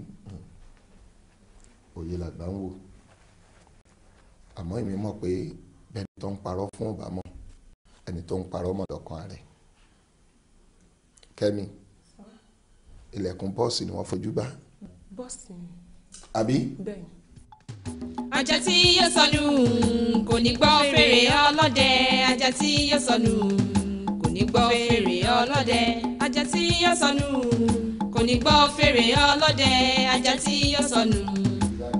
òye làgbà ń wò àmọ́ èmi mọ̀ pé bẹ́ẹ̀ni tó ń parọ́ fún ọba mọ̀ ẹni tó ń parọ́ mọ̀ lọ́kàn rẹ̀ kẹ́mi ilẹ̀kùn bọ́ọ̀sì ni wọ́n fojú bá. bọ́ọ̀sì ni. àbí. ajá tí yóò sọnù kò ní gbọ́ fèrè ọlọ́dẹ ajá tí yóò sọnù kò ní gbọ́ fèrè ọlọ́dẹ ajá tí yóò sọnù kò ní gbọ́ fèrè ọlọ́dẹ ajá tí yóò sọnù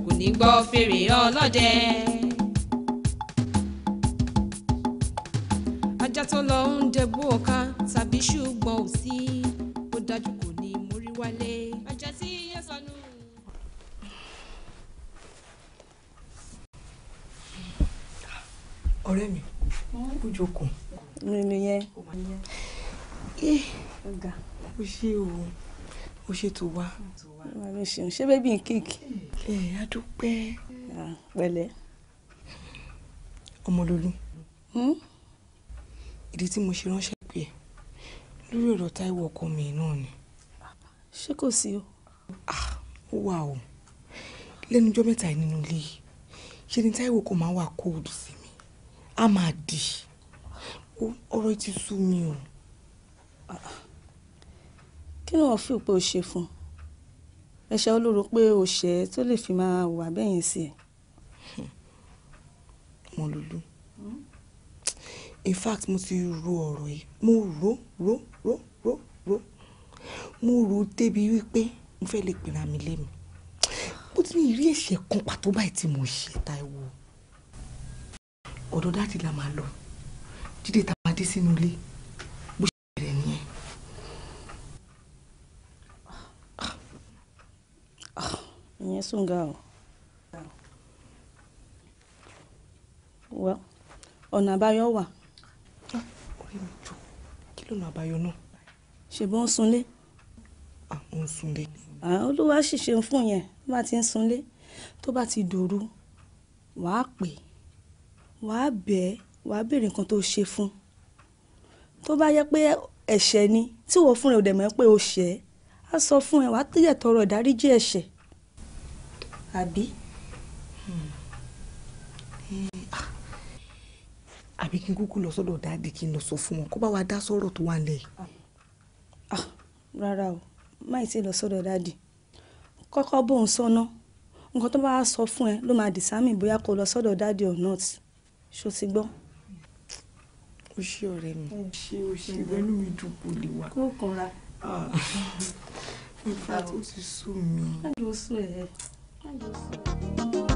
kò ní gbọ́ fèrè ọlọ́dẹ. ajá tó lọ ń dẹgbó ọ̀ka tàbí ṣùgbọ́n ò sí ó dájú kò ní mórí wálé ajá tí yẹ sọnù. ọ̀rẹ́ mi wọ́n ń bójú okùn. yẹn eh, ó ṣe o ó ṣe tó wá. ṣé bébí ń kéèkì. ẹ eh, a dúpẹ́. Ah, pẹ̀lẹ́. ọmọ lolú. Hmm? ìdí tí mo ṣe ránṣẹ́ pé lórí ọ̀rọ̀ Táíwò ọkọ mi náà ni. ṣé kò sí o. ó wà o lẹ́nu ọjọ́ mẹ́ta yìí nínú ilé yìí ṣe ni Táíwò kò máa wà kóòdù sí mi a máa dì ọ̀rọ̀ ti sú mi o. kí ni wọ́n fi pé o ṣe fún ẹ̀ṣẹ̀ olóró pé o ṣẹ̀ tó lè fi máa wà bẹ́yẹn sí ẹ̀. mo lulú in fact mo ti ro ọ̀rọ̀ yìí mo rò rò rò rò rò mo rò débi wípé mo fẹ́ lè pera mi lémi mo ti ní ìrí ẹ̀ṣẹ̀ kan pàtó báyìí tí mo ṣe Táíwò ọ̀dọ̀ dáàdì la máa lọ dídé tá a máa dé sínú ilé bó ṣe bẹ̀rẹ̀ nìyẹn. ìyẹn sùn ga o ọ̀nà àbáyọ wà Kẹ́mi jọ kí ló lọ àbáyọ náà. ṣèbọn ń sunlé. àwọn ń sunlé. olúwa ṣìṣe fún yẹn tó bá ti ń sunlé tó bá ti dòru wàá pè wàá bẹ̀ wàá béèrè nǹkan tó ṣe fún tó bá yẹ pé ẹ̀ṣẹ̀ ni tí wọ́n fúnra ẹ̀ ò dẹ̀ mọ̀ pé o ṣẹ̀ á sọ fún ẹ wàá tẹ̀yẹ̀ tọrọ ìdáríjì ẹ̀ṣẹ̀ àbí. àbí kí n kúkú lọ sọ́dọ̀ dáàdì kí n lọ sọ fún wọn kó bá wa dá sọ̀rọ̀ tó wà nílẹ̀. Ah. Ah, rárá o máì tí ì lọ sọ́dọ̀ dáàdì kọ́kọ́ bóun sọ́nà nǹkan tó bá wá sọ fún ẹ ló máa dìsámì bóyá kó lọ sọ́dọ̀ dáàdì or not ṣó ti gbọ́. o ṣe ọ̀rẹ́ mi o ṣe o ṣe ìwẹ́nu mi dùn kò lè wà. kó kanra. ìfà ah. [LAUGHS] tó ti sú mi. má jò sùn ẹ̀ má jò sùn.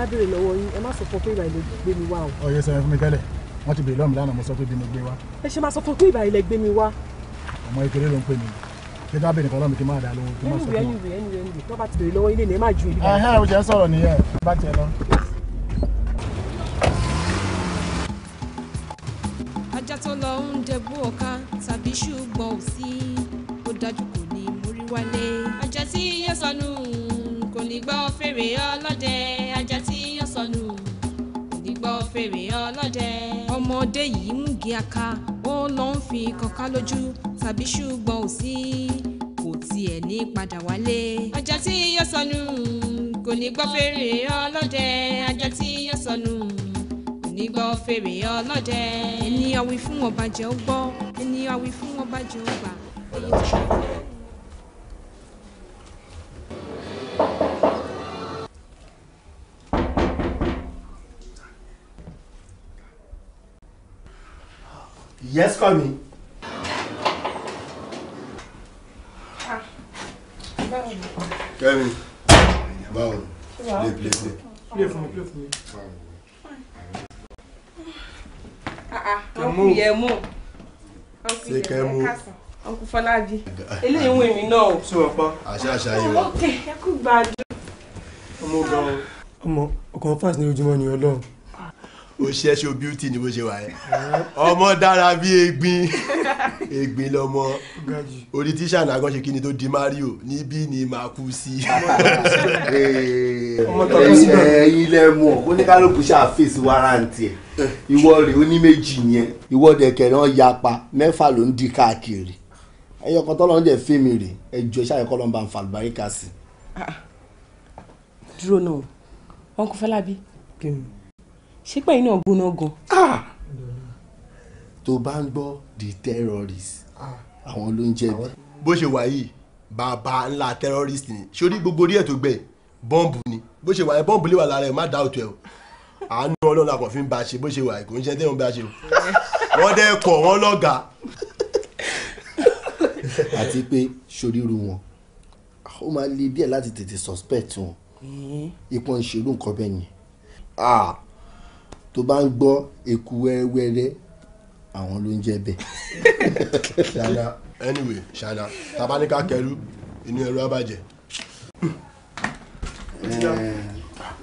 bá béèrè lọ́wọ́ yín ẹ má sọ fún pé ìbà ilẹ̀ gbé mi wá o. ọyọ sọ fún mi tẹ́lẹ̀ wọn ti béèrè lọ́mù lánàá mo sọ pé bí mi gbé wá. ẹ ṣe máa sọ fún pé ìbà ilẹ̀ gbé mi wá. ọmọ ìkéré ló ń pè mí kí n dábìrì kan lọ́mù kí n máa dà lóhun kí n má sọ fún wọn. ẹnu rẹ ẹnu rẹ ẹnu rẹ tó bá ti béèrè lọ́wọ́ ilé ni ẹ má ju ìlú. ẹhẹ́ o jẹ́ sọ̀rọ̀ nìyẹn bá tiẹ̀ lọ. yaka ó lọ ń fi kọ̀ọ̀ká lójú tàbí ṣùgbọ́n ò sí kò tiẹ̀ ní padà wálé. ajá tí yóò sọnù kò ní gbọ́ fèrè ọlọ́dẹ ajá tí yóò sọnù kò ní gbọ́ fèrè ọlọ́dẹ. ènìyàn wí fún ọba ó gbọ́ ènìyàn wí fún ọba ó gbà. ṣé wọ́n pa. àṣà àṣà yìí wọ́n. ok ẹ kú gbàdúrà. ọmọ gan-an. ọmọ ọkàn fast ní ojúmọ́ ni ọlọ́run. o ṣe ṣo beauty ni bó ṣe wà yẹn. ọmọ dára bí egbin egbin lọmọ orí tíṣà náà gan ṣe kí ni tó di mario níbí ni màá kú sí. ẹ̀yin lẹ mọ̀ oníkálukú ṣàfẹ́sì wárántì ẹ̀ ìwọ rẹ̀ ó ní méjì yẹn ìwọ dẹ̀kẹ̀ náà yapa mẹ́fà ló ń di káàkiri ẹyọ kan tọ́lọ́run jẹ́ fíìmù rè ẹjọ́ iṣẹ́ àyẹ̀kọ́ lọ́nba àǹfààlùbáríkà sí. Ah, ah. dúró náà wọn kò fẹ́ lábí ṣé pẹ̀yìn náà gbóná gan. Ah! tó bá ń gbọ́ the terrorists àwọn ló ń jẹ̀bi. bó ṣe wà yìí bàbá ńlá terrorist ni sórí gbogbo orí ẹ̀ tó gbẹ bọ́ǹbù ni bó ṣe wà yìí bọ́ǹbù lè wà lára ẹ̀ má dá òtún ẹ̀ o àánú ọlọ́run àkànfí ń ba ṣe bó ṣe wà yìí kò ń ṣe tẹ́wọ̀n bá ṣe o [LAUGHS] wọ́n dẹ́ kọ̀ wọ́n lọ́gàá àti pé ṣoríru wọn ó máa le díẹ̀ láti tètè suspect wọn mm-hmm. ipò ìṣèlú nǹkan bẹ́ẹ̀ ni tó bá ń gbọ́ eku wẹ́rẹ́wẹ́rẹ́ àwọn ló ń jẹ́ bẹ́ẹ̀. [LAUGHS] ṣáná anyway ṣáná tabaníkà kẹrù inú ẹrù abàjẹ́. Eh,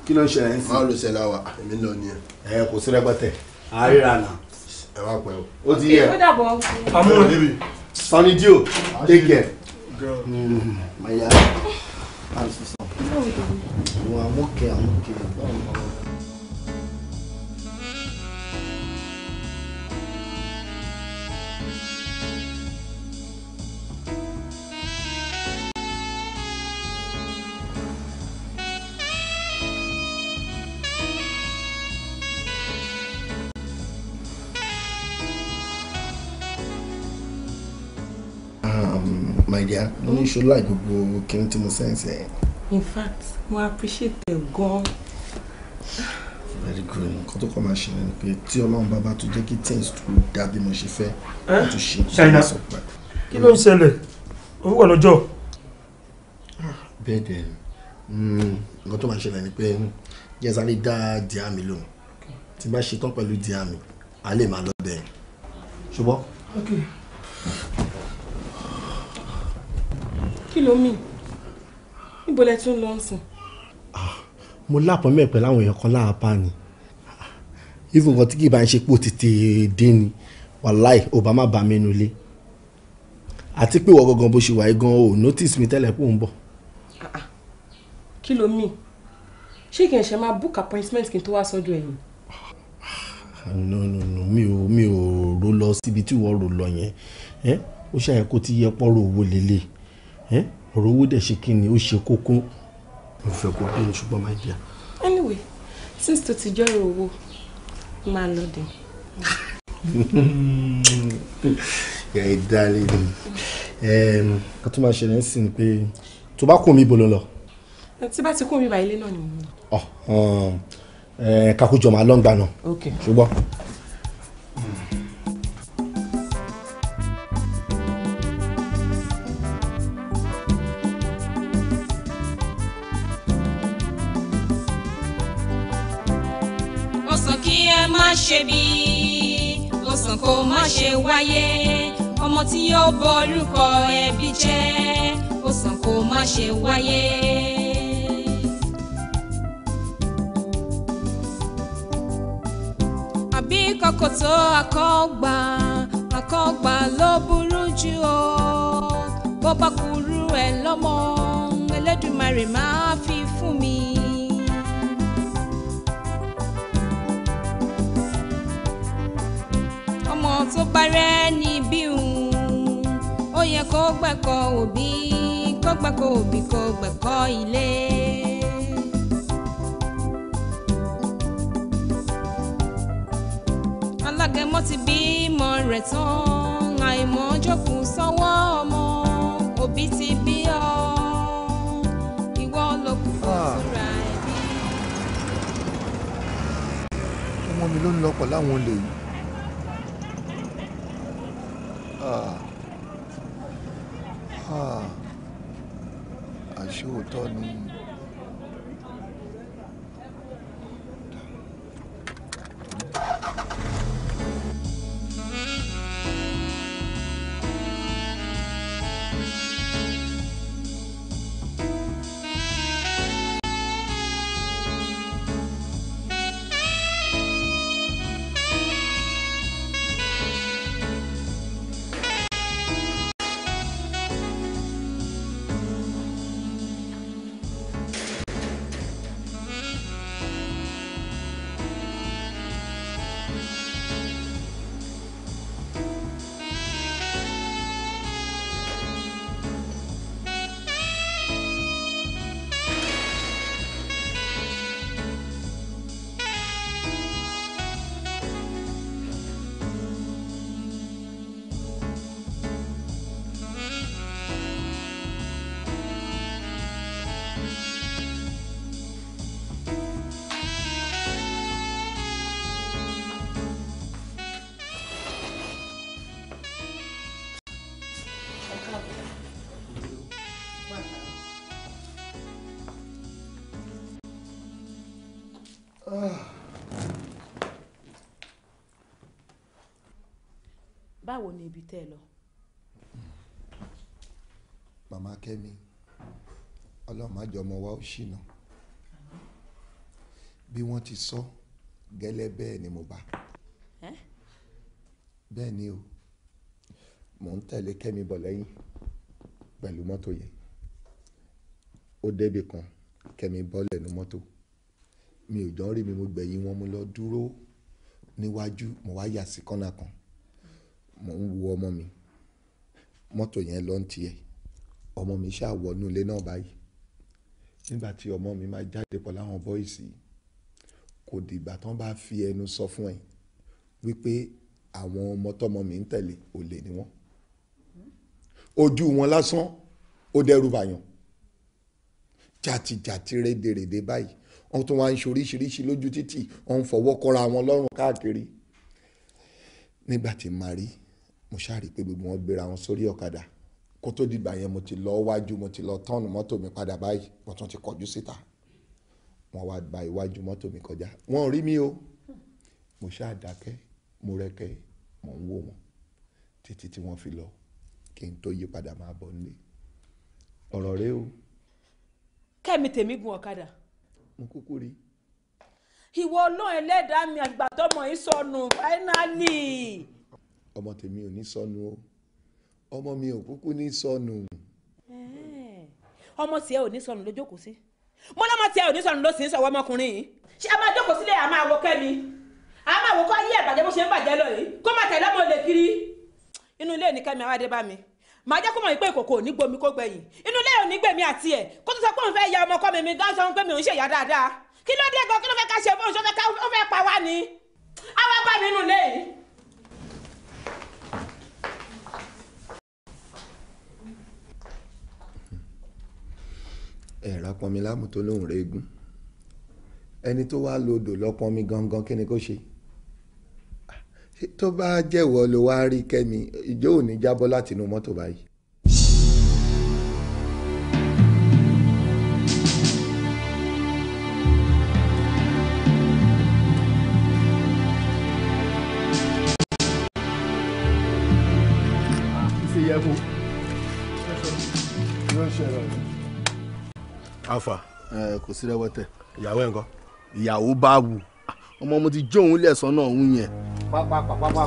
kí ló ń ṣe ẹ̀yìn sí. máa ló ṣe láwa èmi lọ ni ẹ. ẹ kò sí rẹpẹtẹ àárẹ̀ àná. ẹ wá pẹ́ o. ó ti yẹ. ó dàbọ̀. àmúhùn Sunny Dio, take care. Girl. Mm, my yard. I'm so sorry. No, I'm okay, I'm okay. Oh, nàìjíríà mo ní ìṣó láì gbogbo kíní tí mo sẹ́ǹsì ẹ̀. in fact mo appreciate ẹ gan. very good nǹkan tó kọ́ máa ṣe ni pé tí ọlọ́run bá bá tó jẹ́ kí things tó dá bí mo ṣe fẹ́ tó ṣe kí n sọ pa. kí ló ń ṣẹlẹ̀ owó wà lọ́jọ́. bẹ́ẹ̀ dẹ̀ hmm, nǹkan tó máa ṣẹlẹ̀ ni pé jẹ́ sáré dá díà mi lóhùn tí bá ṣetán pẹ̀lú díà mi a lè máa lọ bẹ́ẹ̀ ṣùgbọ́n kí ló mì níbo lẹ tún lọ sùn. Ah, mo lápọn mẹ́ẹ̀ pẹ̀lú àwọn èèyàn kan láàpá ni even nǹkan tí kì í bá ń ṣe pò tètè dé ni wàláì obama bá mẹ́nu lé àti pé ìwọ gangan bó ṣe wà yìí o notice mi tẹ́lẹ̀ pò ń bọ̀. Ah, ah. kí ló mì ṣé kì í ṣe máa book appointment kí n tó wá sọ́dọ̀ ẹ̀yìn no no no mi ò mi ò ro lọ síbi tí wọ́n rò lọ yẹn ó ṣàyẹ kó ti yẹ owó lélẹ̀ ọ̀rọ̀ owó dẹ̀ ṣe kí ni ó ṣe kókó mo fẹ́ kó bí ṣùgbọ́n máa jẹ́. anyway since tó ti jọ́rọ̀ owó máa lọ dé. ẹ dalẹ ni ká tó máa ṣẹlẹ̀ ń sìn ni pé tó bá kún mi bolo lọ. tí bá ti kún mi bá ilé náà ni mo oh, mú. Um, kakujọ máa lọ́ngbà náà ṣùgbọ́n. ṣe bí òsàn kò má ṣe wáyé ọmọ tí yóò bọ orúkọ ẹbí jẹ́ òsàn kò má ṣe wáyé. àbí kòkòtò àkọ́gbà àkọ́gbà ló burú jù o bó bá kúrú ẹ̀ lọ́mọ Elédùmarè máa fi fún mi. tó parẹ́ níbí òun ó yẹ kó gbẹ̀kọ́ òbí kó gbẹ̀kọ́ òbí kó gbẹ̀kọ́ ilé. alágẹmọ ti bímọ rẹ̀ tán àìmọ̀ jókòó sọ́wọ́ ọmọ òbí ti bí ọ ìwọ ló kù fúnra ah. ẹbí. ọmọ mi ló ń lọ pọ̀ láwọn olè yìí. Ah, ah, àṣé òótọ́ ni. báwo ni ibi tẹ́ ẹ lọ. màmá kẹ́mi ọlọ́màjọ wa ó ṣìnà bí wọ́n ti sọ gẹ́lẹ́ bẹ́ẹ̀ ni mo bá. bẹ́ẹ̀ ni o mò ń tẹ̀lé kẹ́mi bọ̀ lẹ́yìn pẹ̀lú mọ́tò yẹn ó débi kan kẹ́mi bọ́ lẹ́nu mọ́tò mi ò jọ rí mi mo gbẹ̀yìn wọn mo lọ dúró níwájú mo wá yà sí kọ́nà kan mò ń wo ọmọ mi mọ́tò yẹn lọ ń tiẹ̀ ọmọ mi ṣáà wọnú ilé náà báyìí nígbà tí ọmọ mi máa jáde pọ̀ láwọn bọ́ìsì kò dìgbà tán bá fi ẹnu sọ fún ẹ wípé àwọn ọmọ tọmọ mi ń tẹ̀lé olè ni wọ́n ojú wọn lásán ó dẹ́rù bàyàn jàtìjàtì rédèrèdè báyìí wọ́n tún wá ń ṣe oríṣiríṣi lójú títì wọ́n ń fọwọ́ kọ́ra wọn lọ́rùn káàkiri nígbà tí màrí mo ṣáàrí pé gbogbo wọn gbéra wọn sórí ọ̀kadà kó tó dìgbà yẹn mo ti lọ wájú mo ti lọ tọ́ọ̀nù mọ́tò mi padà báyìí wọ́n tún ti kọjú síta wọ́n wá gba iwájú mọ́tò mi kọjá wọ́n rí mi o mo ṣáà dákẹ́ mo rẹ́kẹ́ mo ń wò wọ́n títí tí wọ́n fi lọ kí n tó yí padà máa bọ̀ nílé ọ̀rọ̀ rẹ o. kẹ́mi tèmi gun ọ̀kadà. mo kúkú rí. ìwọ ọlọ́run ẹlẹ́dàá mi àgbàdo mọ̀ ń sọnù fáínálì ọmọ tèmi ò ní sọnù o ọmọ mi ò kúkú ní sọnù. ọmọ tiẹ̀ ò ní sọnù ló jókòó sí mo lọ́mọ tiẹ̀ ò ní sọnù ló sì ń sọ ọmọkùnrin yìí. ṣé a máa jókòó sílẹ̀ a máa wọ kẹ́mi a máa wò kó ayé ẹ̀bàjẹ́ bó ṣe ń bàjẹ́ lọ yìí kó má tẹ̀lé ọmọ olè kiri. inú ilé ní kẹ́mi àwádé bá mi màá jẹ́ kó mọ̀ wípé ìkòkò ò ní gbomi kó gbẹ̀yìn inú ilé ò ní gbèmí àti ẹ̀ kó tó sọ pé òun fẹ́ ya ọmọ kọ́ mi mi dáńsọ́ pé mi ò ń ṣèyá dáadáa kí ló dé gan kí ló fẹ́ ká ṣe fún òun ṣó fẹ́ pa wá ni. àwọn ẹgbẹ́ mi inú ilé yìí ẹ̀rà pọnmi láàmú tó lóun reégún ẹni tó wá lo odò lọ pọnmi gangan kí ni kó ṣe tó bá jẹ́wọ́ ló wá rí kẹ́mi ìjọ ò ní jábọ́ látinú mọ́tò báyìí. Thank you afa. ẹ kò sí rẹwẹtẹ. ìyàwó ẹ ńkọ́. ìyàwó bá wù ọmọ mo ti jó òun lẹ̀sán náà òun yẹn. pápápápápá.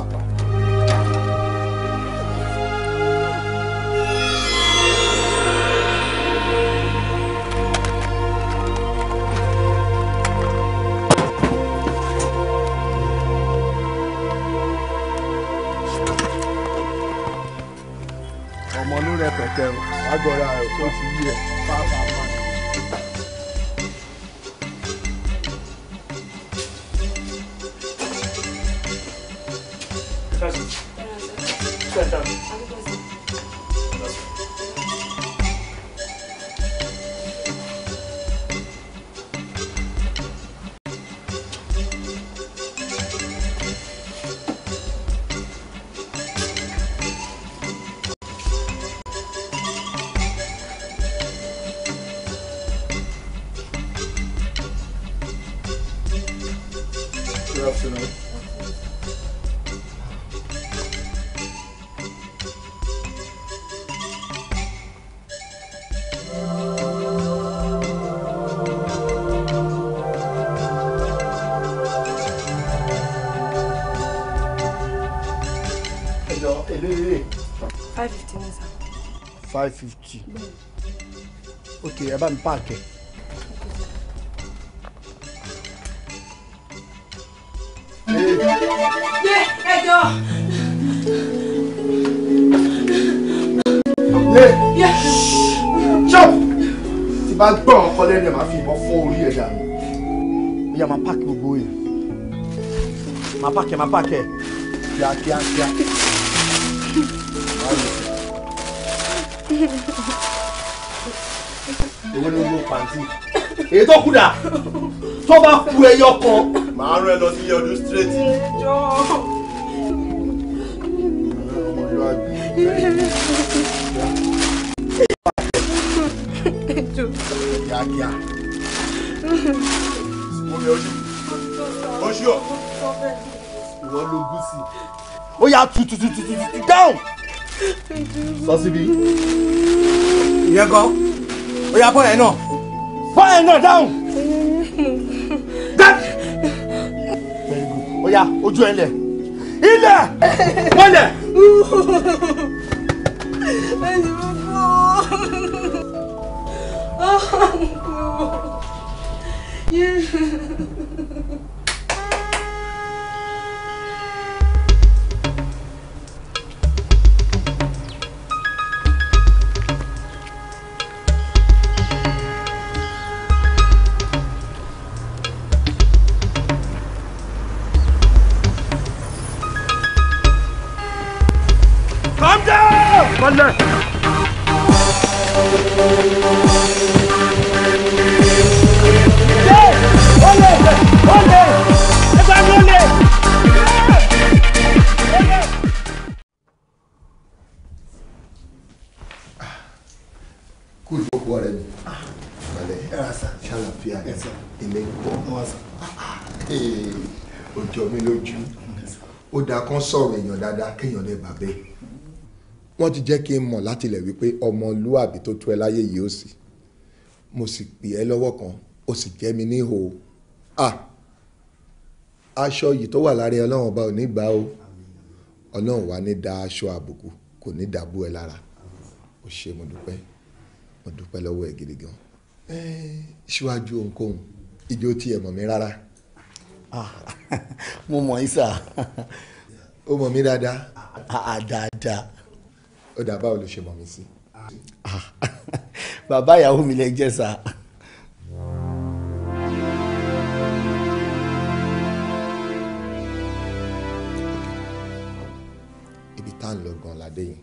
ọmọ ló rẹpẹtẹ wàá gbọ́ra ẹ̀ kó ti yí ẹ̀ pápá. five fifty ok ẹ bá mi páàkì ẹ̀. ẹjọ́. lé ṣọ́ tí bá gbọ́ ọkọ lẹ́nu ẹ̀ máa fi ìbọn fọ́ orí ẹ̀ dànù. ìyá máa páàkì gbogbo yẹn máa páàkì máa páàkì kíákíákíá owó ni owó pàǹtí èyí tó kú dà tó bá ku ẹyọ kan màá rán ẹ lọ sí ilé ọdún straight. ẹjọ́ ọmọ yóò á bí kíákíá. Omi ojú. Oṣù ọ̀. Ìwọ ló gúsì. Ó yá tututututu down sọ síbi ìyẹn kan ó yá bọ́ọ̀yẹn náà bọ́ọ̀yẹn náà dáhùn. ó yá ojú ẹ̀ lẹ̀ ilẹ̀ mọ́lẹ̀. Oh, no. You... bàbá ẹ̀ wọ́n ti jẹ́ kí n mọ̀ látilẹ̀ wípé ọmọlúwàbí tó tú ẹ láyé yìí ó sì mo sì pè ẹ́ lọ́wọ́ kan ó sì jẹ́ mi níhò ah aṣọ yìí tó wà lára ọlọ́run ọba ò ní gbà ó ọlọ́run wà ní da aṣọ àbùkù kò ní dàbú ẹ lára ó ṣe mo dúpẹ́ mo dúpẹ́ lọ́wọ́ ẹ gidi gan ṣíwájú ohunkóhun ìjọ tí ẹ mọ̀ mí rárá. Ah, [LAUGHS] mo mọ̀ yín sà. ó mọ̀ mí dáadáa dáadáa. ó dà báwo ló ṣe mọ̀ mí sí. Ah, [LAUGHS] bàbá ìyàwó mi lè jẹ́ sá. ibi tá à ń lọ gan ládé yìí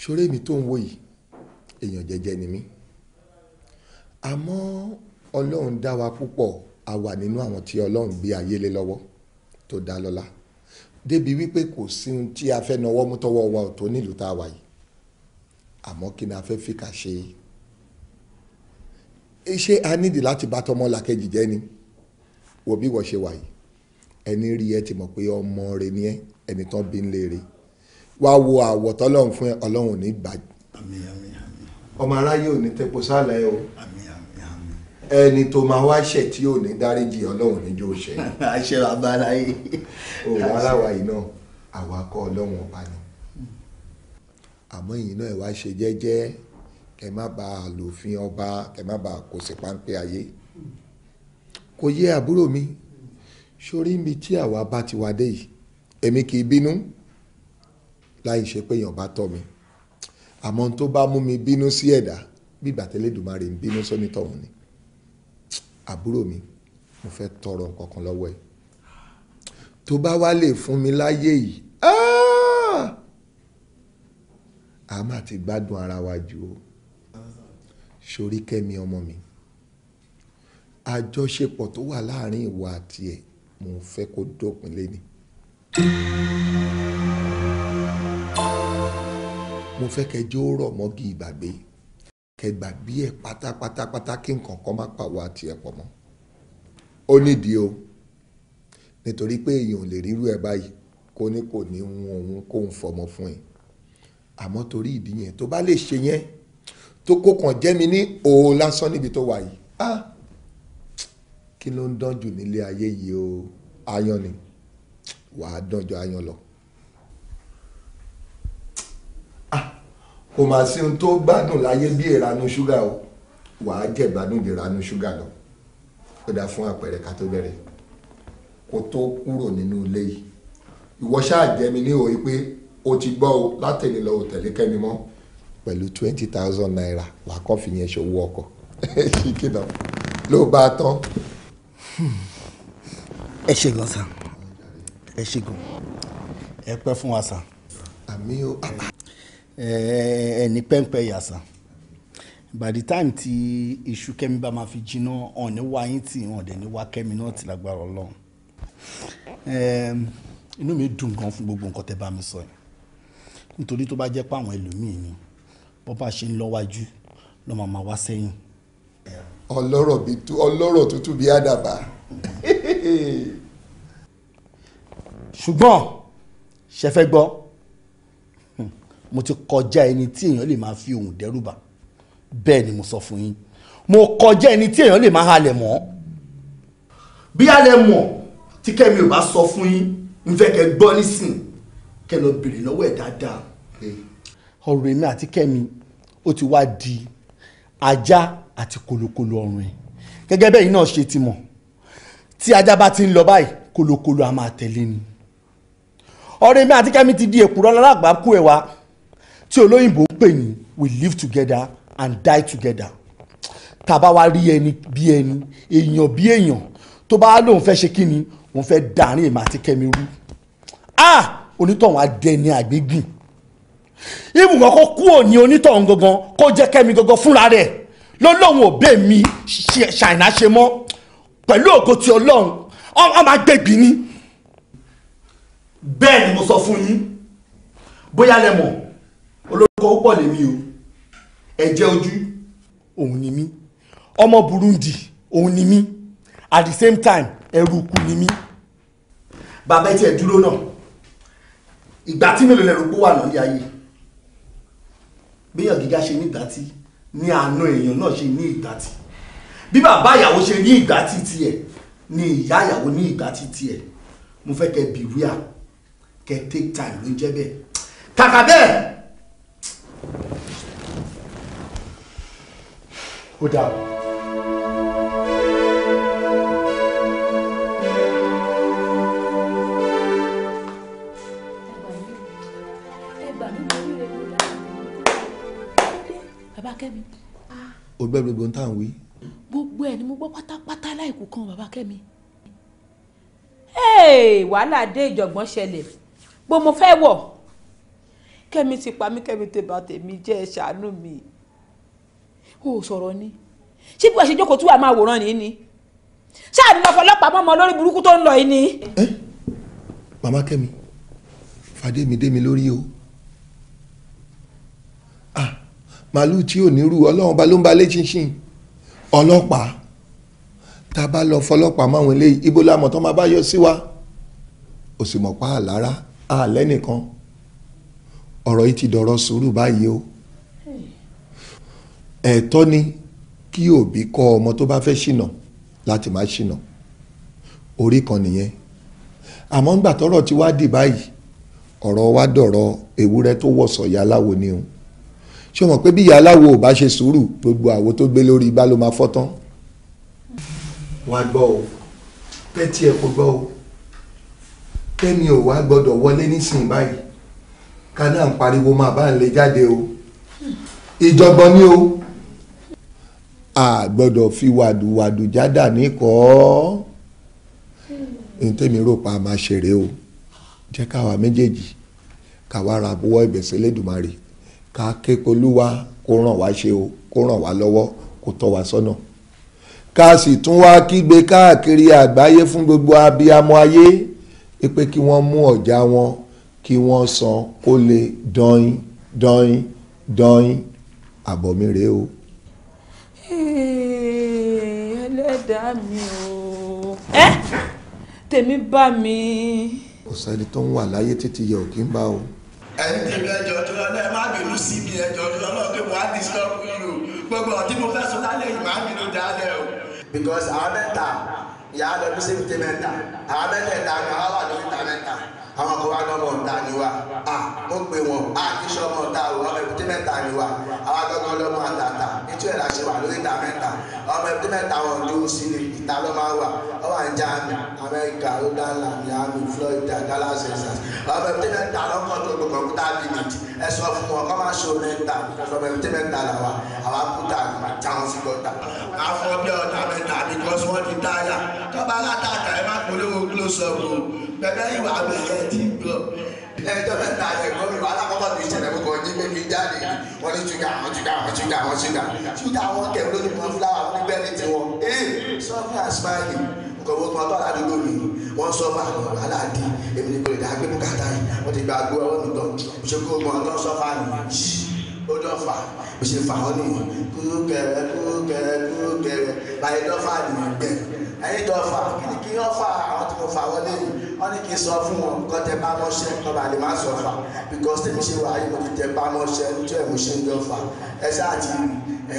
ṣoré mi tó ń wò yìí èèyàn jẹ́jẹ́ ni mí àmọ́ ọlọ́run dá wa púpọ̀ a wà nínú àwọn tí ọlọ́run gbé ayé lé lọ́wọ́ tó dá lọ́lá débi wípé kò sí ohun tí a fẹ́ nawọ́ mú tọwọ́ wa ò tó nílùú tá a wà yìí àmọ́ kí ni a fẹ́ fìkà ṣe é ṣé a nídi láti bá tọmọ làkejì jẹ́ ni wò bí wọ́n ṣe wà yìí ẹni rí ẹ ti mọ̀ pé ọmọ rẹ ni ẹ ẹni tán bí ń léèrè wá wo àwọ̀ fún ọlọ́run ní gbà. ọmọ aráyé ò ní tẹ́po sálẹ̀ o. àmín ẹni tó máa wá ṣẹ̀ tí ò ní dáríjì ọlọ́run níjó ṣẹ̀. [LAUGHS] àṣẹ bàbá aláyé. òun aláwa yìí náà àwa kọ́ ọlọ́run ọba ni. àmọ́ yìí náà wá ṣe jẹ́jẹ́ kẹ má ba àlòfin ọba kẹ má ba kò sí páńpẹ́ ayé. kò yẹ àbúrò mi sórí mi tí àwa bá ti wá dé yìí èmi kì í bínú láì ṣe pé èèyàn bá tọ́ mi àmọ́ tó bá mú mi bínú sí ẹ̀dá bí ìgbà tẹ́lẹ̀ rè ń bínú sọ́nítọ̀hún ni àbúrò mi mo fẹ́ tọrọ nǹkan kan lọ́wọ́ ẹ̀ tó bá wá lè fún mi láyé yìí ah! a máa ti gbádùn ara wa jù o sórí kẹ́mi ọmọ mi àjọṣepọ̀ tó wà láàrin ìwà àti ẹ̀ mo fẹ́ kó dópin léni. mo fẹ́ kẹjọ́ rọ̀ mọ́gi ìgbàgbé kẹgbà bí ẹ pátápátápátá kí nǹkan kan má pàwọ́ àti ẹ̀ pọ̀ mọ́ ó nídìí o nítorí pé èèyàn ò lè rírú ẹ báyìí kó ní kò ní wọn òun kó ń fọmọ fún ẹ àmọ́ torí ìdí yẹn tó bá lè ṣe yẹn tó kó kàn jẹ́ mi ní òò lásán níbi tó wà yìí ah kí ló ń dánjú nílé ayé yìí o ayan ni wàá dánjọ ayan lọ. kò mà sí ohun tó gbádùn láyé bí ìranu ṣúgà o wàá jẹ gbádùn ju ìranu ṣúgà lọ ó dá fún àpẹẹrẹ ká tó bẹ̀rẹ̀ kó tó kúrò nínú ilé yìí ìwọ ṣáà jẹ́ mi ní òye pé o ti gbọ́ o látẹ̀lé lọ ò tẹ̀lé kẹ́mi mọ́ pẹ̀lú twenty thousand naira wàá kàn fi yẹn ṣòwò ọkọ̀ ṣìkìnà ló bá tán. ẹ ṣe gan san ẹ ṣe gan ẹ pẹ́ fún wa san. àmì o. Eh, ẹni pẹ́ńpẹ́ yàsà by the time tí iṣu kẹ́mi bá máa fi jiná ọ̀n ní wá yín tì wọ́n dẹ̀ ní wá kẹ́mi náà ti lágbára ọlọ́run inú mi dùn gan fún gbogbo nǹkan tẹ́ bá mi sọ yìí nítorí tó bá jẹ́ pé àwọn ẹlòmíì ni bó bá ṣe ń lọ́wájú ló máa máa wá sẹ́yìn. ọlọ́rọ̀ tútù bí àdàbà. ṣùgbọ́n ṣe fẹ́ gbọ́ mo ti kọjá ẹni tí èèyàn lè máa fi ohùn dẹ́rùbà bẹ́ẹ̀ ni mo sọ fún yín mo kọjá ẹni tí èèyàn lè máa halẹ̀ mọ́ bí halẹ̀ mọ̀ tí kẹ́mi ò bá sọ fún yín ń fẹ́ kẹ́ gbọ́ nísìn kẹ́ lọ bèrè lọ́wọ́ ẹ̀ dáadáa ọ̀rọ̀ èmi àti kẹ́mi ó ti wá di ajá àti kolokolo ọ̀run ẹ̀ gẹ́gẹ́ bẹ́ẹ̀ yìí náà ṣe ti mọ̀ tí ajá bá ti ń lọ báyìí kolokolo a máa tẹ̀lé ni ọ̀rọ̀ èmi àti kẹ́mi ti di èkùrọ́ lálágbàákú ẹ̀ wá tí olóyìnbó ń pè ní we live together and die together tá a bá wá rí ẹni bí ẹni èèyàn bí èèyàn tó bá lóun fẹ́ ṣe kí ni òun fẹ́ dàrin èmi àti kẹ́mi rú ah onítọ̀hún á dẹni àgbégbìn ibùgbọ́n kó kúrò ní onítọ̀hún gangan kó jẹ́ kẹ́mi gangan fúnra rẹ̀ lọ́lọ́hún òbẹ́ mi ṣàìná ṣe mọ́ pẹ̀lú ògo ti ọlọ́run ọmọ agbègbè ni bẹ́ẹ̀ ni mo sọ fún yín bóyá lẹ kọ́ ó pọ̀ lèmi o ẹ̀jẹ̀ ojú òun ni mí ọmọ Burundi òun ni mí at the same time ẹrú ikú ni mí. bàbá ẹ tiẹ̀ dúró náà ìgbà tí mélòó lẹ́rù gbó wà lọ́lé ayé béèyàn gíga ṣe ní ìdátí ní àna èèyàn náà ṣe ní ìdátí bí bàbá ìyàwó ṣe ní ìdátí tiẹ̀ ni ìyá ìyàwó ní ìdátí tiẹ̀ mo fẹ́ kẹ́ bìwíà kẹ́ take time ló ń jẹ́ bẹ́ẹ̀ kàkà bẹ́ẹ̀ ó dàbọ̀. bàbá kẹ́mi. o gbẹ́ gbogbo ohun tá à ń wí. gbogbo ẹ̀ ni mo gbọ́ pátápátá láìkú kan bàbá kẹ́mi. wàhálà dé ìjọ̀gbọ́n ṣẹlẹ̀ bó mo fẹ́ wọ̀ kẹ́mi ti pa mí kẹ́mi tèbà tèmi jẹ́ ẹ ṣàánú mi o ò sọ̀rọ̀ ni ṣé bí wàá ṣe jókòó tí wàá máa wòran nìyí ni ṣáà ní lọ́ọ́ fọlọ́pàá mọ́mọ́ lórí burúkú tó ń lọ yìí ni. ẹ màmá kẹ́mi fàdémi dé mi lórí o ah màálù tí ò ní rú ọlọ́run ba ló ń ba lé ṣinṣin ọlọ́pàá tá a bá lọ fọlọ́pàá máwọn eléyìí ibo la mọ̀ tán máa bá yọ sí wa ò mọ̀ pa àlára àlẹ́ nìkan ọ̀rọ̀ yìí ti dọ̀rọ̀ sùúrù báyìí o ẹ̀tọ́ ni kí òbí kọ́ ọmọ tó bá fẹ́ ṣìnà láti má ṣìnà orí kan nìyẹn àmọ́ ńgbà tọ́rọ̀ ti wá dì báyìí ọ̀rọ̀ wa dọ̀rọ̀ ewúrẹ́ tó wọ̀sọ̀ ìyá aláwo ni o ṣé o mọ̀ pé bí ìyá aláwo ò bá ṣe sùúrù gbogbo àwo tó gbé lórí ibà ló máa fọ́ tán. wọ́n á gbọ́ o pẹ́tì ẹ̀ kò gbọ́ o tẹ́mi ò wá gbọ́dọ̀ wọlé nísìnyí báyìí ká náà ń pariwo máa bá ń lè jáde o ìjọgbọ́n ni o. Hmm a gbọ́dọ̀ fi wàdùwàdù jádà níkọ́ ní tèmi rò pa máa ṣeré o jẹ́ káwa méjèèjì káwa ra àbúwọ́ ìbẹ̀sẹ̀ lẹ́dùnmarè ká ké polúwa kó ràn wá ṣe o kó ràn wá lọ́wọ́ kó tọ́ wá sọ́nà ká sì tún wá kígbe káàkiri àgbáyé fún gbogbo abiyamọ ayé pé kí wọ́n mú ọ̀já wọn kí wọ́n san kó lè dọ́yìn dọ́yìn dọ́yìn àbọ̀mí rèé o ẹlẹ́dàá mi o ẹ tèmi bá mi. kò sẹ́ni tó ń wà láyé títí yẹ òkín bá o. ẹ̀yin tèmi ẹjọ́ tó lọ náà ẹ má bínú sí mi ẹjọ́ tó lọ pé wàá disturb you gbogbo ọtí mo fẹ́ sọ lálẹ́ yìí má bínú dálẹ́ o. because àwọn mẹ́ta ìyá lọ bí sèmi tẹ́ mẹ́ta àwọn mẹ́tẹ̀ẹ̀ta ni wọ́n wà lórí ta mẹ́ta àwọn kan wá lọ́mọ ọ̀tá ni wa à mo pè wọ́n à iṣẹ́ ọmọ ọ̀tá o ọmọ èbúté mẹ́ta ni wa àwọn akẹ́kọ̀ọ́ lọ́mọ àtàtà ètò ẹ̀rọ àṣẹ wà lórí ìta mẹ́ta ọmọ èbúté mẹ́ta wọn dúró sí ni ìta ló máa wà ó wà ní Germany Amẹ́ríkà rúgánlá Miami Florida Dallas Texas ọmọ èbúté mẹ́ta lọ́kọ̀ tó gbogbo kọ́ńtà bìbìtì ẹ sọ fún wọn kọ́ máa ṣe mẹ́ta ọmọ èbúté mẹ́ta là wà àwọn akúta àtàwọn sí gọ́ta àfọ bí ọ̀tá mẹ́ta because bẹ̀bẹ̀ yìí wà bẹ̀ yẹ ti gbọ́ ẹjọ́ mẹ́ta yẹ gbọ́ mi wàhálà kọ́kọ́ ti ṣẹlẹ̀ mú kọ́ jí bébí jáde wọ́n ní ṣúgà wọ́n ṣúgà wọ́n ṣúgà wọ́n ṣúgà ṣúgà wọ́n kẹ̀ lójú mọ́ fúláwà wọ́n ní bẹ́ẹ̀ ní tiwọn ee sọ́fẹ́ àṣìmáyé nǹkan owó tó wà tó àdúgbò mi wọ́n sọ fún àwọn wàhálà dé èmi ní kòlè dàgbé bùkátà yìí wọ́n ti gba àgbo ẹwọ́n mi tán ṣókò mọ́ ọ̀tọ́ sọ fún àmì yìí ó dọ̀ fà ó ṣe fà ọ́ nìyẹn kúrú kẹrẹ kúrú kẹrẹ kúrú kẹrẹ láyé dọ́fà nìyẹn gbẹ láyé dọ́fà kí ni kí wọ́n fà àwọn tí mo fà wọlé yìí wọ́n ní kí n sọ fún wọn nǹkan tẹ bá mọ́ṣẹ́ kọ́ bá lè má sọ fà because tèmi ṣe wà ayé mo ti tẹ bá mọ́ṣẹ́ tó ẹ̀ mo ṣe ń jọ fà ẹ ṣáà ti rí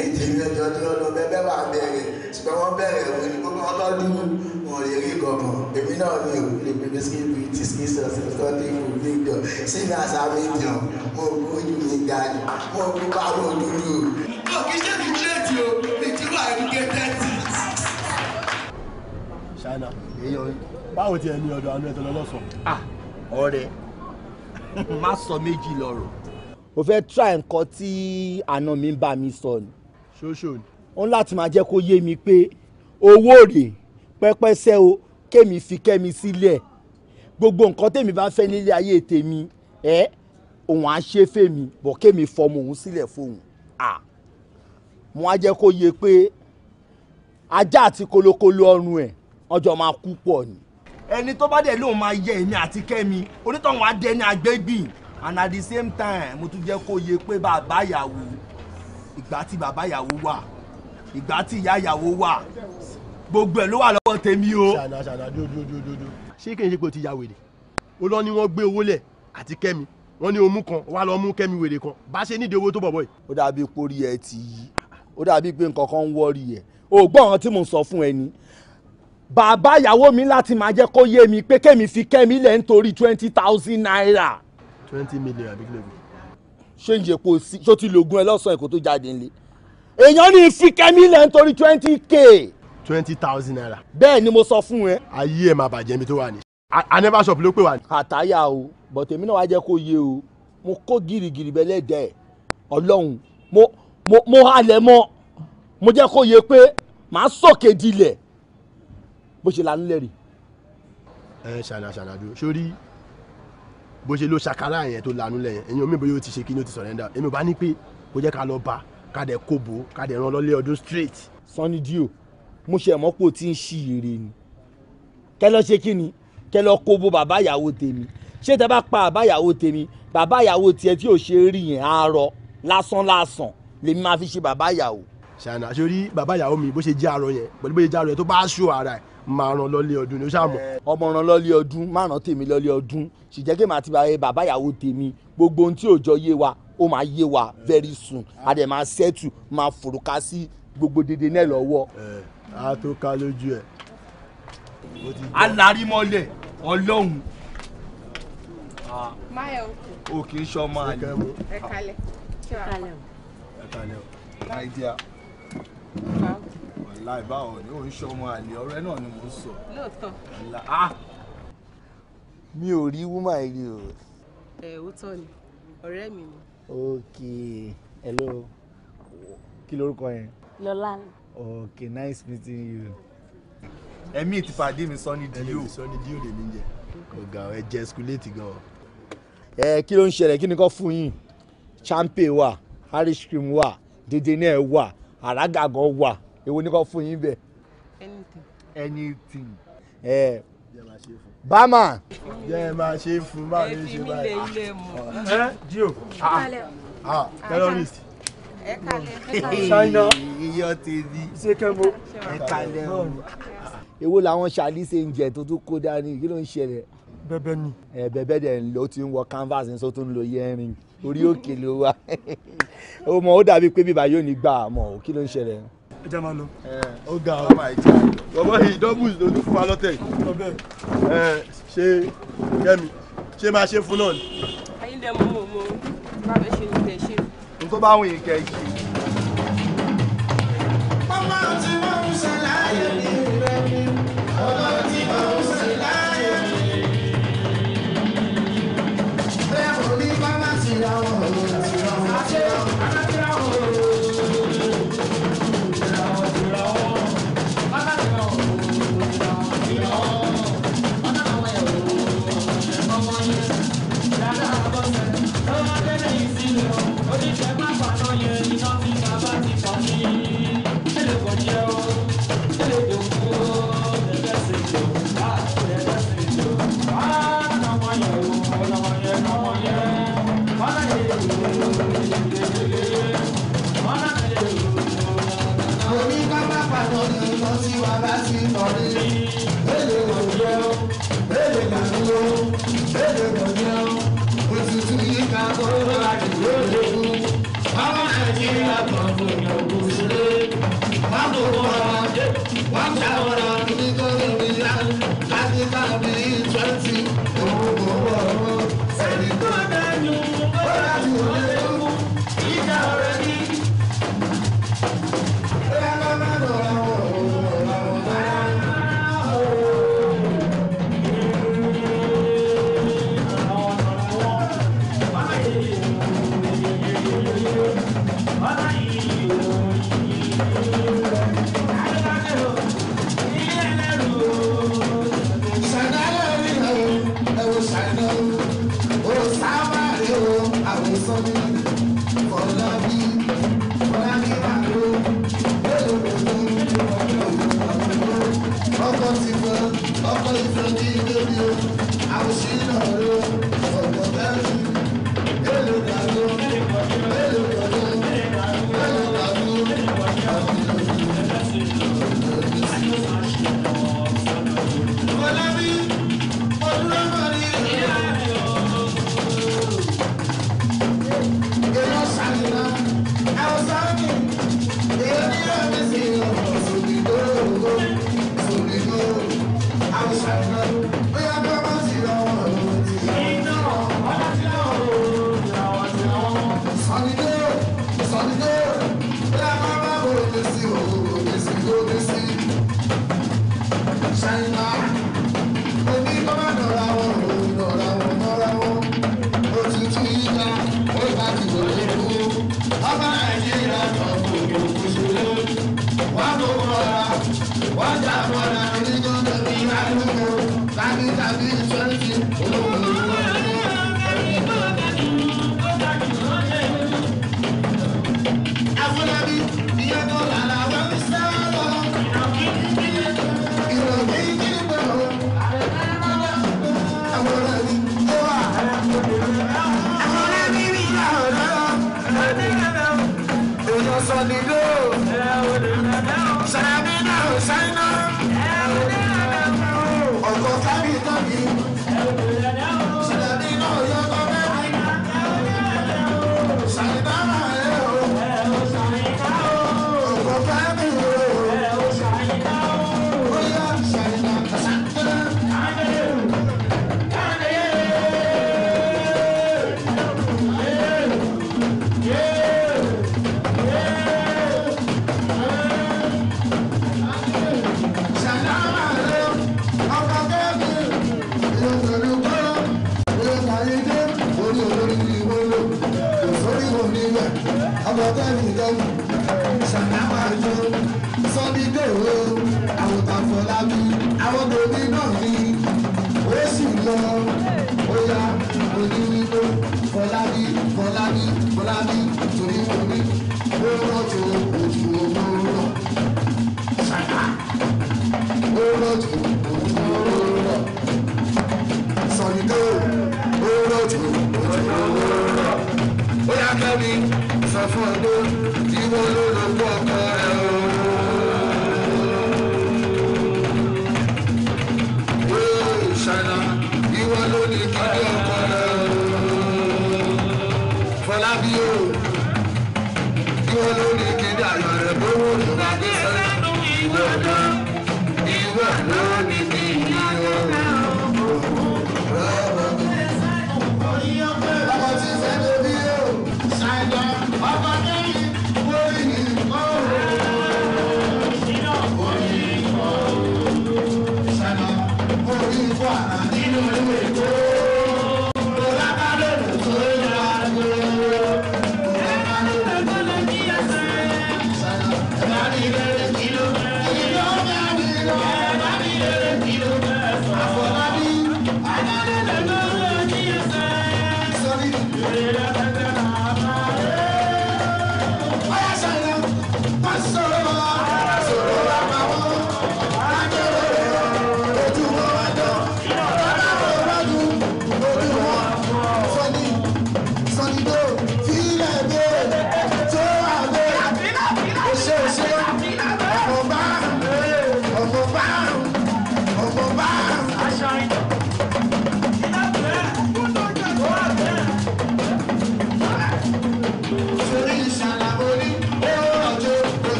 ẹ̀yìn tèmi ẹjọ́ tí wọ́n lọ bẹ́ẹ̀ wà bẹ̀rẹ̀ ṣùgbọ́n wọ́n bẹ̀rẹ̀ wọ́n ní gbogbo wọn lọ́dún wọn lè rí kankan èmi náà ní òkú lè pépé skin bíi ti skin sọ̀tì nǹkan tí kò ní jọ sínú àṣà mi jàn mo kú ojú mi ga ni mo kú pàrọ̀ dúdú. mo kì í ṣe mi tírètì o mi ti wà ní gẹ́tẹ́tì. ṣáná èyí ọ̀hún báwo tiẹ̀ ní ọ̀dọ̀ àánú ẹ̀tọ́ lọ́sàn. à ah, ọ̀rẹ́ má sọ méjì lọ́rọ̀. mo fẹ́ try nǹkan tí àna mi ń bá mi sọ ni. ṣoṣo ni. ó ń láti máa jẹ́ kó yé mi pé owó rèé pẹ́pẹ́sẹ́ o kémi fi kẹ́mi sílẹ̀ gbogbo nǹkan tèmi bá fẹ́ nílé ayé tèmi ẹ òun á ṣe fèmi bọ̀ kémi fọmọ òun sílẹ̀ fóun à mo á jẹ́ kó yé pé ajá àti kolokolo ọrùn ẹ̀ ọjọ́ máa kú pọ̀ ni ẹni tó bá dẹ̀ lóun máa yẹ èmi àti kẹ́mi onítọ̀hún á dẹni àgbẹ́gbìn and at the same time mo tún jẹ́ kó yẹ pé bàbá ìyàwó ìgbà tí bàbá ìyàwó wà ìgbà tí ìyá ìyàwó wà gbogbo ẹ̀ ló wà lọ́wọ́ tèmi o. ṣàdá ṣàdá dúdúdúdú ṣé kí n ṣe pé o ti ya wèrè o lọ ni wọ́n gbé owó lẹ̀ àti kẹ́mi wọ́n ní o mú kan wà lọ mú kẹ́mi wèrè kan bá ṣe nídìí owó tó bọ̀ bọ̀ yìí. ó dàbí porí ẹ ti yí ó dàbí pé nǹkan kan ń wọ́ọ̀rì ẹ̀ ògbọ́n tí mo sọ fún ẹ ni bàbá ìyàwó mi láti máa jẹ́ kó yé mi pé kémi fi kẹ́mi lẹ̀ nítorí twenty thousand naira. twenty million àbí kílẹ̀ mi. ṣé ìyẹn kò sí ṣó ti lògùn ẹ lọ́sàn-án èkó tó jáde ńlẹ̀ èèyàn ní fi kẹ́mi lẹ̀ nítorí twenty k. twenty thousand naira. bẹ́ẹ̀ ni mo sọ fún ẹ. ayé ẹ̀ máa bàjẹ́ mi tó wà ní. aneva shop ló pè wá ní. àtàyà o bọ̀tẹ̀ mi náà wá jẹ́ kó yé o mo kó girigiri bẹ́lẹ̀ dẹ̀ ọlọ́run mo mo mo halẹ̀ mọ́ mo jẹ́ kó yé pé màá sọ̀kè dilẹ̀ bó ṣe lanú lẹ́rì. ẹ ṣànà ṣànà dúró sórí bó ṣe ló ṣàkárà yẹn tó lanú lẹ̀ yẹn èyàn mi bóyá ó ti ṣe kí ni ó ti sọ̀rẹ́ndà èmi ò bá ní pé kó jẹ́ ká lọ bá ká kóbo ká dẹ̀ ràn ọdún straight. sanni dio mo ṣe mọ́pò tí ń ṣí ire ni kẹ lọ ṣe kí ni kẹ lọ kóbo bàbá ìyàwó tèmi ṣé tẹ bá pa bàbá ìyàwó tèmi bàbá ìyàwó tiẹ̀ tí ò ṣe rí yẹn àárọ̀ lásán lásán lèmi máa fi ṣe bàbá ìyàwó. ṣànà sórí bàbá ìyàwó mi bó ṣe jẹ́ àárọ̀ yẹn pẹ̀lú bó ṣe jẹ́ àárọ̀ yẹn tó bá ṣù ara ẹ̀ máa ràn lọ́lé ọdún ni ó ṣàmọ̀. ọmọ ràn lọ́lé ọdún máa ràn tèmi lọ́lé ọdún ṣìjẹ́kẹ́ màá ti bàbá ìyàwó tèmi gbogbo ohun tí òòjọ́ yé wa ó máa yé wa very soon a dẹ̀ máa settle máa fòrùka sí gbogbo dédé náà lọ́wọ́. a tó ká lójú ẹ̀. alárímọ́lẹ̀ ọlọ́run. máyà òkè. òkè ń sọ máa lè. ẹ kalẹ̀ ẹ kalẹ̀ o. ẹ kalẹ̀ o. my dear ọ̀la ìbáwọ̀ ni òun ṣe ọmọ àlè ọ̀rẹ́ náà ni mo ń sọ. lóòótọ́. ọ̀la á. mi ò rí wúmà rí o. ẹ ó tọ́ ni ọ̀rẹ́ mi ni. ókè hello kí lorúkọ yẹn. lọlá. okay nice meeting you. ẹ̀mí ti pàdé mi sọ́ni díò. ẹ̀mí sọ́ni díò lè mi jẹ. ọ̀gá ẹ jẹ ẹsikúléètì gan. ẹ kí ló ń ṣẹlẹ̀ kí ni kò fún yín champagne wà irish cream wà dédé náà wà àràgàgọ́ wà èwo ni kò fún yín bẹ́ẹ̀. anything. anything. ẹ bámà. jẹ́ ẹ máa ṣe é fún bá mi ṣe báyìí. ẹ fi mi lè ilé mu. ẹ jíò. Ah, ah, terrorist. ẹ kalẹ̀. ṣáínà iyọ̀ tèmi. ṣé kẹ́mo. ẹ kalẹ̀ o. èwo làwọn ṣàlìṣe ń jẹ tó tún kó dání kí ló ń ṣẹlẹ̀ bẹbẹ ni. ẹ bẹbẹ dẹ ń lọ ó ti ń wọ canvas ní sọtún ń lo yẹrin orí òkè ló wà [LAUGHS] ó mọ ó dàbí pé bíbá yóò ní gbà á mọ kí ló ń ṣẹlẹ̀ ẹ jẹ́ máa lọ. ó ga oh ọ bàbá yìí dọ́bù lójú fún wa lọ́tẹ̀ ṣe kẹ́mi ṣe máa ṣe fún náà ni. ayé dẹ mú mọ mọ bá bẹ ṣe ní tẹ ṣe. n tó bá wù yín kẹ́ ṣe. ọmọ tí wọ́n ń ṣàlàyé ni.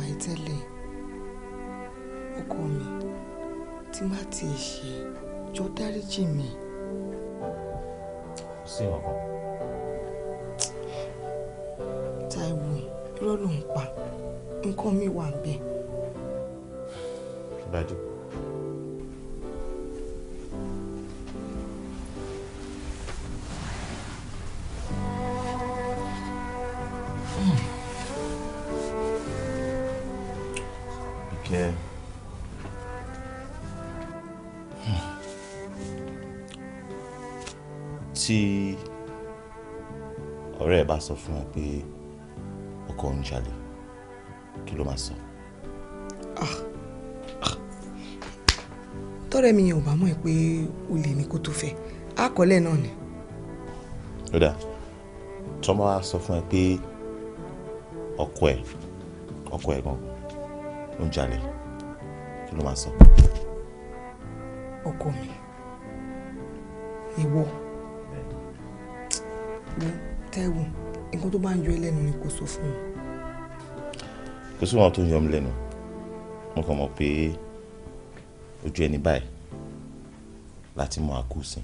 wà ẹ́ tẹ́lẹ̀ ọkọ mi tí má ti ṣe jọ dáríjì mi. tí ọ̀rẹ́ ẹ bá sọ fún ẹ pé ọkọ ń jalè kí ló máa sọ. Ah, ah. tọ́rẹ́ mi yẹn ò bá mọ̀ pé olè ni kó tó fẹ́ àkọlẹ̀ náà ni. lọ́dà tọ́mọ́ á sọ fún ẹ pé ọkọ ẹ ọkọ ẹ gan ń jalè kí ló máa sọ. ọkọ mi máa ń yọ ẹlẹ́nu ni kò sọ fún mi. kò sí wọn tó yọ mí lẹ́nu mo kàn mọ̀ pé ojú ẹni báyìí láti mọ àkóso.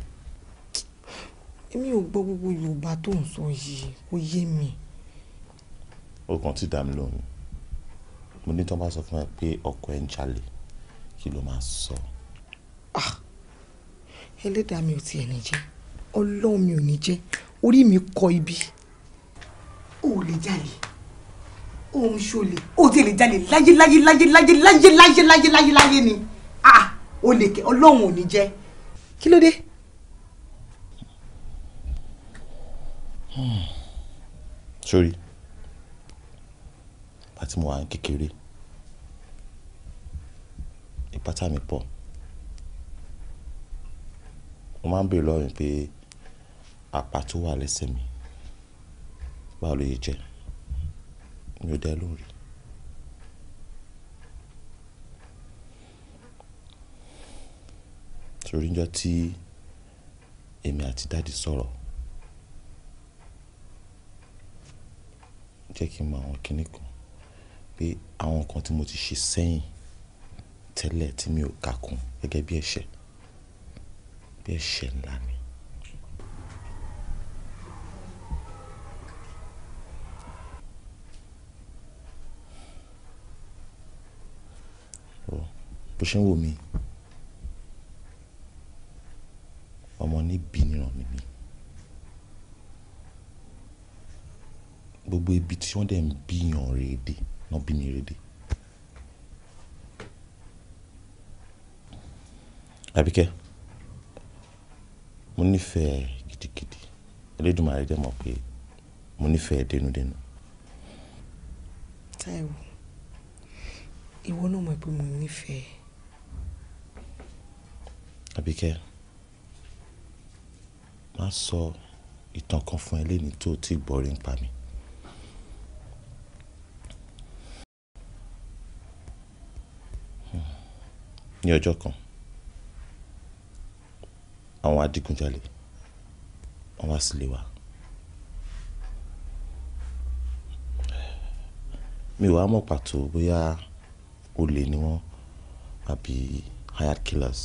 èmi ò gbọ́ gbogbo yorùbá tó ń sọ yìí kò yé mi. ó kàn ti dá mi lóhùn mo ní tí wọ́n bá sọ fún ẹ pé ọkọ ẹ ń jalè kí ló máa sọ. Ah! ẹlẹ́dàá mi ò tiẹ̀ ní jẹ́ ọlọ́run mi ò ní jẹ́ orí mi kọ ibi o ò lè jalè o ń ṣolè o ò tiẹ̀ lè jalè láyé láyé láyé láyé láyé láyé láyé láyé ni ah o lè kẹ ọlọ́run ò ní jẹ́ kí ló dé. Hmm. sórí àti mo wà ní kékeré ìpátá mi pọ̀ mo máa ń bèèrè lọ́rùn pé àpá tó wà lẹ́sẹ̀ mi báwo ló yẹ jẹ́ mi ò dá lóhùn rí. torí níjọ́ tí èmi àti dáàdi sọ̀rọ̀ jẹ́ kí n mọ àwọn kinní kan pé àwọn kan tí mo ti ṣe sẹ́yìn tẹ́lẹ̀ tí mi ò kà kún gẹ́gẹ́ bí ẹ̀ṣẹ̀ bí ẹ̀ṣẹ̀ ńlá ni. bó ṣe ń wò mí ọmọ níbi nìran mi ni gbogbo ibi tí wọ́n dẹ̀ ń bíyàn rèédè náà bí mi rèédè. àbíkẹ́ mo nífẹ̀ẹ́ gidigidi Elédùmarè dẹ̀ mọ̀ pé mo nífẹ̀ẹ́ dénúdénú. Táíwò ìwọ náà mọ̀ pé mo nífẹ̀ẹ́ Àbíkẹ́, màá sọ ìtàn kan fún ẹ lénìí tó ti gbọ́ rí ń pa mi. Ní ọjọ́ kan, àwọn adigunjalè wọ́n wá sílé wa. Mi ò wá mọ̀ pàtó bóyá olè ni wọ́n àbí hired killers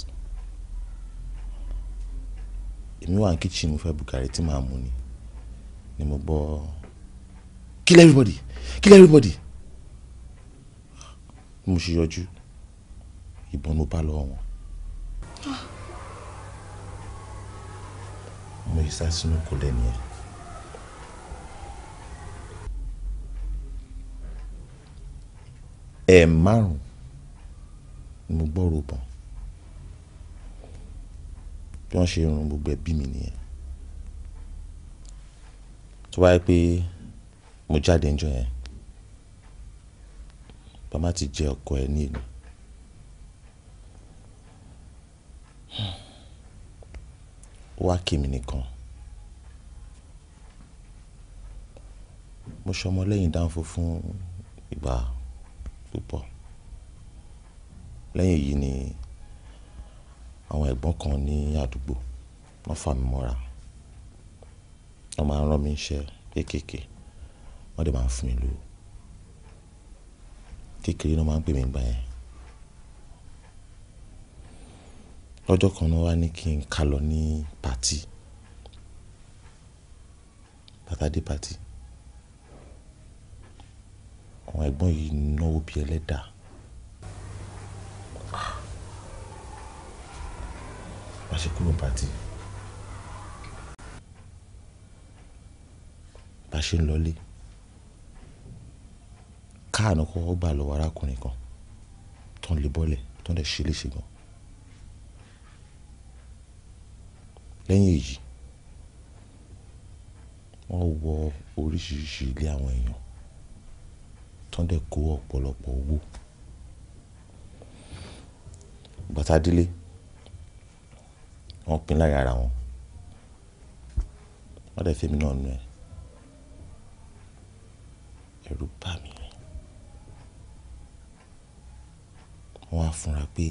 èmi wà ní kitchen mo fẹ́ bùkàrí tí màá mú ni ni mo gbọ́ kill everybody kill everybody mo ṣe yọjú ìbọn ló bá lọ́wọ́ wọn. mo yí sá sínú kò lẹ́nu ẹ̀. ẹ̀ márùn-ún ni mo gbọ́ rògbòn bí wọ́n ṣe irun gbogbo ẹbí mi nìyẹn tó wáyé pé mo jáde ńjọ́ yẹn bàmá ti jẹ ọkọ ẹ ní ìlú ó wá kí mi nìkan mo ṣọmọ lẹ́yìn Dánfó fún ìgbà púpọ̀ lẹ́yìn èyí ni àwọn ẹ̀gbọ́n kan ní àdúgbò wọ́n fà mí mọ́ra. Wọ́n máa ń rán mi iṣẹ́ kéékèèké, wọ́n dẹ̀ máa ń fún mi lówó. Kékeré ni wọ́n máa ń pè mí nígbà yẹn. Lọ́jọ́ kan wọ́n wá ní kí n ká lọ ní patí. Igba ta àwọn ẹ̀gbọ́n yìí náwó bí ẹlẹ́dà. bá ṣe kúrò pàtì bá ṣe ń lọlé káàánú kọ́kọ́ gbà lọ́wọ́ arákùnrin kan tó ń lè bọ́lẹ̀ tó ń lè ṣe léṣe gan lẹ́yìn èyí wọ́n wọ oríṣiríṣi ilé àwọn èèyàn tó ń dẹ̀ kó ọ̀pọ̀lọpọ̀ owó bàtà délé wọ́n pín láyà ara wọn wọ́n dẹ̀ fẹ́mi náà nú ẹ̀ ẹ̀rù bà mí wọ́n á fúnra pé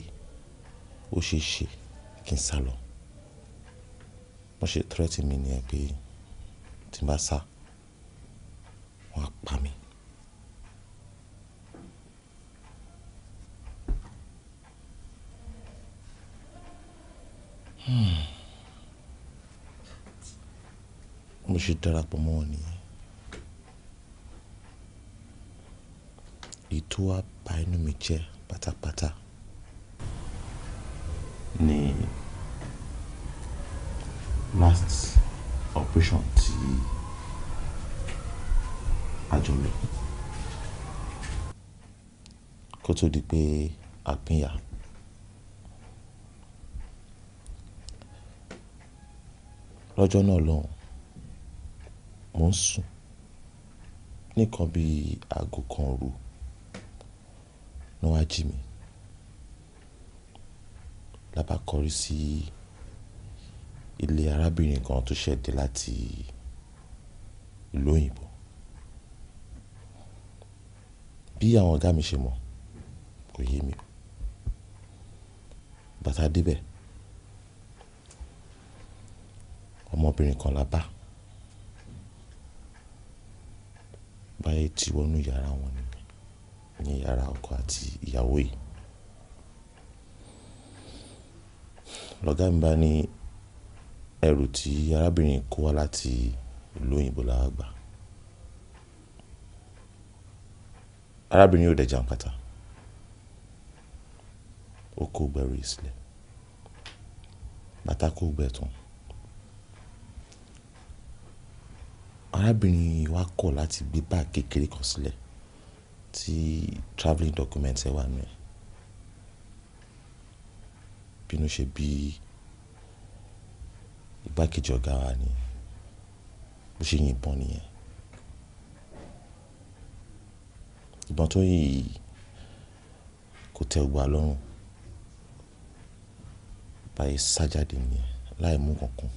ó ṣeé ṣe kí n sá lọ wọ́n ṣe tírẹ́tì mi nìyẹn pé tí n bá sá wọ́n á pa mí. Hmm. mo ṣe darapọ̀ mọ́ wọn nìyẹn èyí tó wá inú mi jẹ́ pátápátá ni last operation tí a jọ lọ kó tó di pé a lọ́jọ́ náà lọ́hùn, mò ń sùn nìkan bí aago kan òru ni wọ́n á jí mi. La bá kọrí sí ilé arábìnrin kan tó ṣẹ̀ dé láti ìlú òyìnbó. Bí àwọn ọ̀gá mi ṣe mọ̀ kò yé mi. Ìgbà tá ọmọbìnrin kan la bá báyìí tí wọnú yàrá wọn nìyẹn ní yàrá ọkọ àti ìyàwó yìí lọ́gá mi bá ní ẹrù tí arábìnrin kó wá láti ìlú òyìnbó la gbà arábìnrin yóò dẹ̀ jàǹkàtà ó kó gbẹrù yìí sílẹ̀ bàtà kó gbẹ tán arábìnrin yìí wá kọ̀ láti gbé báàgì kékeré kan sílẹ̀ tí travelling documents ẹ̀ wà nínú ẹ̀. Bínú ṣe bí igbákejì ọ̀gá wa ni bó ṣe yìnbọn nìyẹn. Ìbọn tó yìn yìí kò tẹ́ gbogbo wa lọ́rùn. Bá se sá jáde nìyẹn láì mú nǹkan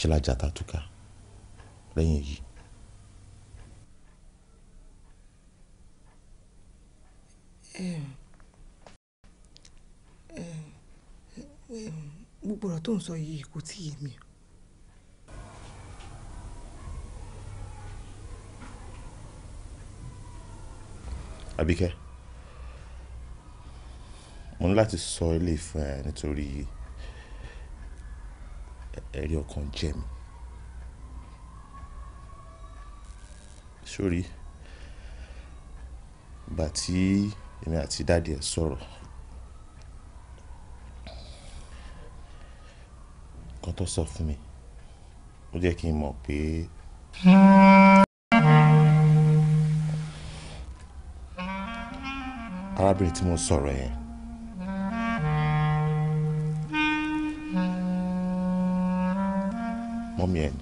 iṣẹ́ lajà tá a túká lẹ́yìn èyí. gbogbo ọ̀rọ̀ tó ń sọ yìí kò tí ì yé mi o. Àbíkẹ́ mo ní láti sọ ilé ìfún ẹ nítorí ẹ̀rí ọkàn jẹ mí. Sórí, ìgbà tí èmi àti dádì ẹ̀ sọ̀rọ̀, nǹkan tó sọ fún mi, ó jẹ́ kí n mọ̀ pé arábìnrin tí mo sọ̀rọ̀ yẹn. Momien.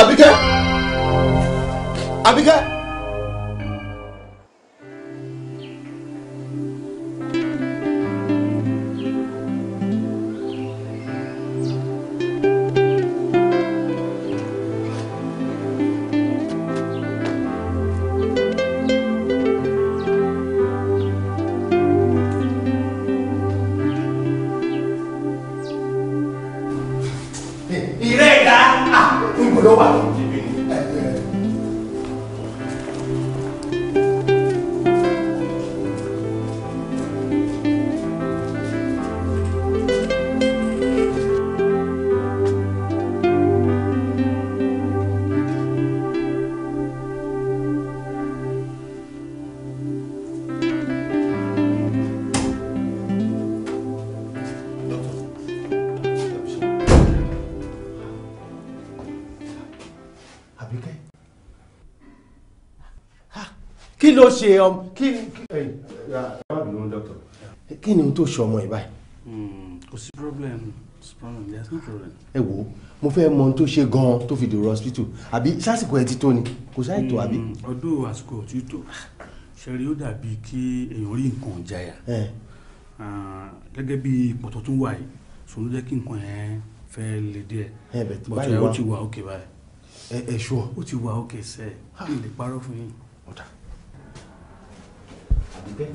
Àbíkẹ́ ah. eh. Àbíkẹ́. ló ṣe ọmọ um, kí kí ni ohun tó ṣe ọmọ yìí hmm, kò sí problem ẹ wò mo fẹ́ mọ ohun tó ṣe gan-an tó fi dèrò hospital àbí sásìkò ẹ ti tó ni kò sáì tó àbí. Hmm, ọdún àsìkò ò tí tó ṣẹ̀rí ó dàbí kí èèyàn rí nǹkan jàyà ah, gẹ́gẹ́ bí ipò tó tún wà yìí sọ ló jẹ́ kí nǹkan yẹn fẹ́ le díẹ̀ bọ̀tún ó ti wà òkè báyìí. ẹ ẹ ṣùọ́ ó ti wà òkè sẹ́ẹ̀ kí n lè parọ́ fún yín. Àbíkẹ́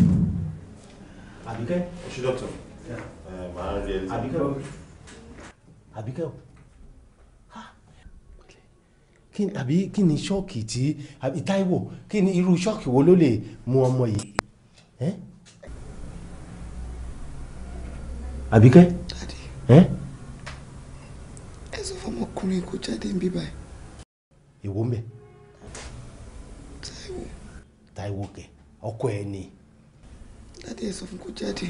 Àbíkẹ́ oṣù dọ́kítọ̀ màá rí ẹ Àbíkẹ́ o Àbíkẹ́ o àbí kí ni ṣọ́ọ̀kì tí àbí Táíwò kí ni irú ṣọ́ọ̀kì wo ló lè mú ọmọ yìí Àbíkẹ́ ẹ sọ fọmọkùnrin kò jáde ń bí báyìí. èwo ń bẹ. Táíwò. Táíwò kẹ ọkọ ẹ ni jáde ẹ sọ fún kó jáde.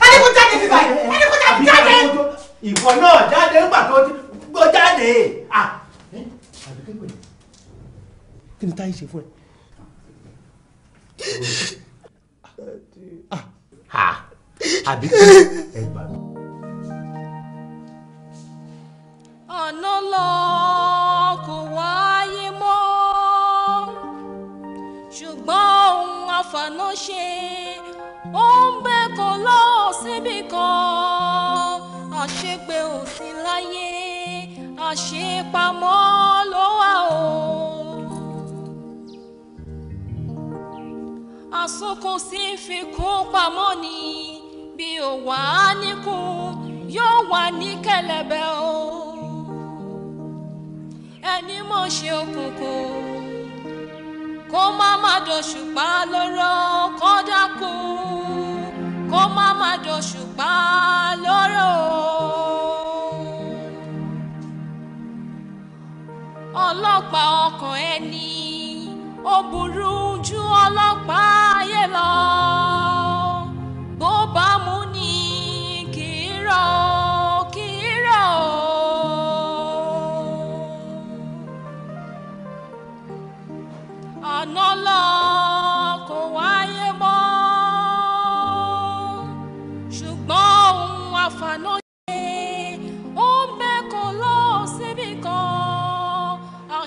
ẹni jáde bíbá yìí ẹni jáde jáde. ìwọ náà jáde ńgbà tó gbọ́ jáde. kí ni táyì ṣe fún ẹ. àbí kí ẹ gbà ọ̀nà lọ kò wáyé mọ́ ṣùgbọ́n faná ṣe ó ń bẹ kó lọ síbi kan àṣegbè ò láyé àṣepamọ́ ló wà o. àsokùn sí fi kún pamọ́ ni bí ó wà á níkùn yóò wà ní kẹ̀lẹ̀bẹ̀ o ẹni mọ̀ ṣe òkùnkùn kó má má dòṣùpá lóró kó dákú kó má má dòṣùpá lóró. ọlọ́pàá ọkàn ẹni ó burú ju ọlọ́pàá ayé lọ.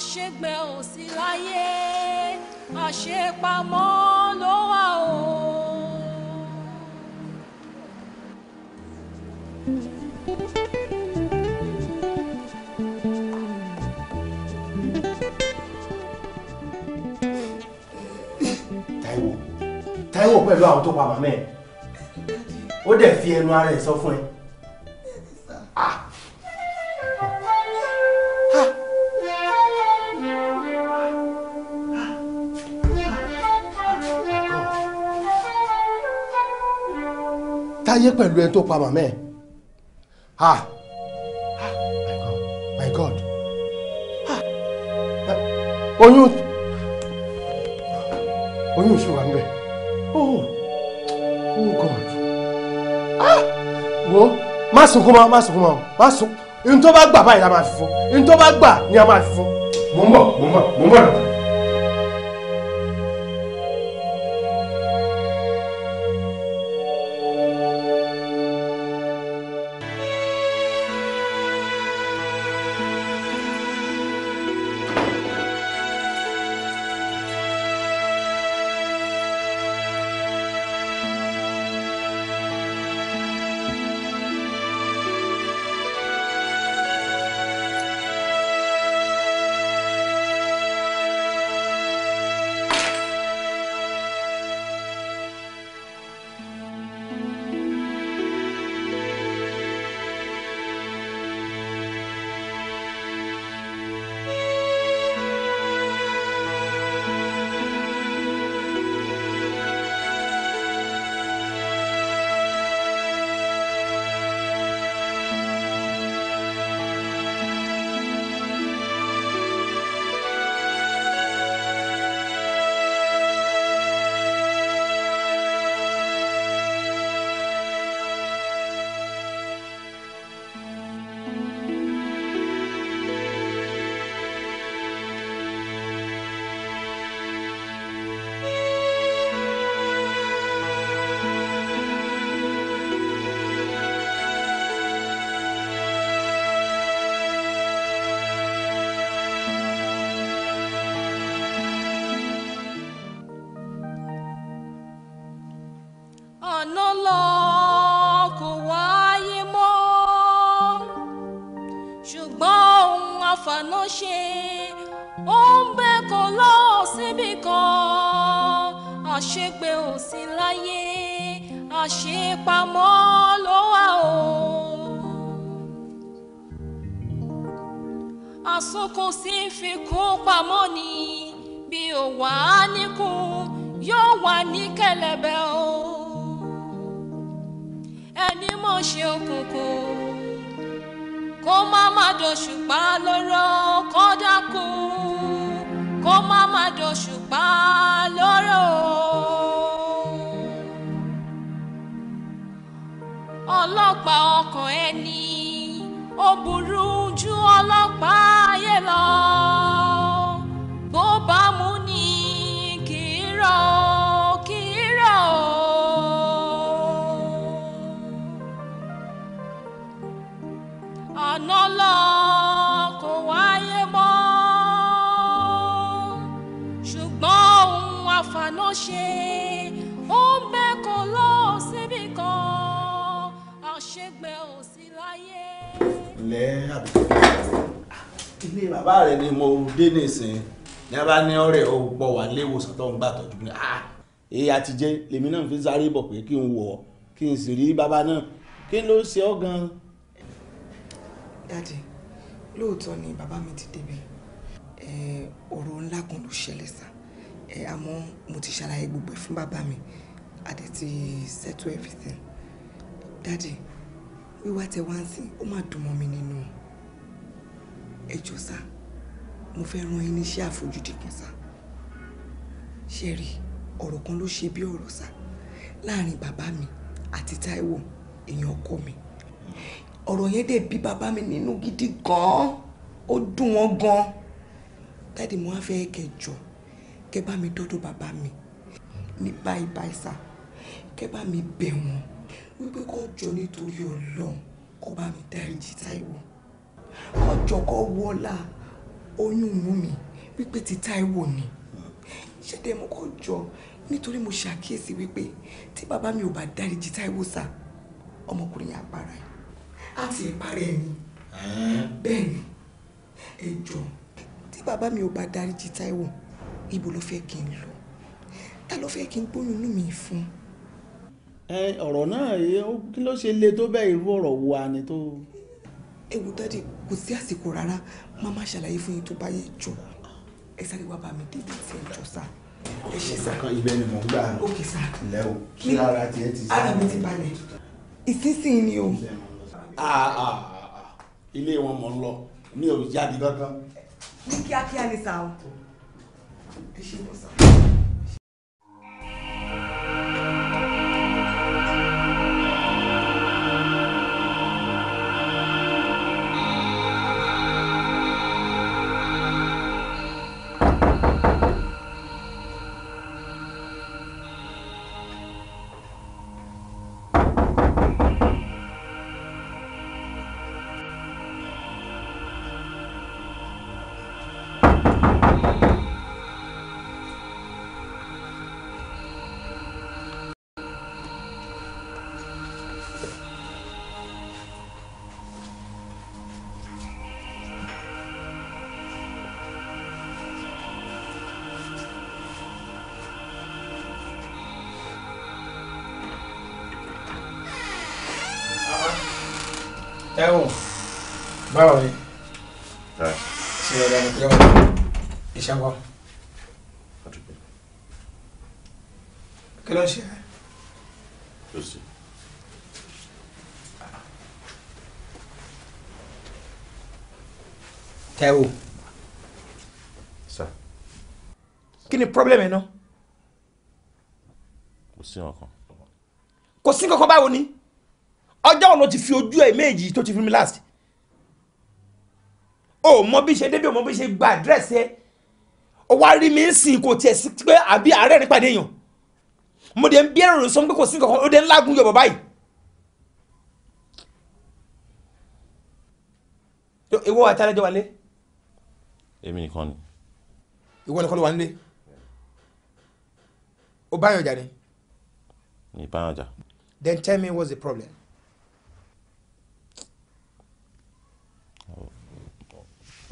àṣegbè ò sí láyé àṣepamọ́ ló wà o. Táíwò Táíwò pẹ̀lú àwọn tó pa bàmẹ́ ẹ̀ ó dẹ̀ fi ẹnu ara ẹ̀ sọ fún ẹ. táyé pẹ̀lú ẹni tó pa màmá ẹ̀ ah my god oyún oyún ìṣúra ń bẹ oh god ah wo má sunkún mọ́ má sunkún mọ́ má sunkún n tó bá gbà báyìí la máa fi fún n tó bá gbà ni a máa fi fún. mo ń mo ń mo ń náà. ní ọ̀rẹ́ ò pọ̀ wà léwòsàn tó ń gbà tọ́jú ní ah èyí àtijẹ́ lèmi náà fi sáré bọ̀ pé kí n wọ̀ ọ́ kí n sì rí bàbá náà kí ló ṣe ọ́ gan-an. dáàdì lóòótọ́ ni bàbá mi ti débi ọ̀rọ̀ ńlá kan ló ṣẹlẹ̀ sá àmọ́ mo ti ṣàlàyé gbogbo ẹ̀ fún bàbá mi àti ti settle everything dáàdì wíwá tẹ wá ń sìn ó máa dùn mọ́ mi nínú ẹjọ́ sáà mo fẹ́ ran yín níṣẹ́ àfojúdi kan sá ṣe rí ọ̀rọ̀ kan ló ṣe bí ọ̀rọ̀ sá láàrin bàbá mi àti Táíwò èèyàn ọkọ mi ọ̀rọ̀ yẹn dẹ̀ bí bàbá mi nínú gidi gan-an ó dùn wọ́n gan-an dáàdì mo wá fẹ́ kẹjọ kẹ bá mi dọ́dọ̀ bàbá mi ní báyìí báyìí sá kẹ bá mi bẹ̀ wọ́n wípé kó jọ nítorí Ọlọ́run kó bá mi dáríjì Táíwò ọjọ́ kó wọ́lá oyún inú mi wípé ti Táíwò ni ṣẹ́dẹ̀ mo kọ́ jọ nítorí mo ṣàkíyèsí wípé tí bàbá mi ò bá dáríjì Táíwò sá ọmọkùnrin yẹn apara ẹ̀ á ti ìparẹ́ ẹ̀ ni bẹ́ẹ̀ ni ẹ jọ tí bàbá mi ò bá dáríjì Táíwò ibo ló fẹ́ kí n lọ ta ló fẹ́ kí n gbóyún inú mi fún. ọ̀rọ̀ náà kí ló ṣe le tó bẹ́ẹ̀ irú ọ̀rọ̀ wo a tó ẹ wo dádì kò sí àsìkò rárá má má ṣàlàyé fún yín tó bá yẹ jọ ẹ sáré wá bá mi débi tí ẹ jọ sá ẹ ṣe sá ibẹ̀ ni mò gbà òkè o kí ara tiẹ̀ ti sá ara mi ti balẹ̀ ìsinsìnyí ni o. Ah, ah, ah, ilé wọn mọ̀ ń lọ mi ò jáde kankan. ní kíákíá ni sá o ẹ ṣe wọ́n sá. báwo ni ṣe ọ̀dọ̀ àmì kílọ̀ iṣẹ́ kọ́ kí ló ń ṣe rẹ̀. Taiwo. Sir. Kí ni problem ẹ̀ náà? Kò sí nǹkan. Kò sí nǹkan báwo ni? Ọjọ́ ọ̀nà ti fi ojú ẹ̀ méjì tó ti fi mi last o mọ bí ṣe débi o mọ bí ṣe gba àdírẹ́sì ẹ o wá rí mi ń sìn kò tiẹ̀ sí pé àbí àárẹ̀ nípàdé èèyàn mo dé ń bí ẹ̀rọ sọ pé kò sí kankan ó dé ńlá gun yọ̀bọ̀ báyìí. ìwọ wa tálẹ́jọ́ wa lé. èmi nìkan ni. ìwọ nìkan ló wà nílé o báyọ̀ jà ni. mi báyọ̀ jà. then tell me what's the problem.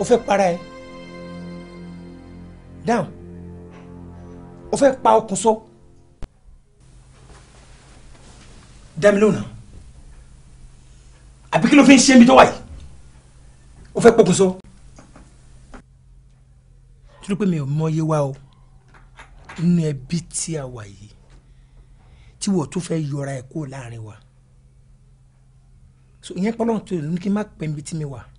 o fẹ́ para ẹ down o fẹ́ pa okùn so dá mi lóhùn náà àbí kí ló fi ń ṣe mi tó wà yìí o fẹ́ pokùn so torí pé mi ò mọ iye wa o nínú ẹbí tí a wà yìí tí wọ́n tún fẹ́ yọra ẹ̀ kúrò láàrin wa so ìyẹn pọ́nlọ́n tó ní kí n má pẹ́ níbi tí mi wà. So,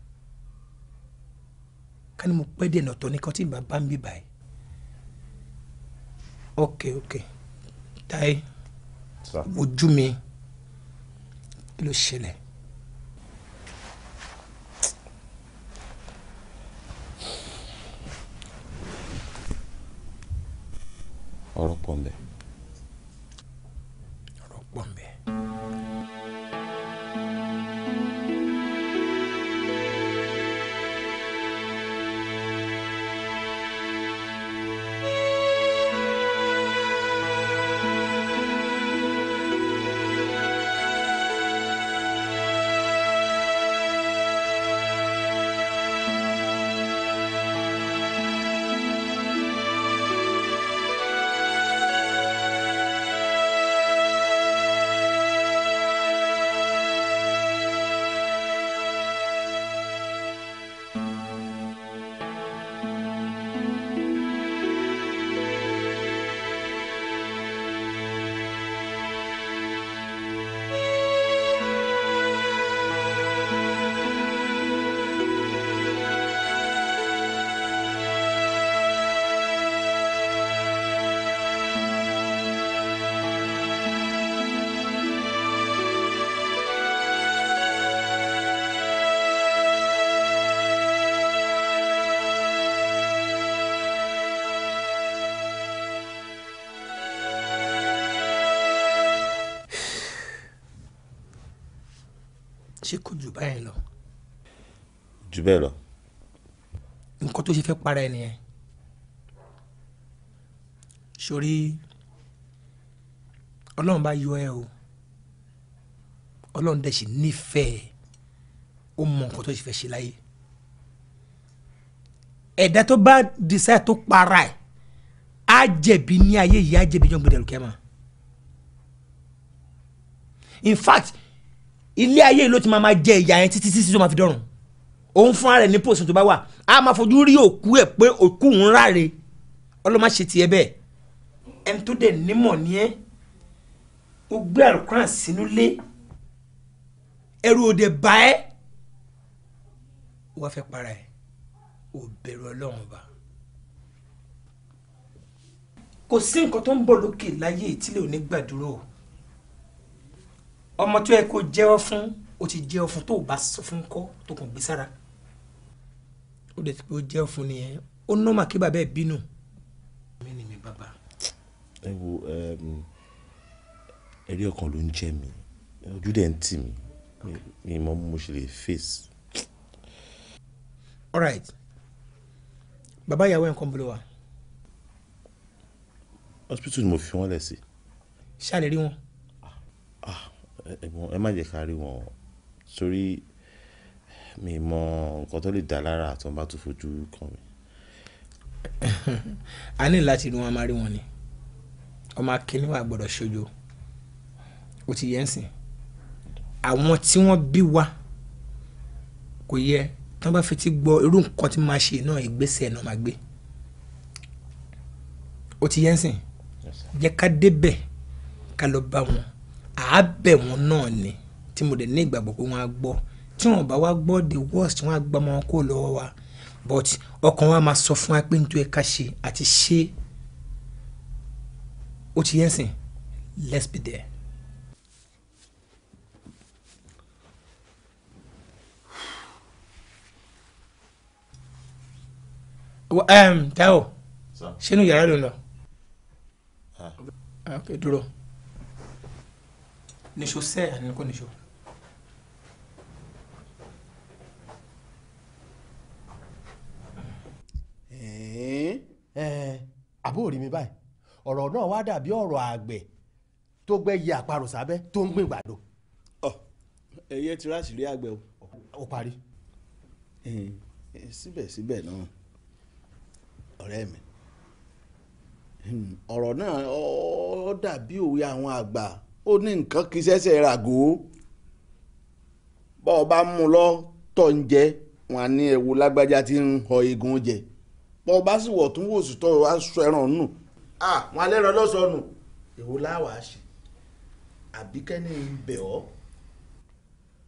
ká ní mo pẹ́ díẹ̀ náà tọ́ ní kan tí bàbá ń bí báyìí ok ok táyé ojú mi kí ló ṣẹlẹ̀. ọ̀rọ̀ pọ̀ ń bẹ. ọ̀rọ̀ pọ̀ ń bẹ. jù bẹ́ẹ̀ lọ. nǹkan tó ṣe fẹ́ para ẹ nìyẹn sórí ọlọ́run bá yọ ẹ o ọlọ́run dẹ̀ sì nífẹ̀ẹ́ ó mọ nǹkan tó ṣe fẹ́ ṣe láyé ẹ̀dá tó bá dísẹ́ tó para ẹ̀ á jẹ̀bi ní ayé yìí á jẹ̀bi jọ́ngbìn dẹ̀rù kẹ́mà in fact ilé ayé yìí ló ti máa ma jẹ ìyà yẹn títí títí tó máa fi dọ̀run òun fúnra rẹ̀ ní pòsùn tó bá wà á máa fojú rí òkú ẹ̀ pé òkú òun ráre ọlọ́mọ ṣe tiẹ̀ bẹ́ẹ̀ ẹni tó dẹ̀ nímọ̀ ni ẹ́ ó gbé àlùkùrán sínú lé ẹrù òde bá ẹ́ wọ́n fẹ́ para ẹ̀ ò bẹ̀rù ọlọ́run bá kò sí nǹkan tó ń bọ̀ lókè láyé ìtílẹ̀ òní gbàdúrò ọmọ tó yẹ kó jẹ́wọ́ fún o ti jẹ́wọ́ fún tó o bá sọ fún kọ́ tó kàn gbé sára o dẹ̀ ti pé ó jẹ́ fún nìyẹn ó nọ́mà kí bàbá ẹ̀ bínú. mi ni mi bàbá. ẹ wo ẹ̀rí ọkàn ló ń jẹ mi ojú dẹ̀ ń tì mí mi mọ mo ṣe lè face. all right bàbá ìyàwó ẹ̀ ń kọ́ ń bolo wa. hospital ni mo fi wọ́n lẹ̀ sí. ṣáà lè rí wọn. Ah, ẹ má jẹ́ ká rí wọn sórí Mi mọ nǹkan tó lè dá lára tí wọ́n bá tún fojú kan mi. A ní láti rí wọn, máa rí wọn ni. Ọmọ akíní wa gbọ́dọ̀ ṣojo. Ó ti yẹ ń sìn. Àwọn tí wọ́n bí wa kò yẹ tí wọ́n bá fetí gbọ́ irú nǹkan tí máa ṣe náà ìgbésẹ̀ náà máa gbé. Ó ti yẹ ń sìn. Jẹ́ ká débẹ̀ ká lọ bá wọn. Àá bẹ̀ náà ni tí mo dẹ̀ ní ìgbàgbọ́ pé wọ́n á gbọ́ tí wọ́n bá wá gbọ́ the worst wọ́n á gba ọmọ wọn kó lọ́wọ́ wa but ọkàn wa máa sọ fún wa pé nítorí ká ṣe àti ṣe ó ti yẹn sìn let's be there. um, Táíwò sínú yàrá ló ń lọ. Ah. Ah, ok dúró. nìṣó sẹ́ẹ̀ àníkó nìṣó. àbó rí mi báyìí ọ̀rọ̀ náà wá dàbí ọ̀rọ̀ àgbẹ̀ tó gbẹ́yẹ àparò sábẹ́ tó ń gbìn gbàdo. ẹyẹ ti ráàsì rí àgbẹ̀ o. ó parí. síbẹ̀síbẹ̀ náà ọ̀rẹ́ mi ọ̀rọ̀ náà ó dàbí òwe àwọn àgbà ó ní nǹkan kí sẹ́sẹ̀ ràgó bọ́ọ̀ bá mú lọ tọ̀ ń jẹ wọn á ní lágbájá tí ń họ eegun jẹ pọ̀ bá sì wọ̀ tún wò sí tọ́ aṣọ ẹran nù. àwọn alẹ́ rẹ lọ́sọ̀nù èwo láwàá ṣe àbíkẹ́ni ń bẹ̀ ọ́.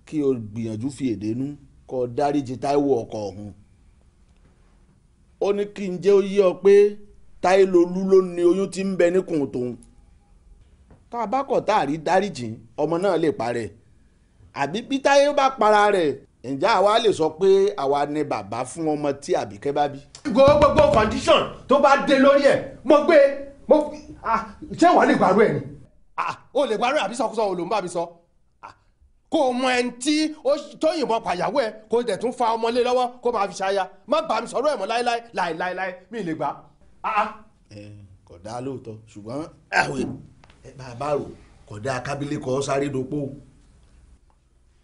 kí o gbìyànjú fi èdè nú kó o dáríji Táíwò ọkọ ọ̀hún ó ní kí n jẹ́ ó yé ọ pé Táílolú ló ní oyún tí ń bẹ níkùn tòun tá a bá kọ̀ tá a rí dáríjì ọmọ náà lè parẹ́ àbí bí Táyé bá para rẹ̀ ǹjẹ́ àwa lè sọ pé àwa ni bàbá fún ọmọ tí àbíkẹ́ bá bí. gbogbo condition tó bá dé lórí ẹ̀ mo gbé mo ah, ṣé wàá lè gbàrú ẹ̀ ni. Ah, o lè gbàrú àbí sọkúsọ o ló ń bá mi sọ ah, kó o mọ ẹni tí tó yìnbọn pàyàwó ẹ kó o dẹ̀ tún fa ọmọ lé lọ́wọ́ kó o máa fi ṣaya má bàa mi sọ̀rọ̀ ẹ̀ mọ́ láéláé láéláé mi ì lè gbà á kò dáa lóòótọ́ ṣùgbọ́n àwẹ̀ bàbá rò kò dáa kábílẹ̀ kọ́ sáré dopó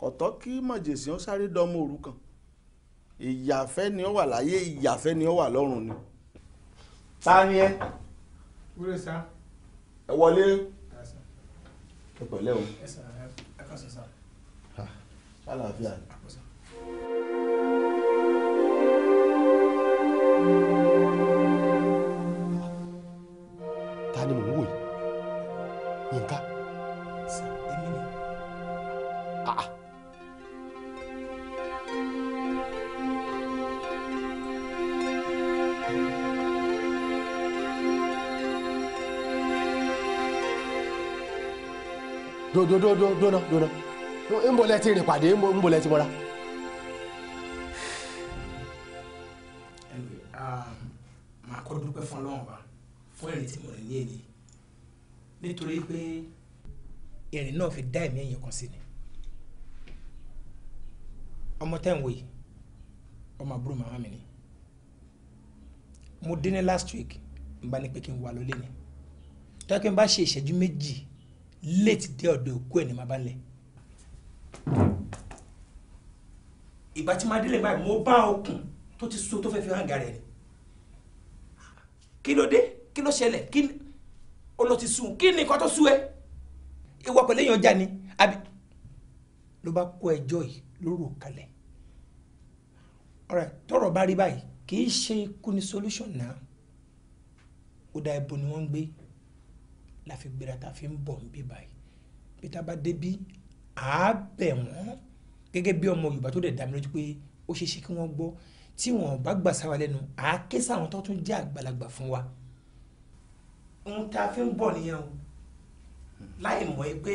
kọ̀tọ́ kí mọ̀jèsì ó sáré dánmọ òrukàn ìyàfẹ́ ni ó wà láyé ìyàfẹ́ ni ó wà lọ́run ni. ta ni ẹ. wúlò sá. ẹ wọlé. ẹ pẹ̀lẹ́ o. ẹ sà ẹ kà sọ sá. ṣàlàáfíà. ta ni mò ń wò yìí yínká. dóná dóná ńbo lẹ ti rìn pàdé ńbo lẹ ti mọ́ra. Um, màá kọ́ dúpẹ́ fún ọlọ́run wa fún ìrìn tí mo rìn ní èyí nítorí pé ìrìn náà fi dá ẹ̀mí ẹ̀yìn kan sí ni ọmọ tẹ́ ń wò ọmọ àbúrò màmá mi ni mo dé ní last week n bá ní pé kí n wà lólé ni tọ́kí n bá ṣe ìṣẹ́jú méjì léètì dé ọ̀dọ̀ òkú ẹ̀ ní má bá lẹ̀. ìgbà tí máa délé báyìí mo bá okùn tó ti so tó fẹ́ fi hàǹgà rẹ̀ ni kí ló dé kí ló ṣẹlẹ̀ kí ó ló ti sùn kí ni nǹkan tó sú ẹ ìwọ pẹ̀lú èèyàn jà ni àbí ló bá kó ẹjọ́ yìí lóru kalẹ̀ alright tọrọ bá rí báyìí kì í ṣe ikú ni solution náà ó dá ẹbọ ni wọ́n ń gbé la fi gbéra ta fi ń bọ̀ ń báyìí bí tá a bá débí gẹ́gẹ́ bí ọmọ Yorùbá tó dẹ̀ dá lójú pé ó ṣeé ṣe kí wọ́n gbọ́ tí wọ́n bá gbà sáwa lẹ́nu à sáwọn tó tún jẹ́ àgbàlagbà fún wa ohun tá a fi ń bọ̀ nìyẹn o láì mọ̀ ẹ́ pé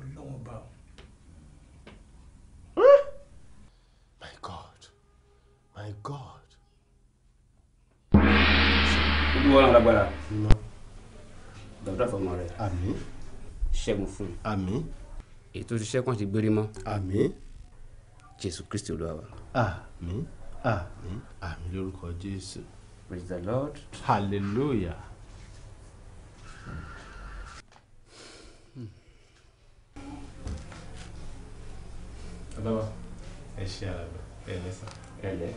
ọlọ́wọ́n bá o. My God my God. olúwa lágbára gbàdúrà fọmọ rẹ àmín ṣẹ́gun fún un àmín ètò ìṣiṣẹ́ kan ti gbérí mọ́ àmín jésù kristi olúwa wa. àmín àmín àmín lórúkọ jésù. praise the lord. hallelujah. ọlọ́wọ́ ẹ ṣe àlàbà ẹ lẹ́sà ẹ lẹ́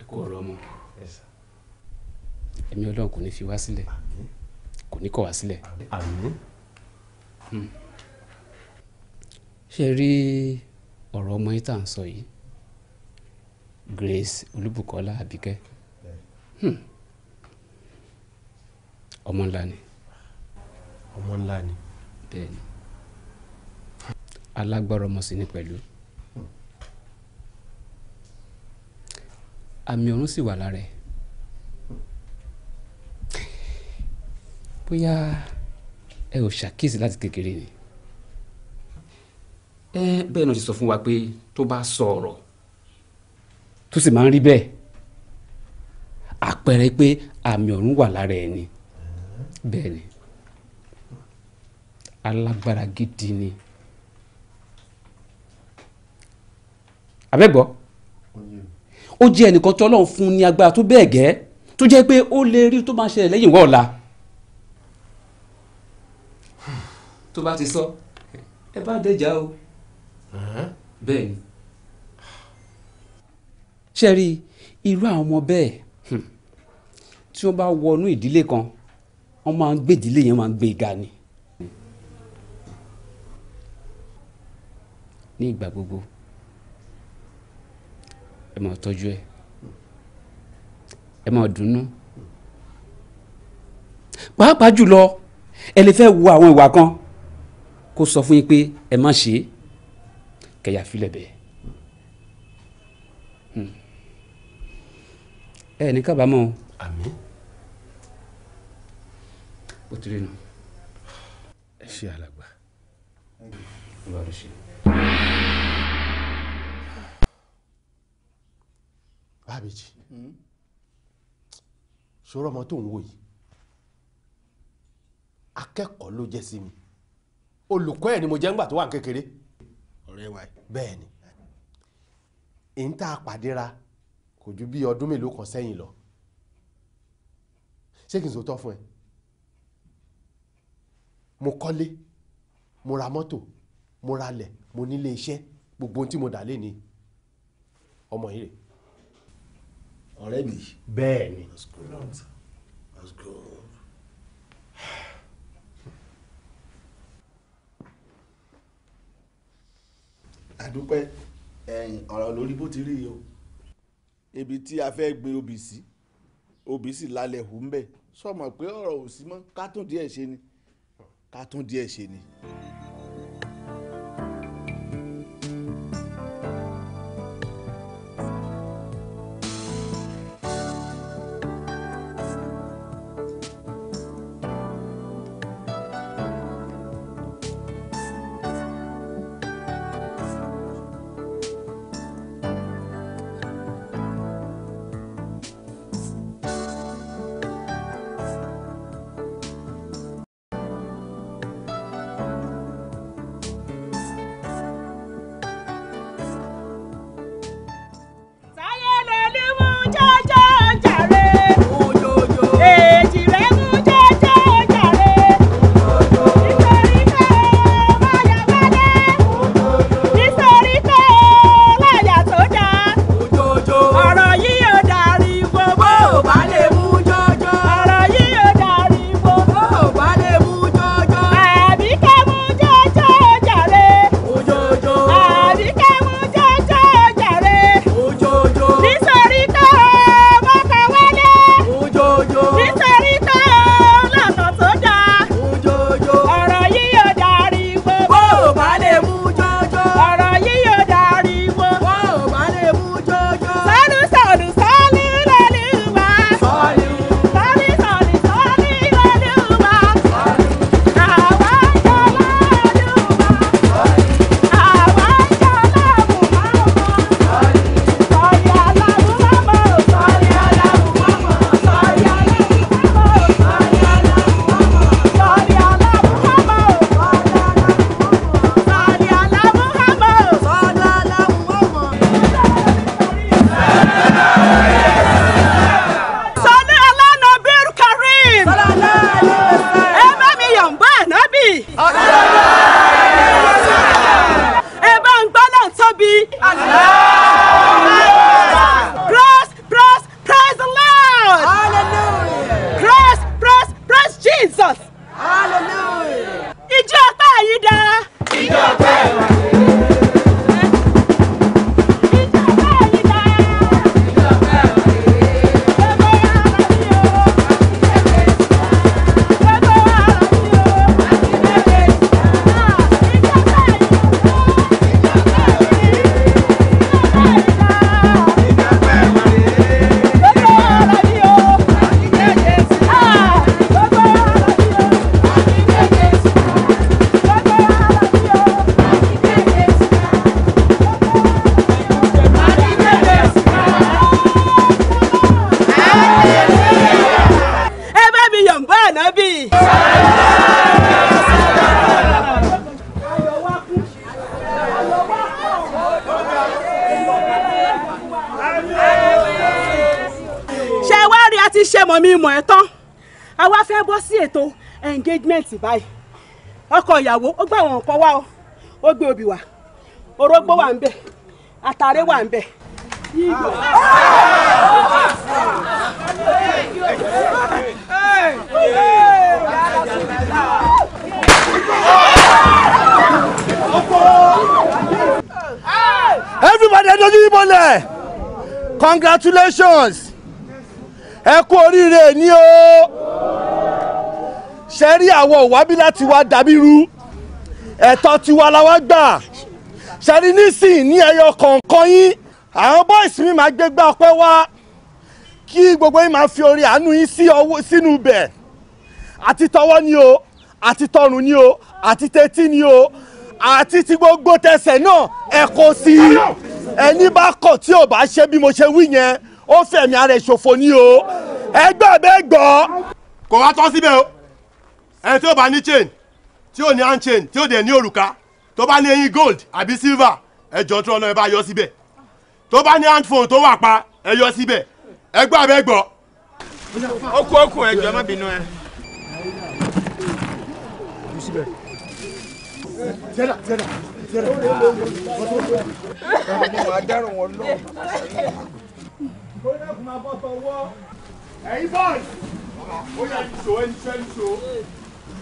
ẹ kú ọ̀rọ̀ ọmọ. ẹ sà ẹ̀mí ọlọ́run kò ní fi wá sílẹ̀ kò ní kọ̀ wá sílẹ̀. Hmm. ṣe rí ọ̀rọ̀ ọmọ yìí tá à ń sọ yìí Grace Olúbùkọ́lá Àbíkẹ́ hmm. ọmọ ńlá ni. ọmọ ńlá ni. bẹ́ẹ̀ ni alágbára ọmọ sí ni pẹ̀lú. Hmm. àmì ọ̀run sì wà lára ẹ̀. bóyá ẹ ò ṣàkíyèsí láti kékeré ni ẹ bẹ́ẹ̀ náà ti sọ fún wa pé tó bá sọ ọ̀rọ̀ tó sì máa ń rí bẹ́ẹ̀ àpẹẹrẹ pé àmì ọ̀run wà lára ẹ ni bẹ́ẹ̀ ni alágbára gidi ni abẹ́gbọ́ ó jẹ́ ẹnìkan tí Ọlọ́run fún ní agbára tó bẹ́ẹ̀ gẹ́ tó jẹ́ pé ó lè rí tó máa ṣẹlẹ̀ lẹ́yìn ìwọ́ tó bá ti sọ ẹ bá dẹjà o bẹ́ẹ̀ ni. ṣe rí irú àwọn ọmọ bẹ́ẹ̀ hmm, tí wọ́n bá wọnú ìdílé kan wọ́n máa ń gbé ìdílé yẹn máa ń gbé ga ni. ní ìgbà gbogbo ẹ máa tọ́jú ẹ ẹ máa dùnnú pàápàá jùlọ ẹ lè fẹ́ wo àwọn ìwà kan kó sọ fún yín pé ẹ má ṣe kẹyà filẹ̀ bẹ́ẹ̀ hmm. ẹ ní kábàámọ̀ o. àmín. o ti rí nu. ẹ ṣe alàgbà. bábíjì ṣòro ọmọ tó ń wò yìí akẹ́kọ̀ọ́ ló jẹ́ sí mi olùkọ́ ẹ̀ ni mo jẹ́ ńgbà tó wà ní kékeré. ọ̀rẹ́ wa ẹ̀. bẹ́ẹ̀ ni èyí tá a pàdéra kò ju bí ọdún mélòó kan sẹ́yìn lọ ṣé kí n sòótọ́ fún ẹ mo kọ́lé mo ra mọ́tò mo ralẹ̀ mo nílé iṣẹ́ gbogbo ohun tí mo dà lé ní ọmọ yìí rè. ọ̀rẹ́ mi. bẹ́ẹ̀ ni. that's good. that's good. àdúpẹ́ ẹ̀yìn ọ̀rọ̀ lórí bó ti rí yìí o. ibi tí a fẹ́ gbé obì sí obì sì lálẹ́ hù ń bẹ̀ sọ̀mọ̀ pé ọ̀rọ̀ ò sí mọ́ ká tún díẹ̀ ṣe ni ká tún díẹ̀ ṣe ni. sí báyìí ọkọ ìyàwó ó gbà wọn nǹkan wá o ó gbé obì wá orógbó wà ń bẹ àtàrẹ wà ń bẹ. everybody ẹ dojú yín congratulations ẹ kú oríire ní o. ṣẹ́rí àwọn òwábí láti wá dàbí rú ẹ̀tọ́ tiwa la wá gbà ṣẹ́rí nísìnyí ní ẹyọ kọ̀ọ̀kan yín àwọn bọ́ìsì mi máa gbégbá ọpẹ́ wá kí gbogbo yín máa fi orí àánú yín sínú ibẹ̀ àti tọwọ́ ni o àti tọrùn ni o àti tẹ́tí ni o àti ti gbogbo tẹsẹ̀ náà ẹ kó sí i ẹni bá kọ̀ tí ò bá ṣe bí mo ṣe wí yẹn ó fẹ̀mí ara ẹ̀ ṣòfò ni o ẹgbẹ́ bẹ́ẹ̀ gbọ́. kò wá tán síbẹ̀ o ẹni tí ó bá ní chain tí ó ní hand chain tí ó dẹ̀ ní òrùka tó bá ní eyín gold àbí silver ẹ jọ tí ọlọ́run bá yọ síbẹ̀ tó bá ní handphone tó wà pa ẹ yọ síbẹ̀ ẹ gbọ́ àbẹ́ gbọ́. ó kú ó kú ẹ jọ má bínú ẹ. jẹ́dà jẹ́dà jẹ́dà mo dárò wọn lọ. kódà kò máa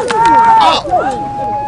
Oh!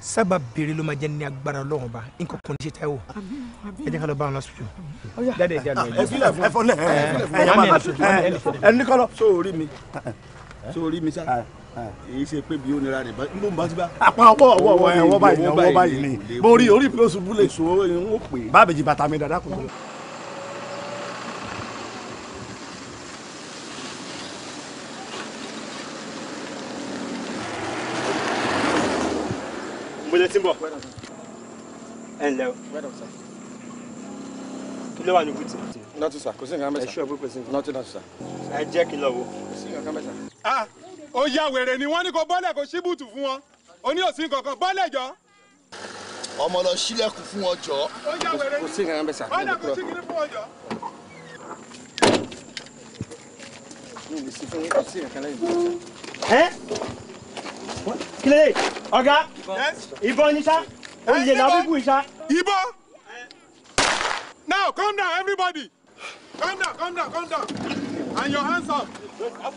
sábà béèrè ló máa jẹ ní agbára Ọlọ́run ba nǹkan kan ní ṣe Táíwò ẹ jẹ ká lọ bá wọn lọ sùtù jáde ìjà lọ ẹ filẹ fún ẹ fọlẹ ẹ ẹ ní kọlọ. sóòrí mi sóòrí mi sá èyí ṣe pé bí ó nira rẹ n bó ń bá ti bá. àpọn ọwọ ọwọ ọwọ ẹwọ báyìí ni ọwọ báyìí ni borí orí ìpínlẹ̀ ṣubú lè so ń pè. bá a bẹ jí bàtà mi dada kò tó. ló ti ń bọ̀. ẹ ǹlẹ́ o kí ló wà ní bùtì. nọ́ọ̀tù sà kò sí nǹkan mẹ́sà. ẹ ṣú ẹ̀bùrú kò sí nǹkan. nọ́ọ̀tù nọ́ọ̀tù sà. ẹ jẹ́ kí n lọ wo. kò sí nǹkan mẹ́sà. a ah, ó ya wèrè ni wọ́n ní kó bọ́lẹ̀ kó ṣí bùtù fún wọn ó ní òsín kankan bọ́lẹ̀ jọ. ọmọ lọ sílẹ̀kùn fún wọn jọ. ó ya wèrè ni kò sí nǹkan mẹ́sà. bọ́lẹ̀ kò sí kiri fún wọn jọ kílẹ̀ ọ̀gá ìbọn ní sá oúnjẹ náà bí kú ìsá. ìbọn now calm down everybody calm down calm down calm down and your hands up calm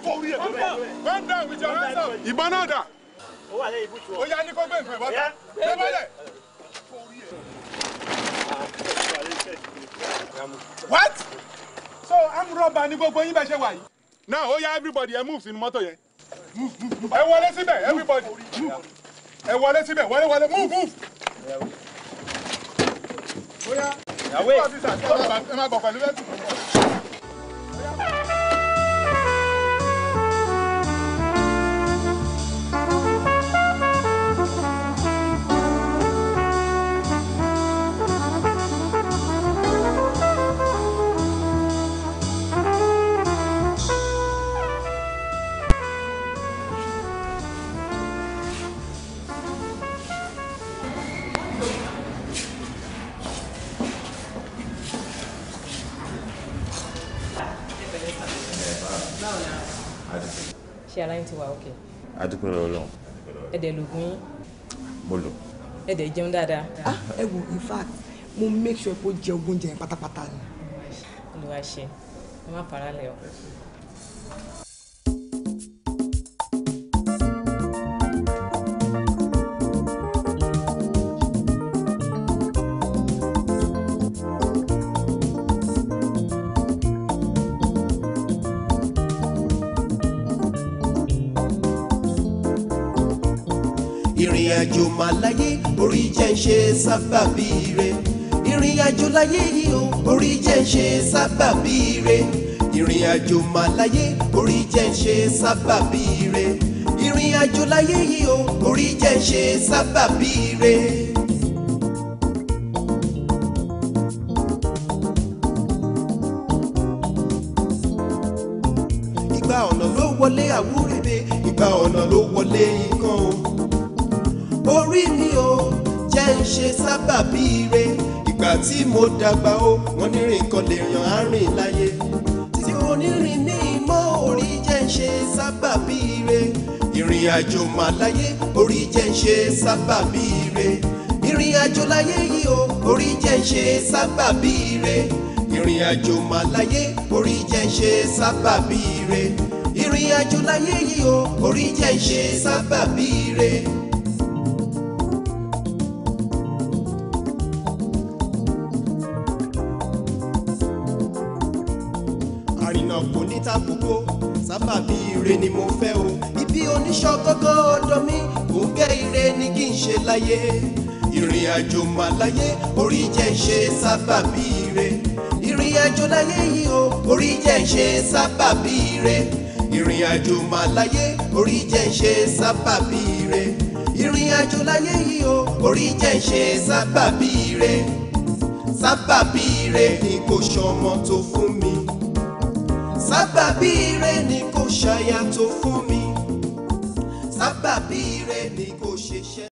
down with your hands up ìbọn náà dà ó yá ní kó gbé ìfẹ́ bọ́tà gbé bọ́lẹ̀. what so I'm robber ni gbogbo yín bẹ́ẹ̀ ṣe wà yìí. now oh yeah, everybody ẹ move in motor. yẹn ẹ wọlé síbẹ̀ everybody ẹ wọlé síbẹ̀ wọlé wọlé move move. Yeah. ẹ má bọ̀ ẹ̀dẹ̀ lògùn yín. mo lò. ẹ̀dẹ̀ jẹun dáadáa. Ah, ẹ wo in fact mo make sure kó jẹ ogún jẹ pátápátá ni. olùwàṣẹ ẹ má fara lẹ ọ. ìrìn àjò máa láyé orí jẹ́ ń ṣe sábàbí rẹ̀ ìrìn àjò láyé yìí o orí jẹ́ ń ṣe sábàbí rẹ̀ ìrìn àjò máa láyé orí jẹ́ ń ṣe sábàbí rẹ̀ ìrìn láyé yìí o orí jẹ́ ń ṣe sábàbí rẹ̀. ìgbà ọ̀nà ló wọlé àwúrẹ́bẹ̀ ìgbà ọ̀nà ló wọlé ikán o orí mi o jẹ́ ń ṣe sábàbí ire ìgbà tí mo dàgbà o wọ́n ní rìn kan lè yàn àárín láyé tí mo ní rìn ní ìmọ̀ orí jẹ́ ń ṣe sábàbí ire ìrìn àjò mà láyé orí jẹ́ ń ṣe sábàbí ire ìrìn àjò láyé yìí o orí jẹ́ ń ṣe sábàbí ire ìrìn àjò mà láyé orí jẹ́ ń ṣe sábàbí ire ìrìn àjò láyé yìí o orí jẹ́ ń ṣe sábàbí ire. láyé ìrìn àjò mà láyé orí jẹ́ ń ṣe sábàbí ire ìrìn àjò láyé yìí o orí jẹ́ ń ṣe sábàbí ire ìrìn àjò mà láyé orí jẹ́ ń ṣe sábàbí ire ìrìn àjò láyé yìí o orí jẹ́ ń ṣe sábàbí ire sábàbí ire ni kò ṣọmọ tó fún mi sábàbí ire ni kò ṣaya tó fún mi sábàbí ire ni kò ṣe ṣẹ́.